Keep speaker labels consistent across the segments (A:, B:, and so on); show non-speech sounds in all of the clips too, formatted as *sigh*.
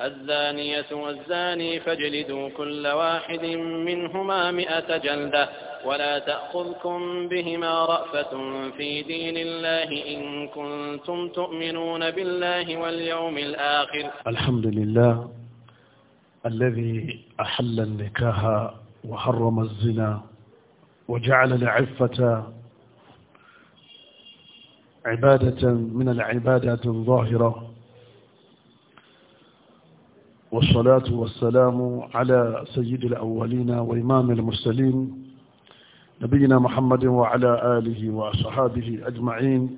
A: الزانية والزاني فاجلدوا كل واحد منهما مئة جلدة ولا تأخذكم بهما رأفة في دين الله إن كنتم تؤمنون بالله واليوم الآخر الحمد لله الذي أحل النكاح وحرم الزنا وجعل العفة عبادة من العبادات الظاهرة والصلاة والسلام على سيد الأولين وإمام المرسلين نبينا محمد وعلى آله وصحابه أجمعين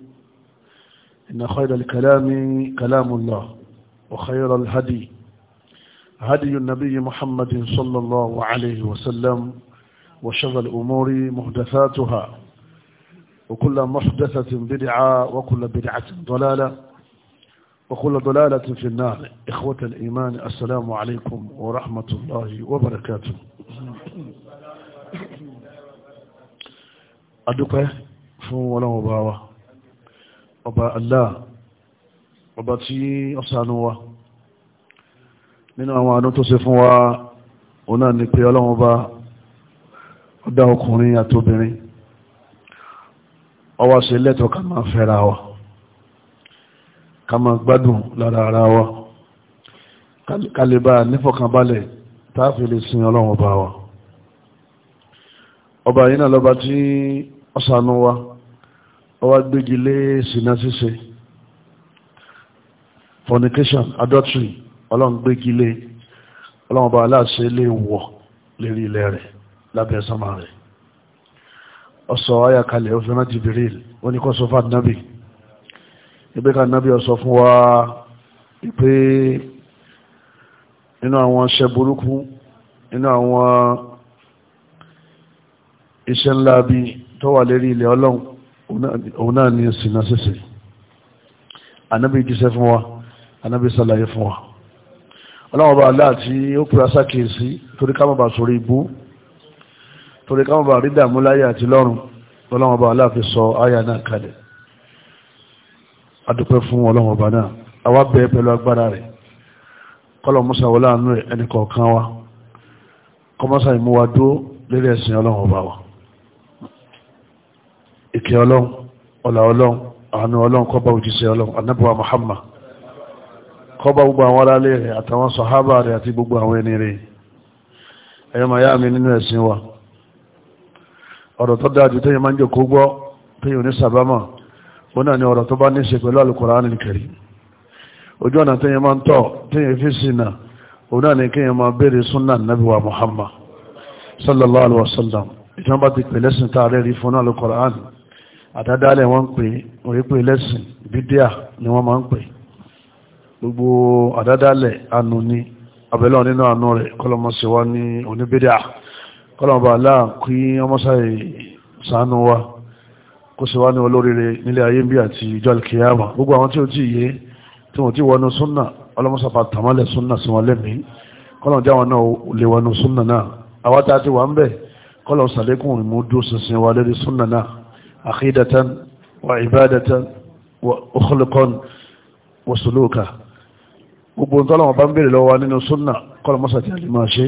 A: إن خير الكلام كلام الله وخير الهدي هدي النبي محمد صلى الله عليه وسلم وشر الأمور محدثاتها وكل محدثة بدعة وكل بدعة ضلالة وكل ضلالة في النار إخوة الإيمان السلام عليكم ورحمة الله وبركاته adúpẹ́ fún ọlọ́run ọba wa ọba Allah ọba tí ó ṣàánú wa nínú àwọn àánú tó ṣe fún wa ọ̀nà ni pé ọlọ́run ọba ó dá ọkùnrin àtobìnrin ó wá ṣe lẹ́tọ̀ọ́ ká máa fẹ́ra wa ká máa gbádùn lára ara wa kálíbà nífọ̀kànbalẹ̀ táàfin lè sin ọlọ́run ọba wa ọba yìí náà lọ́ba tí ọ̀sánú wa ọwá gbégi lé sinna ṣíṣe fornication adultery ọlọ́run gbégi lé ọlọ́run ọba aláṣẹ lè wọ̀ lérí ilẹ̀ rẹ̀ lábẹ́ sánmà rẹ̀ ọ̀sọ̀ ayàkalẹ̀ òfin Jibril wọ́n ní kọ́ sọ fún ìpé ká nábí ọ̀sọ̀ fún wa ìpé inú àwọn ṣẹ burúkú inú àwọn iṣẹ́ ńlá bí tó wà lérí ilẹ̀ ọlọ́run òun náà ni ṣìnà ṣíṣe anábí jíṣẹ́ fún wa anábí sàlàyé fún wa ọlọ́run ọba aláàtí ó pèrè sákèésí torí ká má bàa sórí ibú torí ká má bàa rí dààmú láyé àti lọ́run ọlọ́run ọba aláàfin sọ áyà náà kalẹ̀ adúpẹ́ fún ọlọ́run ọba náà àwa bẹ pẹ̀lú agbára rẹ̀ kọ́lọ̀ musa wọlé àánú rẹ̀ ẹnì kọ̀ọ̀kan wa kọ́mọ́sá ìmú wa dúró lórí ẹ̀sìn ọlọ́run ọba wa ìkẹ́ ọlọ́run ọ̀là ọlọ́run àánú ọlọ́run kọ́ba Muhammad kọ́ba gbogbo àwọn aráalé rẹ̀ àtàwọn sọ̀hábà rẹ̀ àti gbogbo àwọn ẹni rẹ̀ ẹ̀yọ́ màá yá mi nínú ẹ̀sìn wa ó náà ni ọ̀rọ̀ tó bá ní ṣe pẹ̀lú Al-Qur'anul Karim ojú ọ̀nà tí yẹn máa ń tọ̀ tí yẹn fi sínà ó náà ni kí yẹn máa béèrè súnà nàbí wa Muhammad sallallahu alaihi wasallam ìjọba ti pè lẹ́sìn tá Al-Qur'an àdádálẹ̀ wọ́n ń pè orí ni wọ́n máa ń pè gbogbo àdádálẹ̀ ni abẹ́lọ́ nínú àánú rẹ̀ kọlọmọsí wa ní oníbídíà kọlọmọba aláà kí wa kó sì wá ní olóríire nílé ayé bí àti ìjọ alkiyama gbogbo àwọn tí ó ti yé tí wọ́n ti wọnú súnà ọlọ́mọsàfà tàmálẹ̀ súnà sí wọn lẹ́mí kọ́lọ̀n jáwọn náà lè wọnú súnà náà àwátá ti wà ń bẹ̀ kọ́lọ̀ sàlékún ìmúdú sinsin wa lórí súnà náà àkídatan wa ibadatan wa ukhluqan wa suluka gbogbo ń tọ́lọ̀ wọn bá ń bèèrè lọ́wọ́ nínú súnà kọ́lọ̀ mọ́sà ti àlìmọ̀ ṣe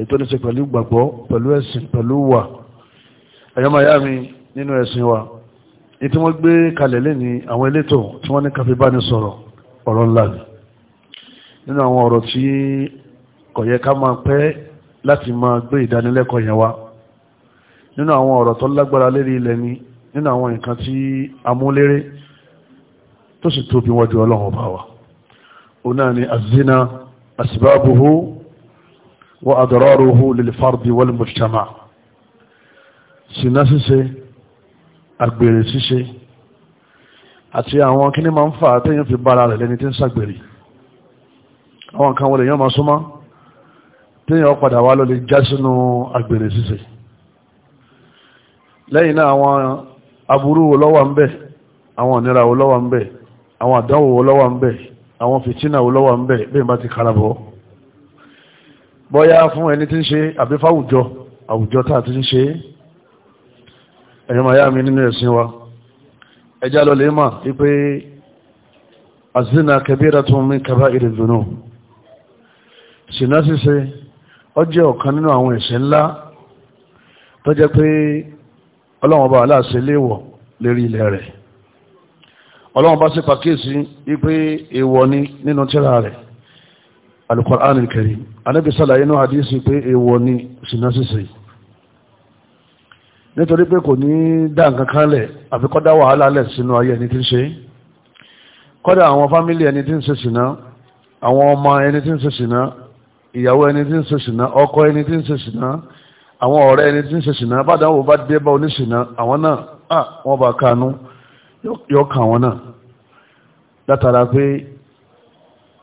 A: ètò ní ṣe pẹ̀lú gbàgbọ́ pẹ̀lú ẹ̀yọ́mọ̀ yá mi nínú ẹ̀sìn wa ètí wọ́n gbé kalẹ̀ lẹ́ni àwọn elétò tí wọ́n ní káfí bá ní sọ̀rọ̀ ọ̀rọ̀ ńlá ni nínú àwọn ọ̀rọ̀ tí kò yẹ ká máa pẹ́ láti máa gbé ìdánilẹ́kọ̀ọ́ yẹn wá nínú àwọn ọ̀rọ̀ tó lágbára lérí ilẹ̀ ni nínú àwọn nǹkan tí amúléré tó sì tóbi wọ́n ju ọlọ́run bá wa ó náà ni azina asbabuhu wa adraruhu lil fardi wal mujtama sinasise àgbèrè ṣíṣe àti àwọn kíní máa ń fà á téèyàn fi bára rẹ̀ lẹ́ni tí ń ṣàgbèrè àwọn kan wọlé yàn máa súnmọ́ téèyàn padà wá ló lè já sínú àgbèrè ṣíṣe lẹ́yìn náà àwọn aburú olówó ń bẹ àwọn ìnira olówó ń bẹ àwọn àdánwò olówó ń bẹ àwọn fìtínà olówó ń bẹ bẹ́ẹ̀ bá ti karabọ̀ bọ́yá fún ẹni tí ń ṣe àbí àwùjọ tá a ti ń ṣe é ẹ̀yọ́mọ̀ ayá mi nínú ẹ̀sìn wa ẹjá lọ lè máa wípé azina kabiratun min kaba'iri dhunub ṣìná ṣíṣe ó jẹ́ ọ̀kan nínú àwọn ẹ̀ṣẹ̀ ńlá tó jẹ́ pé ọlọ́wọ́n bá aláṣẹ léèwọ̀ lérí ilẹ̀ rẹ̀ ọlọ́wọ́n sí pàkíyèsí wípé èèwọ̀ ni nínú tírà rẹ̀ Al-Qur'an al-Karim anábìsàlàyé náà hadisi pé èèwọ̀ ni ṣìná ṣíṣe nítorí pé kò ní dá nǹkan kan lẹ̀ àfi kọ́dá wàhálà lẹ̀ sínú ayé ẹni tí ń ṣe kọ́dá àwọn fámílì ẹni tí ń ṣe ṣìnà àwọn ọmọ ẹni tí ń ṣe ṣìnà ìyàwó ẹni tí ń ṣe ṣìnà ọkọ ẹni tí ń ṣe ṣìnà àwọn ọ̀rẹ́ ẹni tí ń ṣe ṣìnà bádàwò bá dé bá oníṣìnà àwọn náà à wọ́n bá kanú yọ kàn wọ́n náà látara pé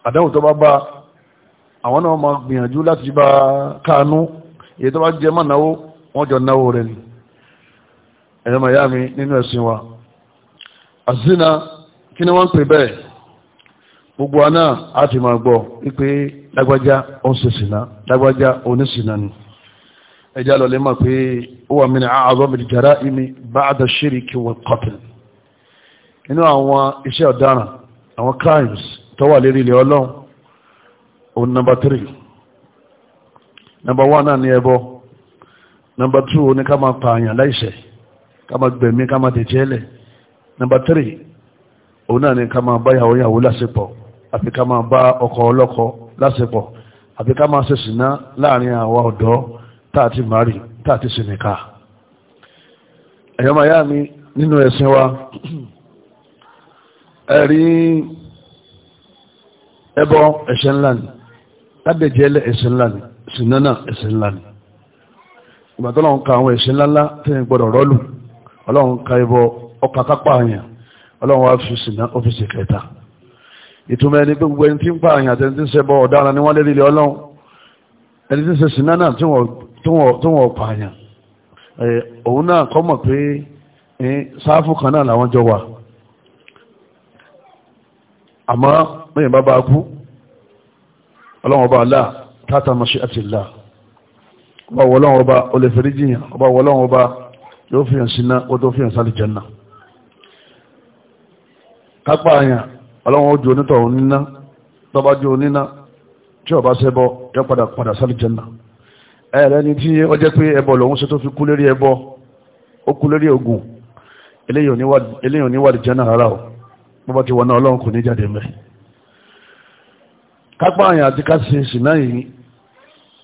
A: àdáwò tó bá bá àwọn náà máa gbìyànjú láti bá kanú èyí tó bá jẹ mọ́ náwó wọ́n jọ náwó rẹ̀ ni ẹ̀yọ́ miami nínú ẹ̀sìn wa azina kí ni wọ́n ń pè bẹ́ẹ̀ gbogbo a ti máa gbọ́ wípé lágbájá ó ń ni ẹjá lọ lè mọ̀ pé ó wà min a'zam al-jara'im ba'da ash-shirk wal-qatl nínú àwọn iṣẹ́ ọ̀daràn àwọn crimes tó wà nọmba 3 nọmba 1 náà ní ẹbọ nọmba 2 oníkà pààyàn láìṣẹ̀ Kama máa gbẹ̀mí ká máa tẹ̀jẹ́ lẹ̀ nàmbà tírì òun náà ni ká máa bá yàwó yàwó lásìpọ̀ àfi ká máa bá ọkọ ọlọ́kọ lásìpọ̀ àfi ká máa ṣe láàrin àwa ọ̀dọ́ táàtì mari táàtì sinika ẹ̀yọ́ yá mi nínú ẹ̀sìn wa ẹ̀rí ẹbọ ẹ̀ṣẹ̀ ńlá ni ládẹ̀jẹ́lẹ̀ ẹ̀ṣẹ̀ ńlá ni sìnánà ẹ̀ṣẹ̀ ńlá ni ìgbàtọ́lọ́nkà àwọn ẹ̀ṣẹ̀ ńláńlá tẹ́yìn gbọ́dọ̀ rọ́lù ọlọ́run ka ibọ ọkà kápá àyàn ọlọ́run wá fi sìnà ọ́fíìsì kẹta ìtumọ̀ ẹni pé gbogbo ẹni tí ń pa àyàn àti ẹni tí ń ṣẹbọ ọ̀daràn ni wọ́n lé lílẹ̀ ọlọ́run ẹni tí ń ṣe sìnà náà tí wọ́n pa àyàn òun náà kọ́ mọ̀ pé sáfù kan náà làwọn jọ wà àmọ́ mẹ́yìn bá bá kú ọlọ́run ọba aláà tátà àti ìlà ọba wọlọ́run ọba olè fẹ́ríjìyàn ọba wọlọ́run ọba yóò fi hàn síná ó tó fi hàn jẹ́nà kápá àyà ọlọ́run ó ju onítọ̀ oníná tọ́ba ju oníná tí ọba sẹ́bọ̀ yọ padà padà sálì jẹ́nà ẹ̀rẹ́ ni tí jẹ́ pé ẹbọ lòun ṣe tó fi kú lérí ẹbọ ó ogun rárá o bọ́bá ti wọná kò ní jáde mẹ́ kápá àti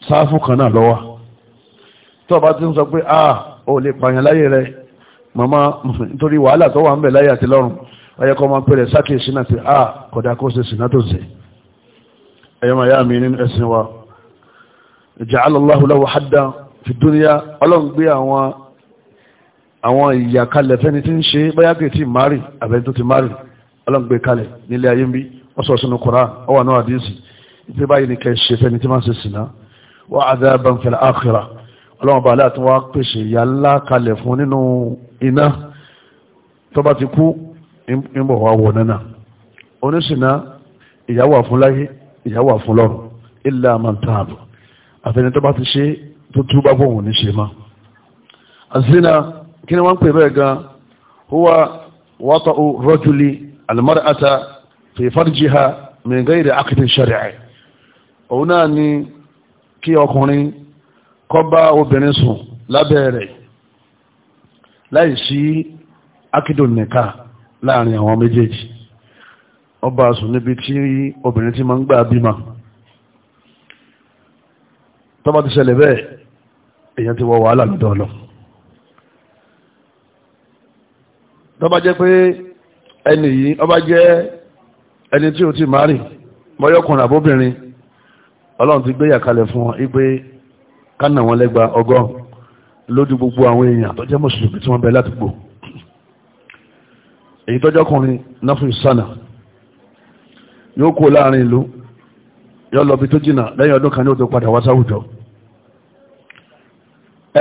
A: sáfù kan náà lọ́wọ́ ti ń sọ ah, ó lè pààyàn láyé rẹ̀ màmá nítorí wàhálà tó wà ń bẹ̀ láyé àti lọ́rùn ọyẹ kọ́ máa pẹ̀lẹ̀ sákèsí náà ti à kọ̀dá kó ṣe sínà tó ṣe ẹ̀yọ́ màá yá mi nínú ẹ̀sìn wa ja'ala Allahu lahu haddan fi dunya ọlọ́run gbé àwọn àwọn ìyà kalẹ̀ fẹ́ni tí ń ṣe báyà kì wa adhaban fil akhirah ọlọ́wọ́n bá aláàtún wá pèsè ìyà ńlá kalẹ̀ fún nínú iná tó bá ti kú ìbọ̀ wà wọ̀ nánà oníṣìná ìyà wà fún láyé ìyà wà fún lọ́run illa man taab àfẹni tó bá ti ṣe tó túbá fóhùn ní ṣe má azina kí ni wọ́n pè bẹ́ẹ̀ gan huwa wata'u rajuli almar'ata fi farjiha min ghayri aqdin òun náà ni kí ọkùnrin kó bá obìnrin sùn lábẹ́ rẹ̀ láì sí akídùn nìka láàrin àwọn méjèèjì ó bá sùn níbi tí obìnrin ti máa ń gbà bímọ tó bá ti ṣẹlẹ̀ bẹ́ẹ̀ èèyàn ti wọ wàhálà lọ́dọ̀ ọlọ́ tó bá jẹ́ pé ẹni yìí ó jẹ́ ẹni tí ò ti máa rìn mọ́yọ́kùnrin àbóbìnrin ọlọ́run ti gbé yàkalẹ̀ fún wọn wípé kánà wọn lẹ́gba ọgọ́rùn lójú gbogbo àwọn èèyàn tó jẹ́ mùsùlùmí tí wọ́n bẹ látìgbò èyí tọ́jọ́ kùnrin náfún sánà yóò kó láàrin ìlú yóò lọ bí tó jìnà lẹ́yìn ọdún kan ní òtò padà wá sáwùjọ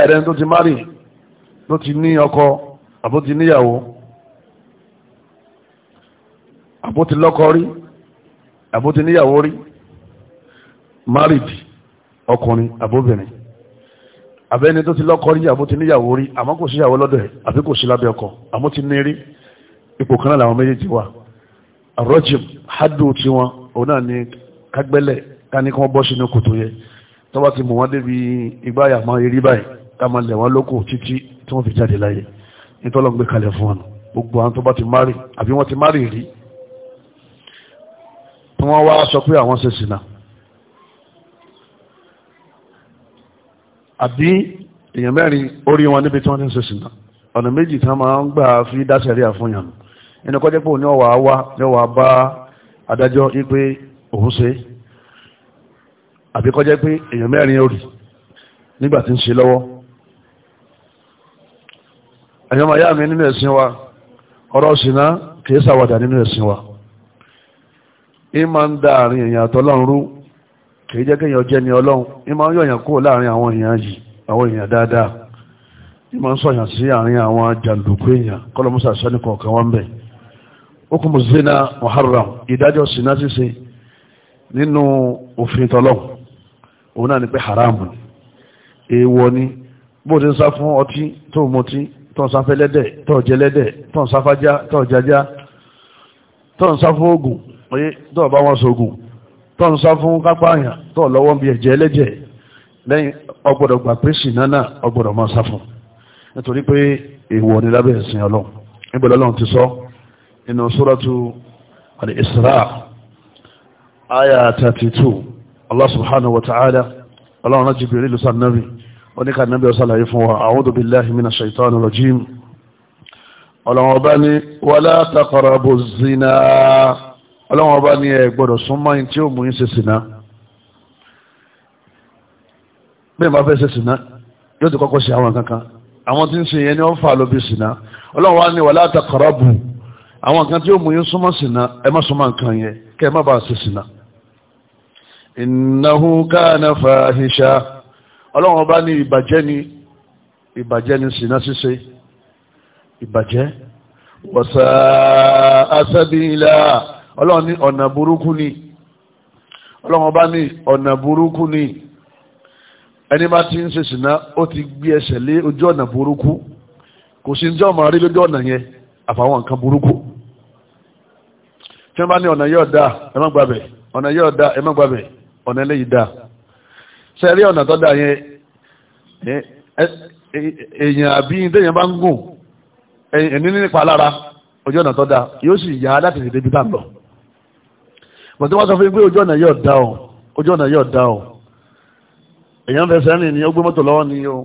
A: ẹ̀rẹ́ tó ti márì tó ti ní ọkọ àbó ti níyàwó àbó ti lọ́kọ rí àbó ti níyàwó rí márìdì ọkùnrin àbóbìnrin àbẹ́ni tó ti lọ́kọ rí àbó ti níyàwó rí àmọ́ kò síyàwó lọ́dọ̀ ẹ̀ àbí kò sí lábẹ́ ọkọ àmọ́ ti ní rí ipò kan náà làwọn méjèèjì wà rọ́jìm hádù tí wọn òun náà ni kágbẹ́lẹ̀ ká ní kí wọ́n bọ́ sínú kòtò yẹ tó bá ti mú wọn débi igbá àmọ́ eré báyìí ká máa lẹ̀ wọ́n lóko títí tí wọ́n fi jáde láyé nítọ́lọ́ gbé kalẹ̀ àbí èèyàn mẹ́rin orí wọn níbi tí wọ́n ti ń sèṣìn náà ọ̀nà méjì tí wọ́n máa ń gbà fi dáṣẹ̀rí àfúnyàn ẹni kọjá pé òní ọ̀wà wá ní ọ̀wà bá adájọ́ wípé òun ṣe àbí kọjá pé èèyàn mẹ́rin orí nígbà tí ń ṣe lọ́wọ́ ẹ̀yàn máa yá mi nínú ẹ̀sìn wa ọ̀rọ̀ ṣìnà kìí ṣàwàdà nínú ẹ̀sìn wa ìmọ̀ ń da àárín èèyàn àtọ́lọ́run kìí jẹ́ kéèyàn jẹ́ ni ọlọ́run ní máa ń yọ̀yàn kúrò láàrin àwọn èèyàn yìí àwọn èèyàn dáadáa ní máa ń sọ̀yàn sí àárín àwọn jàǹdùkú èèyàn kọ́lọ́mùsà sọ́ni kọ̀ọ̀kan wọn bẹ̀ hukumu zina muharram ìdájọ́ sinna ṣíṣe nínú òfin tọ́lọ́hùn òun náà ni pé haram ni èèwọ̀ ni bó ti ń sá fún ọtí tó mutí tó ń sáfẹ́ lẹ́dẹ̀ tó ń jẹ lẹ́dẹ̀ tó ń sáfájá tó ń jajá tó ń sáfóògùn oyé tó tó ń sá fún kápá àyàn tó lọ́wọ́ bí ẹ̀jẹ̀ ẹlẹ́jẹ̀ lẹ́yìn ọgbọ́dọ̀ gbà pé ṣìnà náà ọgbọ́dọ̀ máa sá fún nítorí pé èèwọ̀ ni lábẹ́ ẹ̀sìn ọlọ́run ti sọ nínú sóràtú al-Isra àyà 32 Allah subhanahu wa ta'ala ọlọ́run náà Jibril lùsàn nábì oníkà nábì ọ̀sàlàyé fún wa a'udhu billahi minash shaitani rajim ọlọ́run ọba ni wala ọlọ́run ọba ní ẹ gbọ́dọ̀ súnmọ́ yín tí ó mú yín ṣe sìnà bẹ́ẹ̀ bá fẹ́ ṣe sìnà yóò ti kọ́kọ́ ṣe àwọn kankan àwọn tí ń ṣe yẹn ni wọ́n fà lóbi sìnà ọlọ́run wa ní wala taqrabu àwọn kan tí ó mú yín súnmọ́ sìnà ẹ má súnmọ́ nǹkan yẹn kẹ́ ẹ má bàa ṣe sìnà. innahu kana fahisha ọlọ́run ọba ní ìbàjẹ́ ni ìbàjẹ́ ni sìnà ṣíṣe ìbàjẹ́ wasa asabila ọlọ́run ní ọ̀nà burúkú ni ọlọ́run bá ní ọ̀nà burúkú ni ẹni bá ti ṣe ṣìnà ó ti gbé ẹsẹ̀ lé ojú ọ̀nà burúkú kò sí jẹ́ ọmọ rí lójú ọ̀nà yẹn àfàwọn nǹkan burúkú tí wọ́n bá ní ọ̀nà yóò dáa ẹ má gbàbẹ̀ ọ̀nà yóò dáa ẹ má gbàbẹ̀ ọ̀nà eléyìí dáa ṣe rí ọ̀nà tó dáa yẹn èèyàn àbí téèyàn bá ń gùn ẹni nípa lára ojú ọ̀nà tó bọ̀tí wọ́n sọ fún pé ojú ọ̀nà yóò dá o ojú ọ̀nà yóò dá o èèyàn fẹsẹ̀ rìn ni ó gbé mọ́tò lọ́wọ́ ni o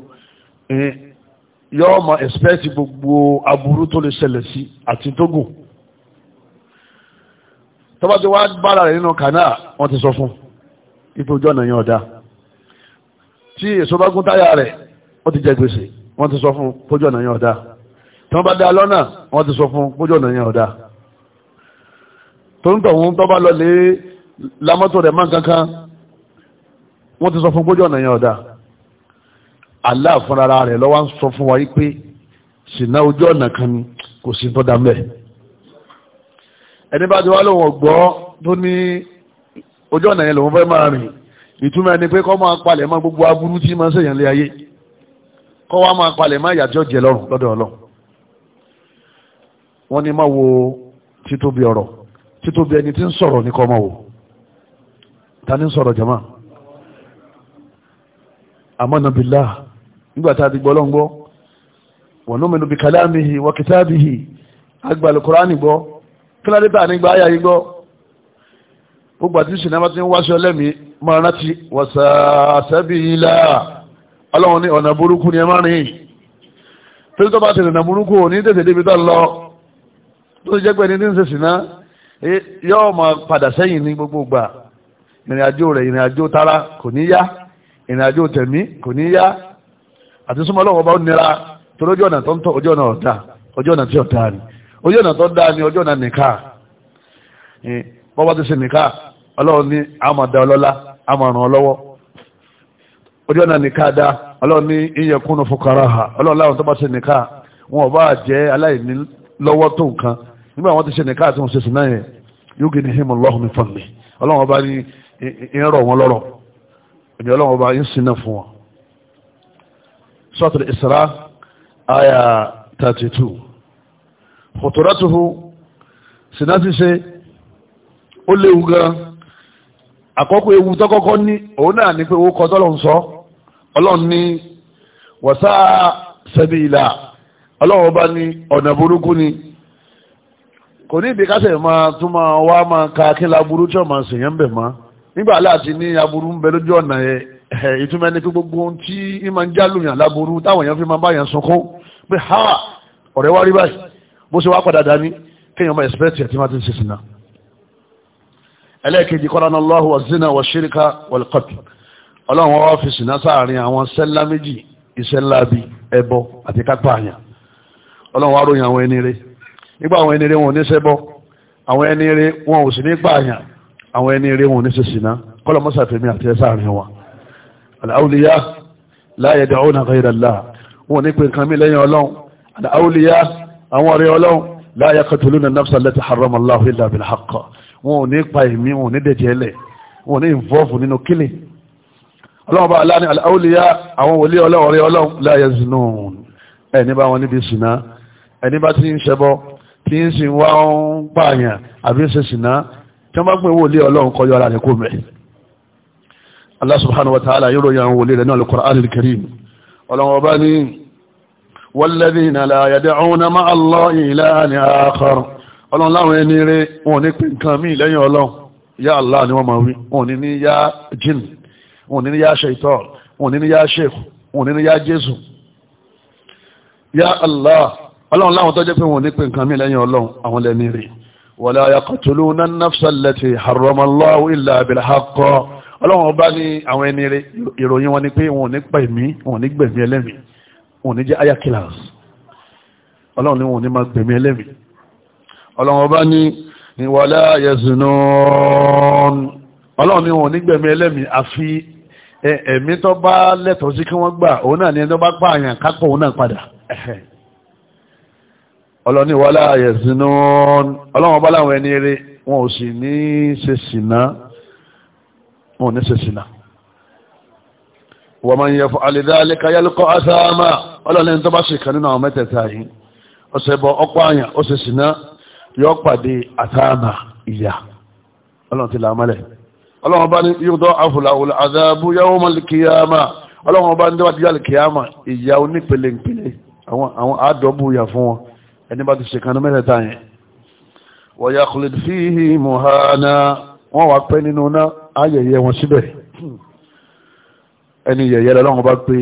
A: yóò mọ ẹ̀sìpẹ́ẹ̀tì gbogbo aburú tó lè ṣẹlẹ̀ sí àti tógùn tọ́ba tí wàá bára rẹ̀ nínú kànáà wọ́n ti sọ fún ipò ojú ọ̀nà yóò dá tí èso bá gún táyà rẹ̀ ó ti jẹ gbèsè wọ́n ti sọ fún pójú ọ̀nà yẹn ọ̀dá tí wọ́n bá dá lọ́nà wọ́n ti sọ fún pójú ọ̀nà yẹn ọ̀dá tó ń tọ̀hún tó bá lọlé lámọ́tò rẹ̀ máa kankan wọ́n ti sọ fún gbójú ọ̀nà yẹn ọ̀dà Allah fúnra rẹ̀ lọ́wọ́ ń sọ fún wa pé ṣìnà ojú ọ̀nà kan ni kò sí ẹni bá ti wá lóun ọ̀gbọ́ tó ní ojú ọ̀nà yẹn lòun fẹ́ máa rìn ìtumọ̀ ẹni pé kọ́ máa palẹ̀ mọ́ gbogbo aburú tí máa ń lé kọ́ wá máa títóbi ẹni tí ń sọ̀rọ̀ ní kọ́mọ wò ta ni sọ̀rọ̀ jama amánàbílá nígbàtà àti gbọ́lọ́ngbọ́ wọ̀n ní mẹ́nu bí kalámihi wa kitabihi agbàlù kùránì gbọ́ kíládẹ́tà nígbà ayà yìí gbọ́ gbogbo àti sinimá ti ń wáṣọ ni ẹ máa rìn tó tó bá ti rìnà burúkú ò ní ní ṣe sinimá yóò ma padà sẹ́yìn ní gbogbo gbà ìrìn àjò rẹ̀ tara kò ní yá ìrìn tẹ̀mí kò ní yá àti súnmọ́ lọ́wọ́ bá nira torí ojú ọ̀nà tó ń tọ́ ojú ọ̀nà ọ̀dà ojú ọ̀nà tí ọ̀dà ni ojú ọ̀nà tó dáa ni ojú ọ̀nà nìka bọ́bá ti ṣe nìka ọlọ́run ní àmọ̀dá ọlọ́lá àmọ̀ràn ọlọ́wọ́ ojú ọ̀nà nìka dá ọlọ́run ní fúkàrà ha ọlọ́run láwọn tó bá nìka wọn ò bá jẹ́ aláìní lọ́wọ́ tó nǹkan nígbà wọn ti nìka àti wọn ṣe náà yóò gé ní himu lọ́hùn mi fún mi ọlọ́run ọba ní ń rọ̀ wọn lọ́rọ̀ èmi ọlọ́run ọba ń sinna fún wọn. sọ́ọ̀tù ìsra àyà thirty two fòtòrátùhù sinasi ṣe ó léwu gan àkọ́kọ́ ewu tọ́kọ́kọ́ ní òun náà ní pé owó kọ́ tọ́lọ́run sọ ọlọ́run ní wàsá sẹ́bìlà ọlọ́run ọba ní ọ̀nà burúkú ni. kò ní ìdí kásẹ̀ máa tún máa wá máa ka kí laburú tí ọmọ sèyàn ń bẹ̀ mọ́ nígbà láti ní aburú ń bẹ lójú ọ̀nà ẹ̀ ìtumọ̀ ẹni pé gbogbo ohun tí ń máa ń jálùyàn laburú táwọn èèyàn fi máa sunkún ha ọ̀rẹ́ wá rí báyìí bó ṣe wá padà dání kéèyàn máa ti ń ṣe sìnà. ẹlẹ́ẹ̀kejì kọ́ran Allahu wa zina wa ọlọ́run fi nígbà àwọn ẹni rẹ wọn ò ní ṣẹbọ àwọn ẹni rẹ wọn ò sì ní pààyàn àwọn ẹni rẹ wọn ò ní ṣe ṣìnà kọ́lọ̀ mọ́sà tèmi àti ẹ sáàrin wa aláwòlíyá láyé dàó na kàyé dàlá wọn ní pé nǹkan mi lẹ́yìn ọlọ́run aláwòlíyá àwọn ọ̀rẹ́ ọlọ́run láyé ẹni bá wọn níbi ṣìnà ẹni bá ti ń ṣẹbọ tí ń sì wá ń pààyàn àbí ń ṣe sìnà tí wọ́n bá gbé wòlé ọlọ́run kọjọ́ ara rẹ̀ kó mẹ́ Allah subhanahu wa ta'ala yóò ròyìn àwọn wòlé rẹ̀ náà al-Qur'an al-Karim ọlọ́run ọba ní walladhina la yad'una ma'a Allahi ilahan akhar ọlọ́run láwọn ẹni rẹ̀ ni wọ́n máa ọlọ́run láwọn tọ́jẹ́ pé wọn ní pé nǹkan mi lẹ́yìn ọlọ́run àwọn lẹ́ni rí wala yaqtuluna an-nafsa allati harrama Allahu illa bil-haqq ọlọ́run ọba ní àwọn ẹni rí ìròyìn wọn ni pé wọn ò ní pa ẹ̀mí wọn ò ní gbẹ̀mí ẹlẹ́mìí wọn ò ní jẹ́ aya killers ọlọ́run ni wọn ò ní máa gbẹ̀mí ẹlẹ́mìí ọlọ́run ọba ní wala yaznun ọlọ́run ni wọn ò ní gbẹ̀mí ẹlẹ́mìí àfi ẹ̀mí tó bá lẹ́tọ̀ọ́ sí kí wọ́n gbà òun náà ni ẹni tó bá pààyàn kápọ̀ òun náà padà ẹ̀hẹ̀ ọlọ́ni wọ́lá àyẹ̀sìnú ọlọ́wọ́n bá láwọn ẹni eré wọn ò sì ní ṣe sìná wọn ò ní ṣe sìná wọ́n máa ń yẹ fún alìdáálẹ́ kayálùkọ́ asáàmà ọlọ́ni tó bá ṣe kan nínú àwọn mẹ́tẹ̀ẹ̀ta yìí ọ̀sẹ̀ bọ̀ ọ̀pọ̀ àyàn ó ṣe sìná yóò pàdé àtàmà ìyà ọlọ́run ti làmọ́lẹ̀ ọlọ́run bá ní yíòdọ́ àfùlàwùlà àdáàbú yàwó mọ́ ẹni bá ti ṣe kanú mẹ́tẹ̀ẹ̀ta yẹn wọ̀yà kùlìdì fíhì mùhánà wọ́n wà pẹ́ nínú náà ayẹyẹ wọn síbẹ̀ ẹni yẹ̀yẹ́ lọ́wọ́n bá pé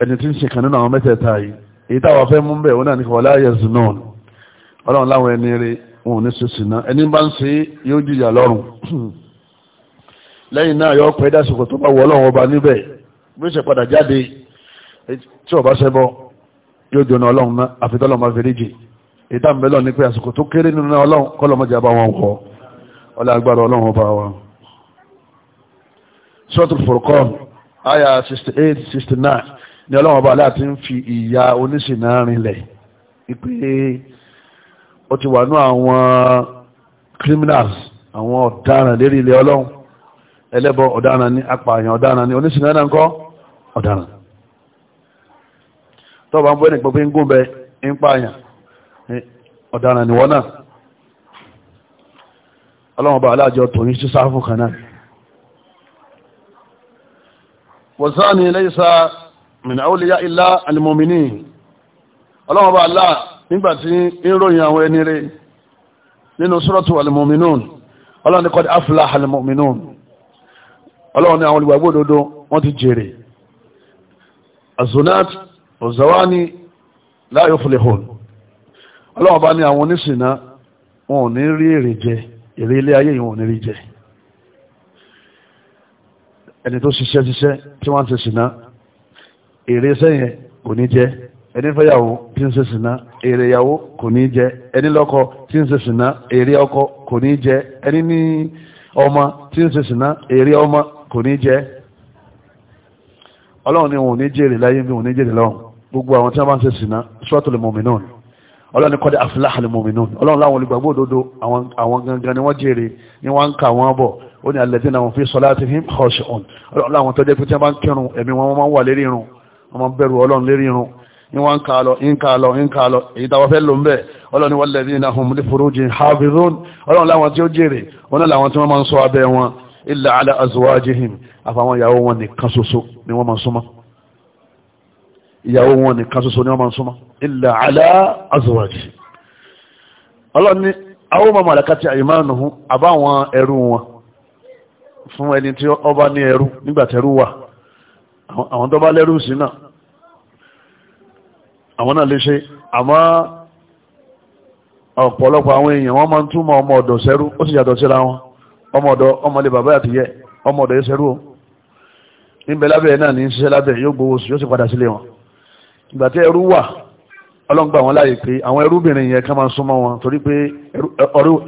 A: ẹni tí ń ṣe kanú àwọn mẹ́tẹ̀ẹ̀ta yìí èyí táwọn afẹ́ mú bẹ̀ wọn náà ní kò wọlé ayẹyẹ zinon ọlọ́run láwọn ẹni rí wọn ò ní ṣe sìnà ẹni bá ń ṣe yóò jìyà lọ́rùn lẹ́yìn náà yọ pẹ́ dásìkò tó bá wọ yóò jóná ọlọ́run náà àfitọ́lọ́mọ fèrèjì ìdámbẹ́lọ́ ní pé àsìkò tó kéré nínú ọlọ́run kọ́lọ́mọjà bá wọn wọ̀ ọlá agbára ọlọ́run bá wọn. Suratul Furqan àyà 68 69 ni ọlọ́run bá láti ń fi ìyà oníṣìnà rinlẹ̀ ìpè ó ti wà ní criminals àwọn ọ̀daràn lérí ilẹ̀ ọlọ́run ẹlẹ́bọ ọ̀daràn ní apààyàn ọ̀daràn ní oníṣìnà náà ń kọ́ ọ̀daràn tọ́ba ń bọ́ ẹnìkan fi ń gún bẹ ń pààyàn ọ̀daràn nìwọ náà ọlọ́run bá aláàjọ tòyìn sí sáfù kan náà wọ̀sánì lẹ́yìnsá mìnà ó lè yá ilá alìmọ̀mìnì ọlọ́run bá aláà nígbàtí ń ròyìn àwọn ẹni rẹ̀ nínú sọ́rọ̀tù alìmọ̀mìnún ọ̀zọ̀wání ni, fúlẹ̀hùn ọlọ́wọ́n bá àwọn oníṣìnà wọn ò ní rí èrè jẹ èrè ilé ayé yìí wọn ò ní rí jẹ ẹni tó ṣiṣẹ́ ṣiṣẹ́ tí wọ́n ti ṣìnà èrè sẹ́yìn kò ní jẹ ẹni fẹ́yàwó tí ń ṣe ṣìnà èrè ìyàwó kò ní jẹ ẹni lọ́kọ tí ń ṣe ṣìnà èrè ọkọ kò ní jẹ ẹni ní ọmọ tí ń ṣe ṣìnà èrè ọmọ kò ní jẹ ọlọ́run ni wọn ò ní jèrè láyé bí wọn ò ní gbogbo àwọn tí wọ́n bá ń ṣe sìnà suratul mu'minun ọlọ́ni kọ́dé aflahal mu'minun ọlọ́run láwọn olùgbàgbọ́ òdodo àwọn gangan ni wọ́n jèrè ni wọ́n ń ka wọ́n bọ̀ ó ní alladhina hum fi salatihim khashi'un ọlọ́run tọ́jú pé tí wọ́n bá ń kírun ẹ̀mí wọn máa ń wà lérí irun wọ́n máa ń bẹ̀rù ọlọ́run lérí irun ni wọ́n ń ka lọ ń ka lọ ń ka lọ èyí táwọn fẹ́ lò ń ọlọ́run láwọn tí ó jèrè wọn láwọn tí wọ́n máa ń ṣọ́ abẹ́ wọn illa ala azwajihim àfàwọn ìyàwó wọn nìkan ṣoṣo ni wọ́n máa ń súnmọ́ ìyàwó wọn nìkan ṣoṣo ni wọ́n máa ń súnmọ́ illa ala azwaji ọlọ́run ní àwọn ọmọ màlàkàtì àyèmánuhu àbáwọn ẹrú wọn fún ẹni tí ó bá ní ẹrú nígbàtẹ̀rú wà àwọn tó bá lẹ́rú sí náà àwọn náà lè ṣe àmọ́ ọ̀pọ̀lọpọ̀ àwọn èèyàn wọ́n máa ń túmọ̀ ọmọ ọ̀dọ̀ sẹ́rú ó sì yàtọ̀ síra wọn ọmọ ọ̀dọ̀ ọmọlé bàbá àtìyẹ ọmọ ọ̀dọ̀ yẹ sẹ́rú o níbẹ̀ lábẹ́ náà ní ṣiṣẹ́ lábẹ́ yóò gbowó sí yóò sì padà sílé wọn ìgbà tí ẹrú wà ọlọ́ngbà wọn láàyè pé àwọn ẹrúbìnrin yẹn ká máa súnmọ́ wọn torí pé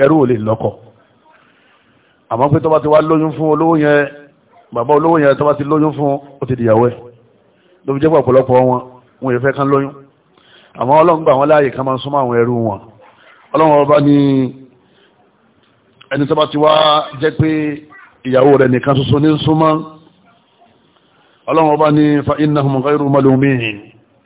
A: ẹrú ò lè lọ́kọ àmọ́ pé tó bá ti wá lóyún fún olówó yẹn bàbá olówó yẹn tó bá ti lóyún fún ó ti dìyàwó ẹ̀ ló fi jẹ́ pọ̀pọ̀lọpọ̀ wọn wọn yẹn fẹ́ kán lóyún àmọ́ ọlọ́ngbà wọn láàyè ká máa súnmọ́ àwọn ẹrú wọn ọlọ́wọ́n ọba ni ẹni tó ti wá jẹ́ pé ìyàwó rẹ̀ nìkan ṣoṣo ní súnmọ́ ọlọ́wọ́n ọba ni fa innahum ghayru malumin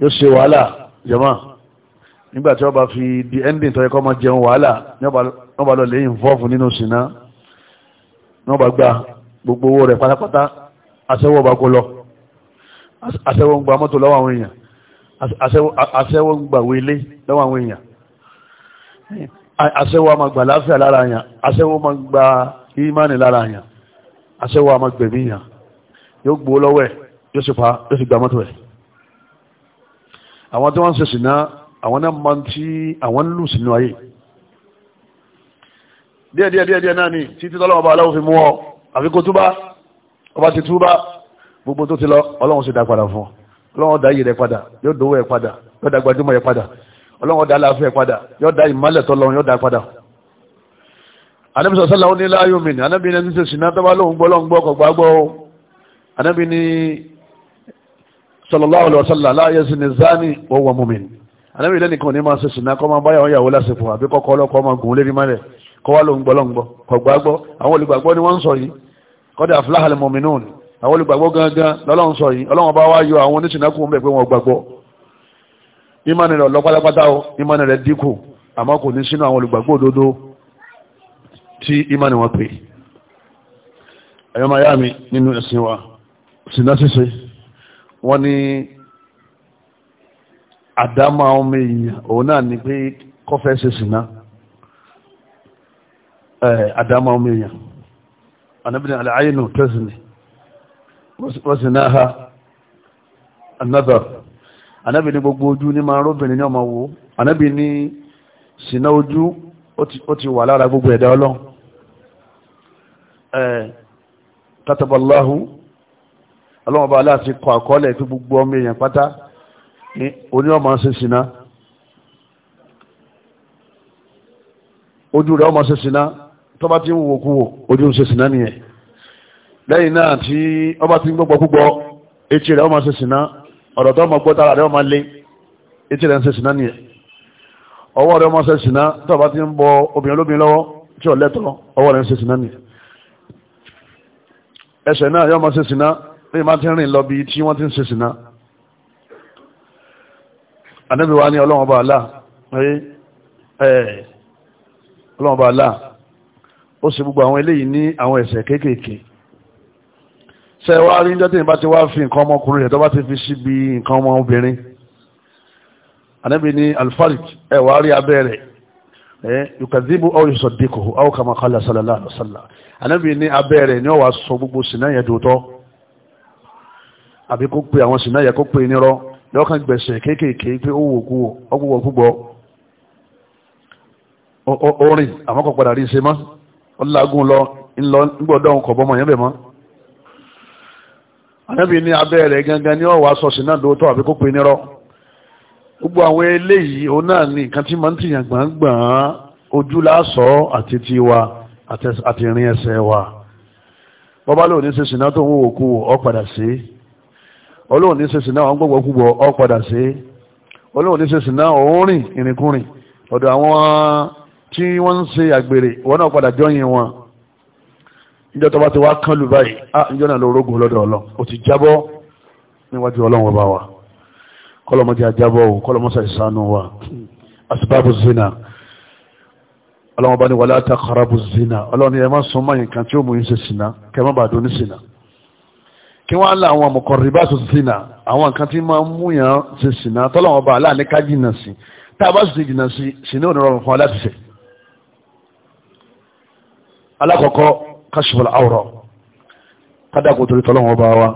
A: yóò ṣe wàhálà jẹ̀mọ́ nígbà tí wọ́n bá fi di ending tọ́yẹ kọ́ máa jẹun wàhálà ní wọ́n bá lọ lẹ́yìn fọ́ọ̀fù nínú ṣìnà ní wọ́n bá gba gbogbo owó rẹ̀ pátápátá aṣẹ́wó bá kó lọ aṣẹ́wó ń gba mọ́tò lọ́wọ́ àwọn èèyàn aṣẹ́wó ń gba wọlé lọ́wọ́ àwọn èèyàn aṣẹ́wó a máa gba láfíà lára àyàn aṣẹ́wó máa gba ìmánì lára àyàn aṣẹ́wó a máa gbẹ̀mí yàn yóò gbó lọ́wọ́ ẹ̀ yóò sì gba mọ́tò ẹ̀ àwọn tí wọ́n ń ṣe sìná àwọn náà máa tí àwọn lù sínú ayé díẹ̀díẹ̀díẹ̀ náà ni títí tọ́lọ́wọ́ bá aláwọ̀ fi mú ọ àfikò túbá ọba ti túbá gbogbo tó ti lọ ọlọ́run sì dá padà fún ọlọ́run dá iyì rẹ padà yóò dówó ẹ padà yóò dá gbajúmọ̀ ẹ padà ọlọ́run dá aláfẹ́ padà yóò dá ìmálẹ̀ tọ́lọ́run yóò dá padà anábìsọ̀ sọ́lá ó sallallahu alaihi wasallam la yazni zani wa huwa mu'min ànábì lẹ́nì kan ní máa ṣe ṣìnà kọ́ máa báyàwó yàwó lásìkò àbí kọ́kọ́ ọlọ́kọ́ máa gùn lérí mọ́lẹ̀ kọ́ wá ló ń gbọ́ lọ́ngbọ́ kọ̀gbàgbọ́ àwọn olùgbàgbọ́ ni wọ́n ń sọ yìí kọ́dà aflahal mu'minun àwọn olùgbàgbọ́ gangan lọ́lọ́run sọ yìí ọlọ́run bá wá yọ àwọn oníṣìnà kù ń bẹ̀ pé wọ́n gbàgbọ́ ìmánì rẹ̀ lọ́pátápátá o ìmánì rẹ̀ dínkù àmọ́ kò ní sínú àwọn olùgbàgbọ́ òdodo tí ìmánì wọn pè ẹ̀yọ́ máa yá mi nínú ẹ̀sìn wa ṣìnà wọ́n ní àdámà ọmọ èèyàn òun náà ni pé kọ́fẹ́ ṣe ṣìná àdámà ọmọ èèyàn anábìnrin aláyínú tẹ́sìnì wọ́n sì náà ha another anábìnrin gbogbo ojú ní máa róbìnrin ní ọmọ wo anábìnrin ṣìná ojú ó ti wà lára gbogbo ẹ̀dá ọlọ́run ọlọ́wọ́n bá aláàtí kọ àkọọ́lẹ̀ tó gbogbo ọmọ èèyàn pátá ní oní ọmọ ṣe ṣìná ojú rẹ̀ ọmọ ṣe ṣìná tó bá ti ń wò kúwò ojú ṣe ṣìná nìyẹn lẹ́yìn náà tí ọba ti ń gbọ́gbọ́ púpọ̀ etí rẹ̀ ọmọ ṣe ọ̀rọ̀ tó ọmọ gbọ́ rẹ̀ ọmọ lé etí rẹ̀ ń ṣe nìyẹn ọwọ́ rẹ̀ ọmọ ṣe tó bá ti ń bọ obìnrin olóbìnrin lọ́wọ́ tí ọ̀lẹ́tọ̀ ọwọ́ rẹ̀ ń ṣe nìyẹn ẹsẹ̀ náà yọ ọmọ ṣe lẹ́yìn máa ti rìn lọ bí tí wọ́n ti ń ṣe sìnà anábì wa ní ọlọ́wọ́n bá aláà ọlọ́wọ́n bá aláà ó sì gbogbo àwọn eléyìí ní àwọn ẹ̀ṣẹ̀ kéékèèké ṣe wá rí jọ́ tẹ́yìn bá ti wá fi nǹkan ọmọkùnrin rẹ̀ tó bá ti fi síbi nǹkan ọmọ obìnrin anábì ní alfarik ẹ̀ wá rí abẹ́ rẹ̀ yukadibu aw yusadiku aw kama kala sallallahu alaihi wasallam ní abẹ́ ni ó wá sọ gbogbo sìnà dòótọ́ àbí kó pe àwọn sìnà yẹ kó pe nírọ́ lọ́kàn gbẹ̀sẹ̀ kéékèèké pé ó wò kú ọgbọ̀wọ̀ púpọ̀ orin àwọn kan padà rí ṣe mọ́ ọlágún lọ ńlọ ńgbọ́dọ̀ ọkọ̀ bọ́mọ yẹn bẹ̀ mọ́ ànábì ní abẹ́ rẹ̀ gangan ní ọ̀wà sọ̀sì náà lóòótọ́ àbí kó pe nírọ́ gbogbo àwọn eléyìí òun náà ní nǹkan tí máa ń tìyàn gbàngbàn ojú lásọ àti tiwa àti ìrìn ẹsẹ̀ wa bọ́bá lòun ní ṣe sìnà tó ń wò kú ọ padà sí olóhùn ní sísìn náà wọ́n gbogbo púpọ̀ ọ padà sí olóhùn ní sísìn náà òun rìn ìrìnkúrìn ọ̀dọ̀ àwọn tí wọ́n ń ṣe àgbèrè wọ́n náà padà jọyìn wọn níjọ́ tó bá ti wá kán lù báyìí á níjọ́ náà lórógùn lọ́dọ̀ ọlọ́run ó ti jábọ́ níwájú ọlọ́run ọba wa kọlọmọdé àjábọ̀ ò kọlọmọsà ìsànú wa asibabu zina ọlọ́run ọba ni wàlá takarabu zina ọlọ́run ni ẹ má sún mọ́ nǹkan tí ó mú yín ṣe sìnà kẹ́ má bàa dún ní sìnà kí wọ́n á la àwọn àmọ̀kọ̀rìbá sọ̀tún sínà àwọn nǹkan tí máa ń múyàn ṣe sínà tọ́lọ́wọ́n bá aláàní ká jìnnà sí tá a bá sì ti jìnnà sí sínà ò ní rọrùn fún aláṣẹ. alákọ̀ọ́kọ́ kashful awra kádàkùn torí tọ́lọ́wọ́n bá wa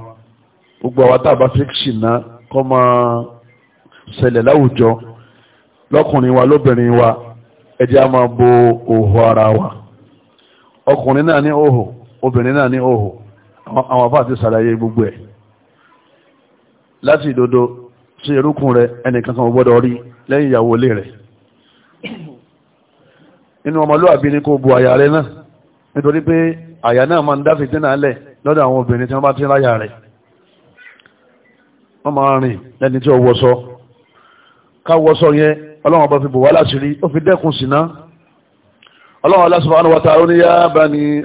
A: gbogbo àwa tá a bá fi sínà kọ́ máa ṣẹlẹ̀ láwùjọ
B: lọ́kùnrin wa lóbìnrin wa
A: ẹ jẹ́ máa bo òhò ara wa ọkùnrin náà ní òhò obìnrin náà ní òhò àwọn àfáà ti sàlàyé gbogbo ẹ̀ láti ìdodo sí erúkún rẹ̀ ẹnìkankan ò gbọ́dọ̀ rí lẹ́yìn ìyàwó ilé rẹ̀ inú ọmọlúwàbí ni kò bu àyà rẹ̀ náà nítorí pé àyà náà máa ń dá fìtínà lẹ̀ lọ́dọ̀ àwọn obìnrin tí wọ́n bá ti ráyà rẹ̀ wọ́n máa rìn lẹ́ni tí ó wọṣọ ọlọ́run bá fi bò ó fi dẹ́kun sínà ní yá bani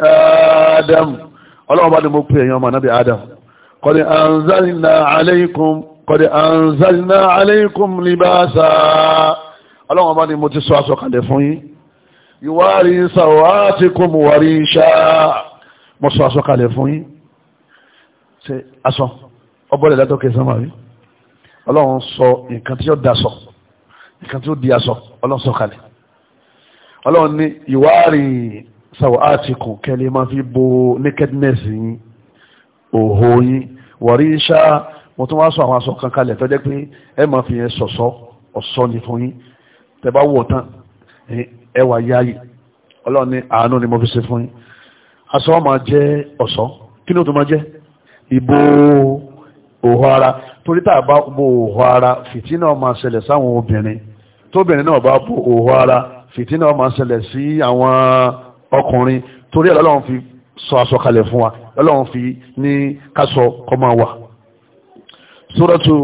A: Adam ọlọ́wọ́ bá ní mo pè èyàn ọmọ náà bí adam kọ́dí anzalna aleikum kọ́dí anzalna aleikum libasa ọlọ́wọ́ bá ní mo ti sọ aṣọ kalẹ̀ fún yín ìwárí sàwátíkùm wàrí ṣá mo sọ aṣọ kalẹ̀ fún yín ṣe aṣọ ọbọ̀lẹ̀ látọ́kẹ́ sánmàrí ọlọ́run sọ nǹkan tí ó daṣọ nǹkan tí ó di aṣọ ọlọ́run sọ kalẹ̀ ọlọ́run ní ìwárí sàwọ̀ áàtìkùn kẹlẹ̀ máa fi bo nakedness yìí òhò yìí wọ̀rí iṣá mo tún wá sọ àwọn aṣọ kan kalẹ̀ tọ́jẹ́ pé ẹ máa fi yẹn ṣọ̀ṣọ́ ọ̀ṣọ́ ni fún yín tẹ bá wọ̀ tán ẹ wà yáyì ọlọ́run ní àánú ni mo fi ṣe fún yín aṣọ máa jẹ́ ọ̀ṣọ́ kí ló tún máa jẹ́ ìbò òhò ara torí tá a bá bo òhò ara fìtínà máa ṣẹlẹ̀ sáwọn obìnrin tóbìnrin náà bá bo òhò ara fìtínà máa ṣẹlẹ̀ sí àwọn ọkùnrin torí ẹ̀ lọ́lọ́run fi sọ aṣọ kalẹ̀ fún wa lọ́lọ́run fi ní kásọ kọ́mọ wa suratu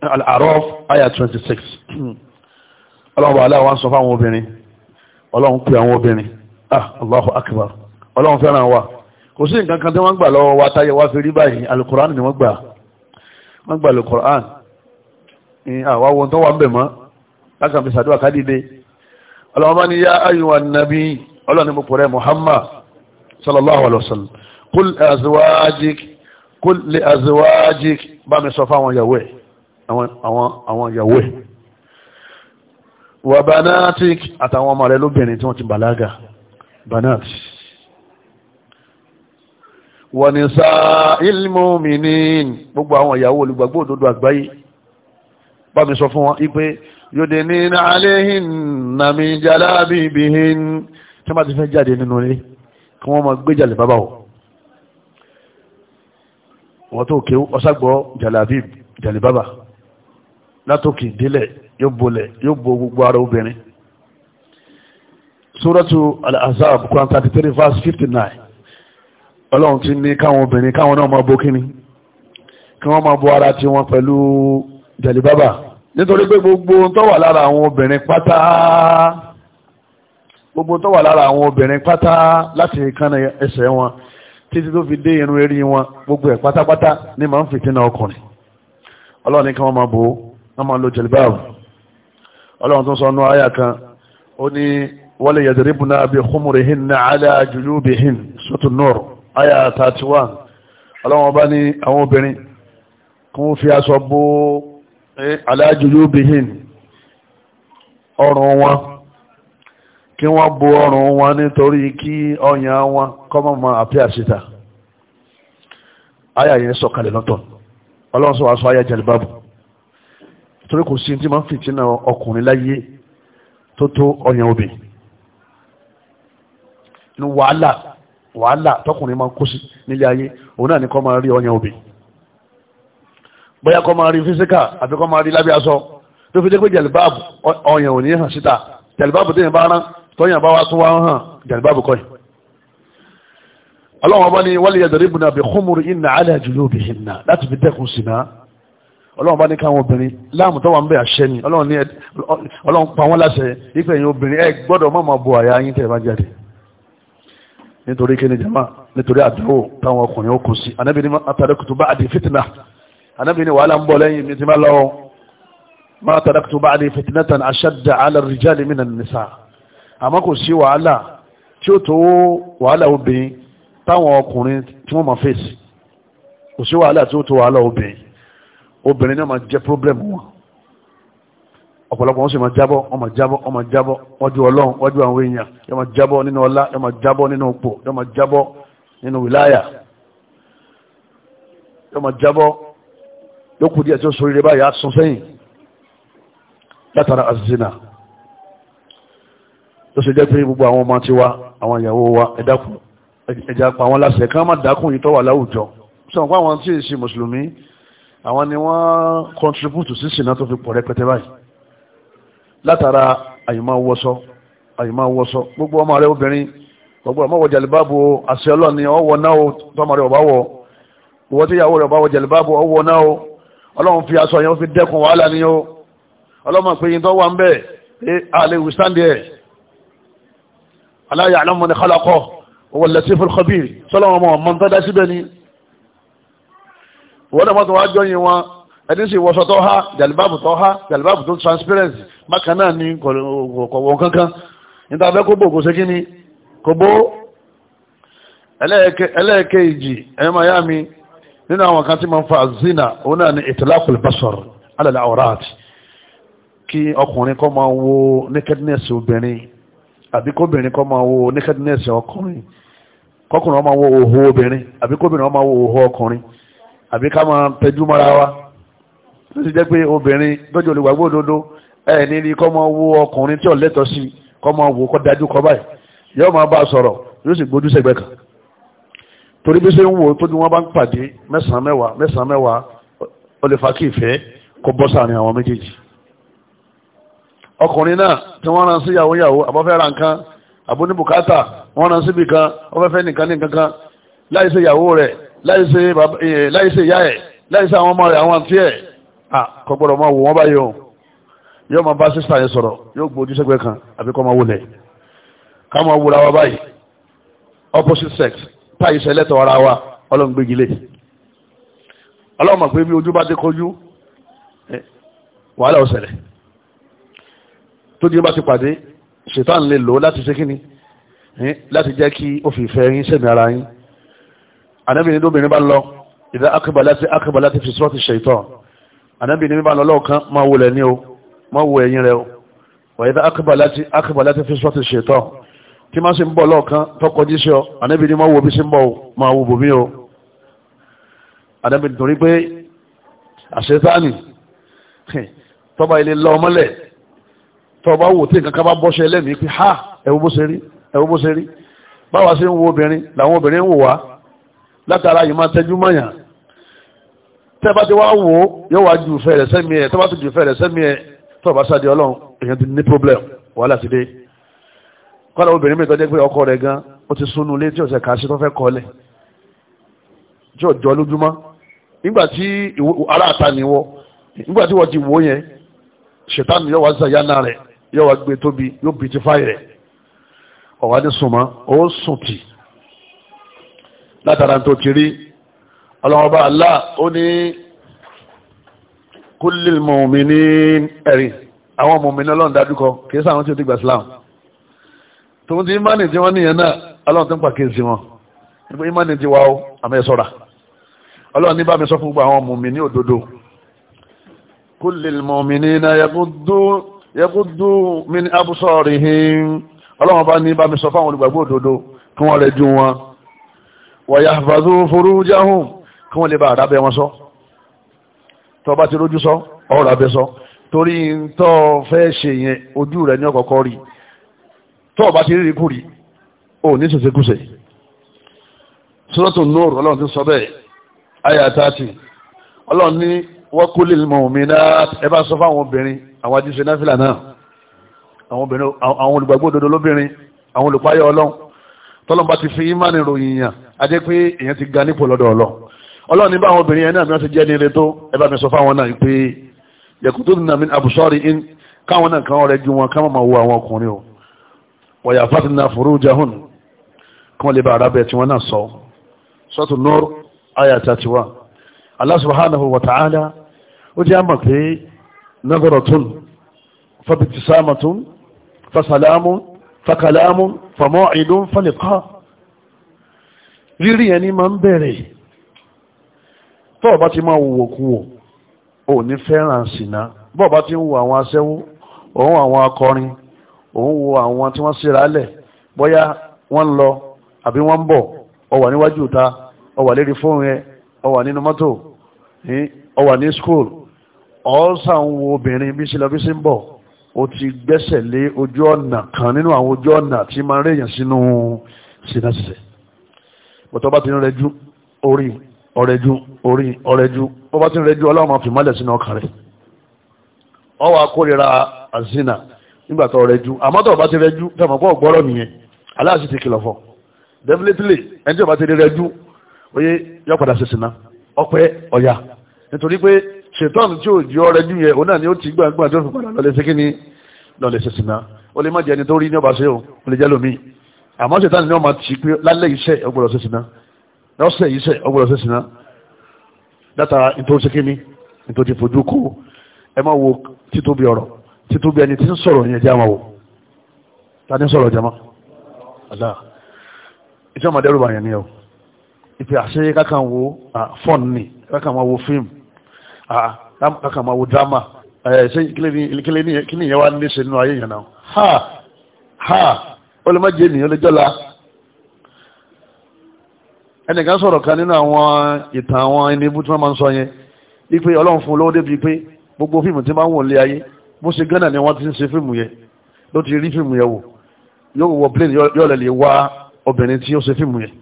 A: al-A'raf aya twenty six *clears throat* ọlọ́run bàálà wa ń sọ fáwọn obìnrin ọlọ́run pè àwọn obìnrin ah Allahu akbar ọlọ́run fẹ́ràn wa kò sí nǹkan kan tí wọ́n gbà lọ́wọ́ wa táyé wá fi rí báyìí alukur'an ni wọ́n gbà wọ́n gbà alukur'an àwọn ohun tó wà ń bẹ̀ mọ́ lákàmì sàdúrà kádìdé ọlọ́run bá ní yá ayuwan nabi ọlọ́ni mo pọ̀rẹ́ Muhammad sallallahu alayhi wa sallam kul azwajik kul li azwajik bá mi sọ fún àwọn ìyàwó ẹ̀ àwọn ìyàwó ẹ̀ wà banatik àtàwọn ọmọ rẹ̀ lóbìnrin tí wọ́n ti bàlágà banat wa nisa'il mu'minin gbogbo àwọn ìyàwó olùgbàgbọ́ òdodo àgbáyé bá mi sọ fún wọn ipé yòdè ní aléhìn nàmì jalabibihin tí wọ́n bá ti fẹ́ jáde nínú ilé kí wọ́n máa gbé jàlẹ̀ bábà wọ̀ wọ́n tó kéwú ọ̀sàgbọ́ jàlàbíb jàlẹ̀ bábà látòkè délẹ̀ yóò bolẹ̀ yóò bo gbogbo ara obìnrin súrọ́tù al-azab quran thirty verse fifty nine ọlọ́run ti ní káwọn obìnrin káwọn náà máa bo kíni kí wọ́n máa bo ara tí wọ́n pẹ̀lú jàlẹ̀ bábà nítorí pé gbogbo tó lára àwọn obìnrin pátá gbogbo tó wà lára àwọn obìnrin pátá láti kánà ẹsẹ̀ wọn títí tó fi dé irun eré wọn gbogbo ẹ̀ pátápátá ní máa ń fìtínà ọkùnrin ọlọ́run ní kí wọ́n máa bò ó wọ́n máa lo jẹ̀lbáàbù ọlọ́run tó sọ ọ́nà àyà kan ó ní wọ́lẹ̀ yadribna bi khumurihinna ala julubihin sọ́tù nọ́ọ̀rù àyà thirty one ọlọ́run ọba ní àwọn obìnrin kí wọ́n fi aṣọ bò eh, ala julubihin ọrùn wọn kí wọ́n bo ọrùn wọn nítorí kí ọyàn wọn kọ́mọ̀ mọ́ àpí àṣíta ayà yẹn sọ̀kalẹ̀ lọ́tọ̀ ọlọ́run sọ wá sọ ayà jẹ̀lẹ̀bábù torí kò sí tí máa ń fìtínà ọkùnrin láyé tó tó ọyàn obì ní wàhálà wàhálà tọkùnrin máa ń kó sí nílé ayé òun náà ní kọ́ máa rí ọyàn obì bóyá kọ́ máa rí físíkà àbí kọ́ máa rí lábẹ́ aṣọ tó fi dé pé jẹ̀lẹ̀bábù ọyàn ò ní hàn síta jẹ̀lẹ̀bábù tó tọ́yìn àbáwá tún wá ń hàn jàdìbábù kọ́ yìí ọlọ́wọ́n bá ní wọ́n lè yẹ dẹ̀rẹ́bù náà bí kúmùrù iná alẹ́ àjùlọ obìnrin náà láti fi dẹ́kun sí náà ọlọ́wọ́n bá ní káwọn obìnrin láàmù tó wà ń bẹ àṣẹ ni ọlọ́wọ́n pa wọ́n láṣẹ ife ẹ̀yin obìnrin ẹ gbọ́dọ̀ má máa bo àyà yín tẹ̀ bá jáde nítorí kí ni jama nítorí àdúró táwọn ọkùnrin ó kù sí anábì ní atàdékùtù bá àdì fìtìnà anábì ní wàhálà ń bọ̀ lẹ́yìn mi ti má lọ́wọ́ má atàdékùtù bá àdì fìtìnà tàn àṣàdà alẹ́ mí nà nìsáà àmọ́ kò sí wàhálà tí ó tó wàhálà obìnrin táwọn ọkùnrin tí wọ́n máa fèsì kò sí wàhálà tí ó tó wàhálà obìnrin obìnrin náà máa jẹ́ problem wọn ọ̀pọ̀lọpọ̀ wọn sì máa jábọ́ wọn máa jábọ́ wọn máa jábọ́ wájú ọlọ́run wájú àwọn èèyàn yọ máa jábọ́ nínú ọlá yọ máa jábọ́ nínú òpó yọ máa jábọ́ nínú wìláyà yọ máa jábọ́ yókù díẹ̀ tí ó sorí rẹ báyìí á sún sẹ́yìn látara azina tó ṣe jẹ́ pé gbogbo àwọn ọmọ tiwa àwọn ìyàwó wa ẹ dákun ẹ̀jà pa àwọn aláṣẹ kan má dákun yìí tó wà láwùjọ sọ̀rọ̀ pé àwọn tí ì ṣe mùsùlùmí àwọn ni wọ́n contribute sí ṣìnà tó fi pọ̀ rẹpẹtẹ báyìí látara àyùmáwọ́sọ àyùmáwọ́sọ gbogbo ọmọ rẹ obìnrin gbogbo ọmọ wọ jàlibáàbò àṣẹ ọlọ́ni ọwọ́ náà tọmọ rẹ ọba wọ ìwọ́n tí ìyàwó rẹ ọba wọ jàlibáàbò ọwọ́ náà ọlọ́run fi aṣọ yẹn fi dẹ́kun wàhálà ni ó ọlọ́mọ pé yín tó wà ń bẹ́ẹ̀ alẹ́ withstand ẹ̀ ala ya'lamu man khalaqa huwa al-latiful khabir sọ́lọ́wọ́n ọmọ ọmọ tó dá síbẹ̀ ni wọ́n náà mọ́tò wá jọyìn wọn ẹni sì wọ́sọ tó há jàlíbáàbù tó há jàlíbáàbù tó transparency bákan náà ni kọ̀wọ̀n kankan níta fẹ́ kó bò kó ṣe kí ni kò bó ẹlẹ́ẹ̀kẹ́ ìjì ẹ̀yẹ́ máa yá mi nínú àwọn kan tí ma ń fa zina òun náà ni itlaqul basar ala al-awrat kí ọkùnrin kọ́ máa wo nakedness obìnrin àbí kóbìnrin kọ́ máa wo nakedness ọkùnrin kọkùnrin ọmọ wo òhò obìnrin àbí kóbìnrin ọmọ wo òhò ọkùnrin àbí ká máa tẹjú mọ́ra wa tó ti jẹ́ pé obìnrin lọ́jọ́ olùgbàgbọ́ òdodo ẹ̀ nílí kọ́ máa wo ọkùnrin tí ò lẹ́tọ̀ọ́ sí kọ́ máa wo kọ́ dájú kọ́ báyìí yóò máa bá a sọ̀rọ̀ yóò sì gbójú sẹ́gbẹ́ kan torí bí ṣe ń wo tó ní bá ń pàdé mẹ́sàn-án mẹ́wàá mẹ́sàn-án mẹ́wàá ó lè fa kí kó bọ́ sáàrin àwọn méjèèjì ọkùnrin náà tí wọ́n rán sí ìyàwó ìyàwó àbọ́fẹ́ ra nǹkan àbóníbùkátà wọ́n rán síbi kan ọfẹ́fẹ́ nìkan ní kankan láìsí ìyàwó rẹ̀ láìsí eh, ìyá ẹ̀ láìsí àwọn ọmọ rẹ̀ àwọn àti ẹ̀ kò gbọ́dọ̀ máa wò wọ́n báyìí o yóò máa bá sísà yẹn sọ̀rọ̀ yóò gbójú sẹ́gbẹ́ kan àbí kọ́ máa wulẹ̀ ká máa wura wa báyìí opposite sex táyì sẹ́lẹ̀tọ̀ ara wa ọlọ́run gbégi lé ọlọ́run mọ̀ pé bí ojú bá ti tó di bá ti pàdé ṣètàn lè lò láti ṣe kíni láti jẹ́ kí ó fi ìfẹ́ yín sẹ́mi ara yín anábìnrin lóbìnrin bá lọ ìdá akọba láti akọba láti fi sọ́ọ̀tì ṣètàn anábìnrin bá lọ lọ́ọ̀kan máa wo lẹ́ni o máa wo ẹ̀yìn rẹ o wà ìdá akọba láti akọba láti fi sọ́ọ̀tì ṣètàn tí máa ṣe ń bọ̀ lọ́ọ̀kan tọkọjú sí ọ anábìnrin máa wo bí ṣe ń bọ̀ o máa wo bòmí o anábìnrin torí pé àṣetáàní tọ́ba ilé lọ́ọ̀mọ́lẹ̀ tọ́ bá wò tí nǹkan kan bá bọ́ṣẹ́ lẹ́mìí pé ha ẹ̀wọ́ bó ṣe rí ẹ̀wọ́ bó ṣe rí báwa ṣe ń wo obìnrin làwọn obìnrin ń wò wá látara yìí máa tẹ́jú mọ̀yàn tẹ́ bá ti wá wò ó yóò wá ju ìfẹ́ rẹ̀ sẹ́mi ẹ̀ tọ́ bá ti ju ìfẹ́ rẹ̀ sẹ́mi ẹ̀ tọ́ bá sáde ọlọ́run èèyàn ti ní problem wàhálà ti dé kọ́lá obìnrin mi tọ́jú pé ọkọ rẹ̀ gan ó ti súnú ilé tí ọ̀sẹ̀ kà sí tó fẹ́ kọ́lẹ̀ tí ọjọ́ lójúmọ́ nígbà tí aráàta ni wọ́ nígbà tí wọ́n ti wò yẹn ṣètàn yóò yóò wá gbé tóbi yóò bìtífáì rẹ̀ ọ̀wá ní sùnmọ́ ó sùn tì látara tó ti rí ọlọ́mọba Allah ó ní kullil mu'minin ẹ̀rí àwọn mọ̀mìnì ọlọ́run dájúkọ kìí sáwọn tí ó ti gbà Islam tó ti imani tí wọ́n níyẹn náà ọlọ́run tó ń pàkíyèsí wọn nígbà imani ti wá ó àmì ẹ̀sọ́ra ọlọ́run ní bá mi sọ fún gbogbo àwọn mọ̀mìnì òdodo kullil mu'minina yaguddu yẹkúdú mi ní abúsọ̀rì hìn ọlọ́wọ́n bá ní bá mi sọ fáwọn olùgbàgbọ́ òdodo kí wọ́n rẹ̀ ju wọn wọ̀yà àfàdú furujahum kí wọ́n lè bá àdábẹ́ wọn sọ tó bá ti rójú sọ ọ̀rọ̀ abẹ́ sọ torí tó fẹ́ ṣe yẹn ojú rẹ̀ ní ọ̀kọ̀ọ̀kọ̀ rí tó bá ti rí rí ò ní ṣèṣekúṣe Suratul Nur ọlọ́run ti sọ bẹ́ẹ̀ ayà ọlọ́run ní wa kulil ẹ bá sọ fáwọn obìnrin àwọn àti ṣe náfìlà náà àwọn olùgbàgbọ́ òdodo lóbìnrin àwọn olùpáyọ̀ ọlọ́run tọ́lọ́n bá ti fi ìmánì ròyìn yàn á jẹ́ pé èèyàn ti ga nípò lọ́dọ̀ ọlọ́ ọlọ́run ní bá àwọn obìnrin yẹn náà mìíràn ti jẹ́ ní ire tó ẹ mi sọ fáwọn náà pé yẹ̀kútó nà mí in káwọn náà kan rẹ̀ ju wọn ká máa wo àwọn ọkùnrin o wọ̀yà fatina furujahun kí wọ́n lè bá arábẹ̀ tí wọ́n náà sọ sọ́tù nọ́ọ̀rù ayàtà tiwa Allah subhanahu wa ta'ala ó jẹ́ àmọ̀ pé نظرة فابتسامة فسلام فكلام فموعد فلقاء rírí ẹni máa ń bẹ̀rẹ̀ tọ́ọ̀bá ti máa wò kú wò ò ní fẹ́ràn sínà bọ́ọ̀bá ti ń wo àwọn aṣẹ́wó òun àwọn akọrin òun wo àwọn tí wọ́n síra lẹ̀ bóyá wọ́n ń lọ àbí wọ́n ń bọ̀ ó wà níwájú ta ó wà lérí fóònù ẹ ó wà nínú mọ́tò ó wà ní school ọ̀ọ́sàn wo obìnrin bí ṣe lọ ti gbẹ́sẹ̀ lé ojú ọ̀nà kan nínú àwọn ojú ọ̀nà tí máa rèèyàn sínú sinasẹ̀ bọ́tọ́ bá ti ń rẹjú orí ọ̀rẹ́jú orí ọ̀rẹ́jú bá ti ń rẹjú ọlọ́run máa fi mọ́lẹ̀ sínú ọkàn rẹ̀ ọ wà nígbà tó rẹjú àmọ́ tó bá ti rẹjú gbọ́rọ̀ nìyẹn aláàṣì ti kìlọ̀ fọ́ definitely ẹni tí bá ti rẹjú oyé yọ padà ṣe ṣètọ́n tí ò jí ọrẹ jù yẹn òun náà ni ó ti gbàgbà tó fi padà lọ lè ṣe kíni lọ lè ṣe sìnà ó lè má jẹ ẹni tó rí ní ọba ṣe o ó lè jẹ lómi àmọ́ ṣètọ́n ni wọ́n máa ti pé lálẹ́ iṣẹ́ ọgbọ́dọ̀ ṣe sìnà lọ́sẹ̀ iṣẹ́ ọgbọ́dọ̀ ṣe sìnà látara nítorí ṣe kíni nítorí ti fojú kó ẹ máa wo títóbi ọ̀rọ̀ títóbi ẹni tí ń sọ̀rọ̀ yẹn jẹ́ àmà wò ta ni sọ̀rọ̀ jama Allah ìjọba dẹ́rù bàyàn ni ẹ o ìpè Ah, ah, ah, kàkà máa wo drama eh, ṣé kí ni ìyẹn wá ní ṣe nínú ayé yẹn náà ha ha ó lè má jẹ́ ènìyàn lè jọ́la ẹnìkan sọ̀rọ̀ kan nínú àwọn ìtàn àwọn ẹni ibú tí wọ́n máa ń sọ yẹn wípé ọlọ́run fún olówó débi pé gbogbo fíìmù tí máa ń wò lé ayé bó ṣe gánà ni wọ́n ti ń ṣe fíìmù yẹn ló ti rí fíìmù yẹn wò yóò wọ plane yóò lè lè wá obìnrin tí ó ṣe fíìmù yẹn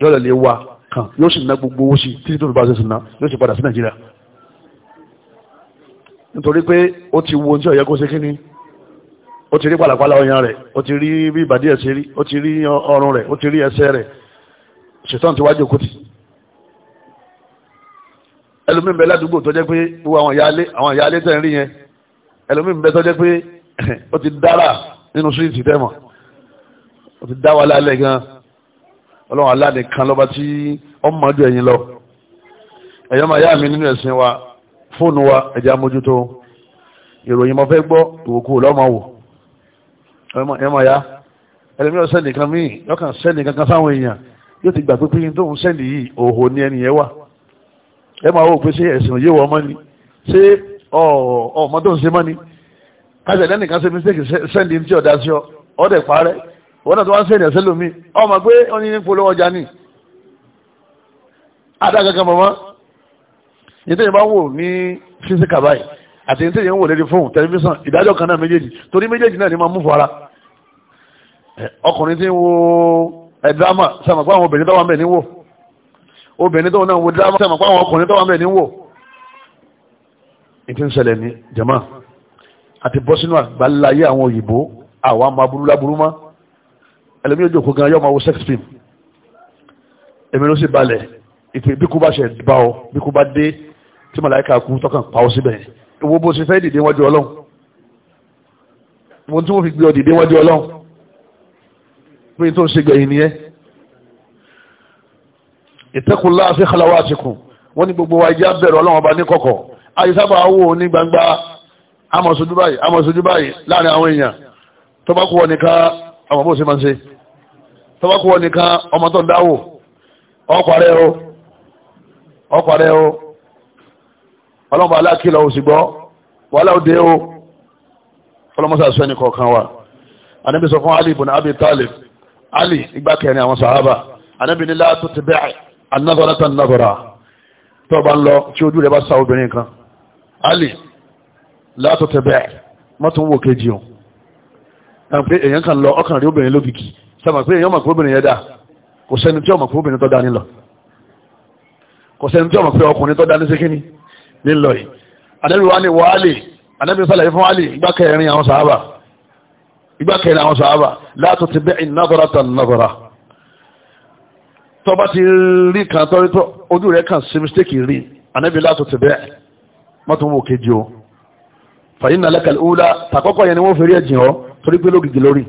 A: yóò lè lè wá kan yóò sì ná gbogbo owó sí títí tó fi bá ṣe sí ná yóò sì padà sí nàìjíríà nítorí pé ó ti wo oúnjẹ ọ̀yẹ́ kó ṣe kíní ó ti rí pàlàpàlà ọyàn rẹ̀ ó ti rí bí ìbàdí ẹ̀ ṣe rí ó ti rí ọrùn rẹ̀ ó ti rí ẹsẹ̀ rẹ̀ ṣètàn ti wájú òkúti ẹlòmíín bẹ ládùúgbò tó jẹ́ pé gbogbo àwọn ìyáálé àwọn ìyáálé tẹ̀ ń rí yẹn ẹlòmíín tó jẹ́ pé ó ti dára nínú síríìtì tẹ́mọ̀ ó ti dá wa lálẹ́ gan ọlọ́run alánìkan lọ́ba tí ọmọdé ẹ̀yìn lọ ẹ̀yọ́ máa yá fóònù wa ẹja mójútó ìròyìn mọ́ fẹ́ gbọ́ ìwòkú lọ́mọ wò ya ẹlẹ́mí ọ̀sẹ̀ nìkan míì lọ́kàn sẹ́ni kankan sáwọn èèyàn yóò ti gbà pé pín tóun sẹ́ni yìí òhò ní ẹni yẹn wà ẹ máa wò pé ṣé ẹ̀sìn òye wọ ọmọ ni ṣé ọmọ tó ń ṣe mọ́ ni káṣẹ̀ lẹ́nìkan ṣe mistake sẹ́ni tí ọ̀dà sí ọ ọ̀dẹ̀ parẹ́ wọn náà tó wá sẹ́ni ẹ̀sẹ̀ lómi ọmọ pé ó ní nítorí yẹn bá wò ní físíkà báyìí àti nítorí yẹn wò lórí fóònù tẹlifíṣàn ìdájọ́ kan náà méjèèjì torí méjèèjì náà ni máa mú fara ọkùnrin tí ń wo ẹ̀dáàmà sàmà pé àwọn obìnrin tó wà mẹ́ ní wò obìnrin tó náà wo dáàmà sàmà pé àwọn ọkùnrin tó wà mẹ́ ní wò ìtí ń ṣẹlẹ̀ ní jama àti bọ́ sínú àgbáláyé àwọn òyìnbó àwọn àmà burú láburú mọ́ ẹlẹ́mí sex film èmi ló sì balẹ̀ ìpè bí kú bá ṣe bá ọ bí kú bá dé tí màláìka kú tọ́kàn pa ó síbẹ̀ owó bó ṣe fẹ́ dìde wájú ọlọ́run wọn tí wọ́n fi gbé ọ dìde wájú ọlọ́run pé tó ń ṣe gbẹ̀yìn nìyẹn ìtẹ́kùnlá àfi xalawa àtìkùn wọ́n ní gbogbo wa ẹjẹ́ abẹ́rù ọlọ́run ọba ní kọ̀kọ̀ àyè sábà wò ní gbangba amọ̀sojú báyìí amọ̀sojú báyìí láàrin àwọn èèyàn tó bá kú wọn nìkan àwọn bó ṣe máa ń ṣe tó bá kú wọn nìkan ọmọ tó ń dáwò ọkọ̀ rẹ̀ o ọkọ̀ rẹ̀ o ọlọ́mọ aláàkìlọ̀ òsì gbọ́ wàhálà òde o ọlọ́mọsà sọ ẹni kọ̀ọ̀kan wa anábì sọ fún Ali ibn Abi Talib Ali ìgbà kẹrin àwọn sàhábà anábì ní láàtú ti bẹ́ẹ̀ anáfọ́nà tán náfọ́ra tó bá ń lọ tí ojú rẹ̀ bá sa obìnrin kan Ali láàtú ti bẹ́ẹ̀ mọ́tò ń wò kejì o pé èèyàn kan lọ ọkàn rí obìnrin lókìkì sábà pé èèyàn mọ̀ pé obìnrin yẹn dà kò sẹ́ni tí ọmọ pé obìnrin tó dání lọ kò sẹ́ni tí ọmọ pé ọkùnrin tó dání sí kíní lílọ yìí anabi wa ni wàhálì anabi sàlàyé fún wàhálì ìgbà kẹrin àwọn sàábà ìgbà kẹrin àwọn sàábà látò ti bẹ́ ìnàbọ̀rà tàn nàbọ̀rà tó bá ti rí kan tó rí tó ojú rẹ̀ kan sí mistake rí anabi látò ti bẹ́ mọ́tò wò kejì o fàyín nàlẹ́ kàlẹ́ wúlá tàkọ́kọ́ yẹn ni wọ́n fẹ́rí ẹ̀jìn ọ́ torí pé lógìgì lórí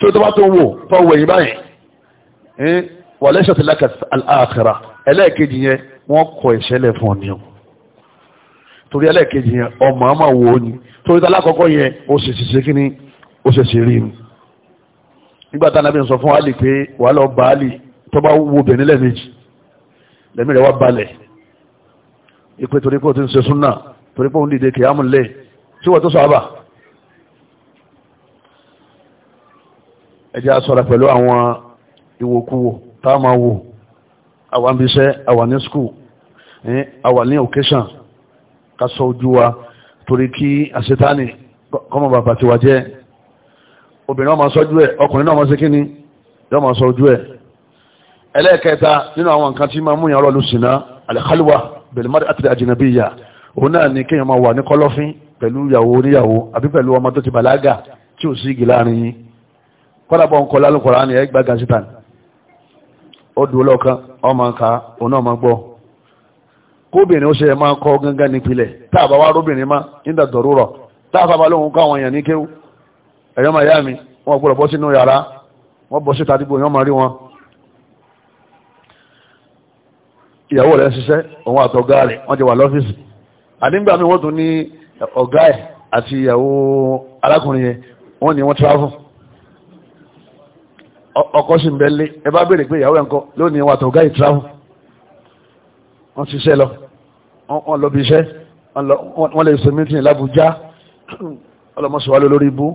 A: tó tó bá wò tó wò báyìí wà lákàtà àkàrà ẹlẹ́ẹ̀kejì yẹn wọ́n kọ ìṣẹ̀lẹ̀ fún ọ torí ẹlẹ́ẹ̀kejì yẹn ọmọ ọmọ wo ni torí alákọ̀ọ́kọ́ yẹn ó sì sì ṣe kíní ó sì sì rí ni nígbà tá anábìyàn sọ fún Ali pé wàá lọ bá Ali tó bá wo obìnrin lẹ́ẹ̀mejì lẹ́mí rẹ̀ wá balẹ̀ ìpè torí pé o ti ń ṣe súnà torí pé òun dìde kìámù lẹ̀ tí wọ́n tó sọ àbà ẹjẹ́ aṣọ́ra pẹ̀lú àwọn ìwòkúwò táàmà wò àwa ń bí ní skul àwa ní occasion ká ṣọ́ ojú wa torí kí àṣetánì kọ́mọ bàbà tiwa jẹ́ obìnrin ọmọ sọ́jú ẹ̀ ọkùnrin náà mọ́ sí kíni yọ́ mọ́ sọ ojú ẹ̀ ẹlẹ́ẹ̀kẹta nínú àwọn nǹkan tí máa mú yàn rọ́ọ̀lù sínú al-khalwa bil-mar'ati àti al-ajnabiyya òun náà ní kéèyàn máa wà ní kọ́lọ́fín pẹ̀lú ìyàwó oníyàwó àbí pẹ̀lú ọmọ tó ti bàlágà tí ò sí igi láàrin yín kọ́dàbọ̀ ń kọ́ lálùkọ̀rọ̀ á ní ẹgbàá gazetan kóbìnrin ó ṣe máa kọ́ gángan nípìnlẹ̀ tá a bá wá róbìnrin má nígbà dọ̀rú rọ̀ tá a fà bá lóhun kọ́ àwọn èèyàn ní kéwú ẹ̀yọ́ máa yá mi wọ́n gbọ́dọ̀ bọ́ sínú yàrá wọ́n bọ́ síta àdúgbò yọ́n máa rí wọn. ìyàwó rẹ̀ ń ṣiṣẹ́ òun àti ọ̀gá rẹ̀ wọ́n ti wà lọ́fíìsì mi wọ́n tún ní ọ̀gá ẹ̀ àti ọkọ sì ń ẹ bá béèrè pé ìyàwó ń lónìí wà wọ́n ṣiṣẹ́ lọ wọ́n lọ bí iṣẹ́ wọ́n lè ṣe mítìn lábújá ọlọ́mọṣọ́wá lórí ibú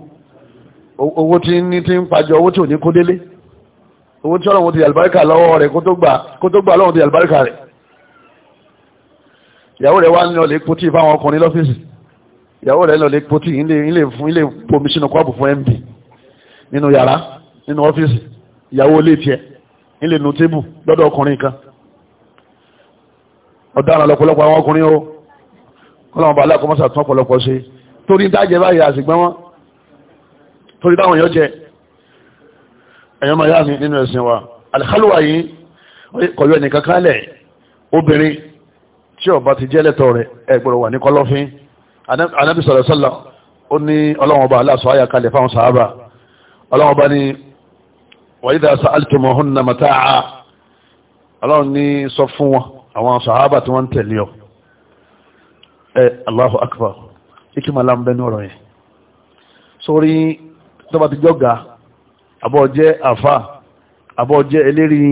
A: owó tí ní ti ń pàjọ owó tí ò ní kó délé owó tí ọlọ́run ti àlùbáríkà lọ́wọ́ rẹ̀ kó tó gbà ọlọ́run ti àlùbáríkà rẹ̀ ìyàwó rẹ̀ wá ní ọ̀lẹ́ epo tí ìfáwọn ọkùnrin lọ́fíìsì ìyàwó rẹ̀ lọ́lẹ́ epo tí ilé fún ilé kọ́ọ̀bù fún mb nínú yàrá nínú ọ́fíìsì ìyàwó ilé tiẹ̀ ilé nu tébù lọ́dọ̀ ọkùnrin kan ọ̀daràn lọ́pọ̀lọpọ̀ àwọn ọkùnrin o kọ́lọ́wọ́n bá aláàkọ́mọ́sà tún ọ̀pọ̀lọpọ̀ sí torí dájẹ́ báyìí àsìgbọ́n wọn torí dáwọn yóò jẹ ẹ̀yọ́ máa yá mi nínú ẹ̀sìn wa alìkálùwà yìí kọ̀yọ́ ẹnì kankan lẹ̀ obìnrin tí ó bá ti jẹ́ lẹ́tọ̀ rẹ̀ ẹ gbọ́dọ̀ wà ní kọ́lọ́fín anábì sọ̀rọ̀ sọ́lá ó ní fún wọn àwọn sàhábà tí wọ́n tẹ̀lé ọ ẹ Allahu Akbar ikima lambẹ ní ọ̀rọ̀ yẹn sórí tọ́ba ti jọ́gà àbọ̀ jẹ́ àfà àbọ̀ jẹ́ eléri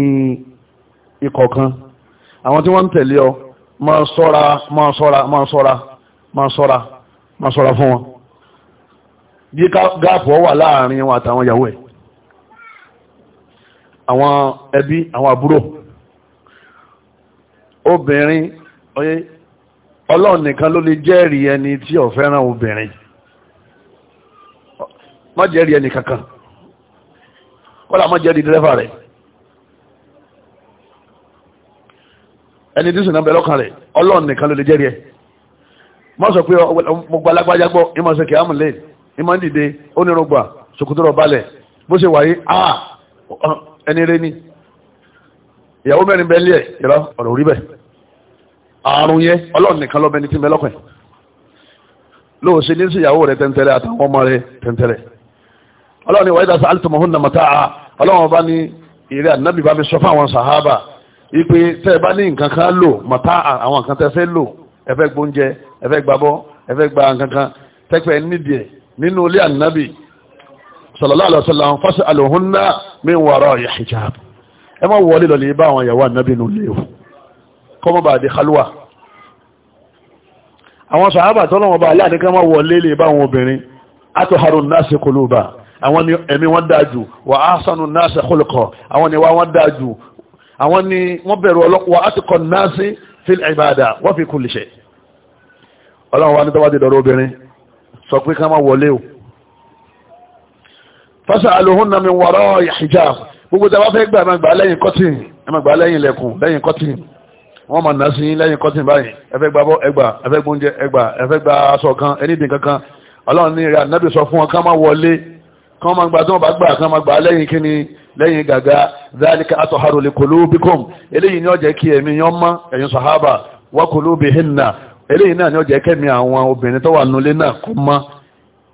A: ikọ̀ kan àwọn tí wọ́n tẹ̀lé ọ máa ṣọ́ra máa ṣọ́ra máa ṣọ́ra máa ṣọ́ra máa ṣọ́ra fún wọn bí gáàpù ọ wà láàrin wọn àtàwọn ìyàwó ẹ̀ àwọn ẹbí àwọn àbúrò obìnrin ọlọ́run nìkan ló lè jẹ́rìí ẹni tí ò fẹ́ràn obìnrin má ẹni kankan kọ́lá má jẹ́rìí dírẹ́fà rẹ̀ ẹni tí sùnà na ọkàn rẹ̀ ọlọ́run nìkan ló lè jẹ́rìí ẹ má sọ pé alágbájá gbọ́ ìmọ̀ ìmọ̀ dìde onírúgba balẹ̀ ah, ẹni rẹ ni ìyàwó mẹ́rin bẹ́ẹ̀ lé ẹ̀ yọ̀rọ̀ ọ̀rọ̀ àrùn yẹn ọlọ́run nìkan lọ́bẹ ní ti ń bẹ lọ́kàn ẹ̀ lóòsì ní síyàwó rẹ̀ tẹ́ntẹ́rẹ́ àtàwọn ọmọ rẹ̀ tẹ́ntẹ́rẹ́ ọlọ́run ni wàídà sàálùtùmọ̀hún nà mọ̀tá à ọlọ́run bá ní ìrẹ́ ànábì bá mi sọ fáwọn sàhábà ipe tẹ́ ẹ bá ní nǹkan kan lò mọ̀tá à àwọn nǹkan tẹ́ fẹ́ lò ẹ fẹ́ gbóúnjẹ ẹ fẹ́ gbabọ́ ẹ fẹ́ gba nǹkan kan tẹ́pẹ́ nídìí ẹ̀ nínú ilé ànábì sallallahu alaihi kọ́mọ̀bà àdé khalwa àwọn sàhábà tọ́lọ̀ wọn bá aláàdé kan máa wọlé lè bá àwọn obìnrin atoharun nasi kuluba àwọn ni ẹ̀mí wọn dájú wà ahsanu nasi khuluqa àwọn ni wọn dájú àwọn ni wọ́n bẹ̀rù ọlọ́pàá àtìkọ̀ nasi fil ibada wa fi kulli shay ọlọ́run wa ní tọ́wọ́ ti dọ̀rọ̀ obìnrin sọ pé ká máa wọlé o fas'aluhunna min wara'i hijab gbogbo tí a wọ́n máa nà sí lẹ́yìn kọ́tìn báyìí ẹfẹ́ gba bọ́ ẹgbà ẹfẹ́ gbóúnjẹ ẹgbà ẹfẹ́ gba aṣọ kan ẹnìdìn kankan ọlọ́run ní ìrẹ́ ànábì sọ fún wọn ká má wọlé ká má gba tí wọ́n bá gbà ká má gbà lẹ́yìn kíni lẹ́yìn gàgà dhalika atharu li qulubikum eléyìí ni ó jẹ́ kí ẹ̀mí yọ́n mọ́ ẹ̀yin sàhábà wa qulubihinna eléyìí náà ni ó jẹ́ kẹ́mi àwọn obìnrin tó wà nulẹ̀ náà kó mọ́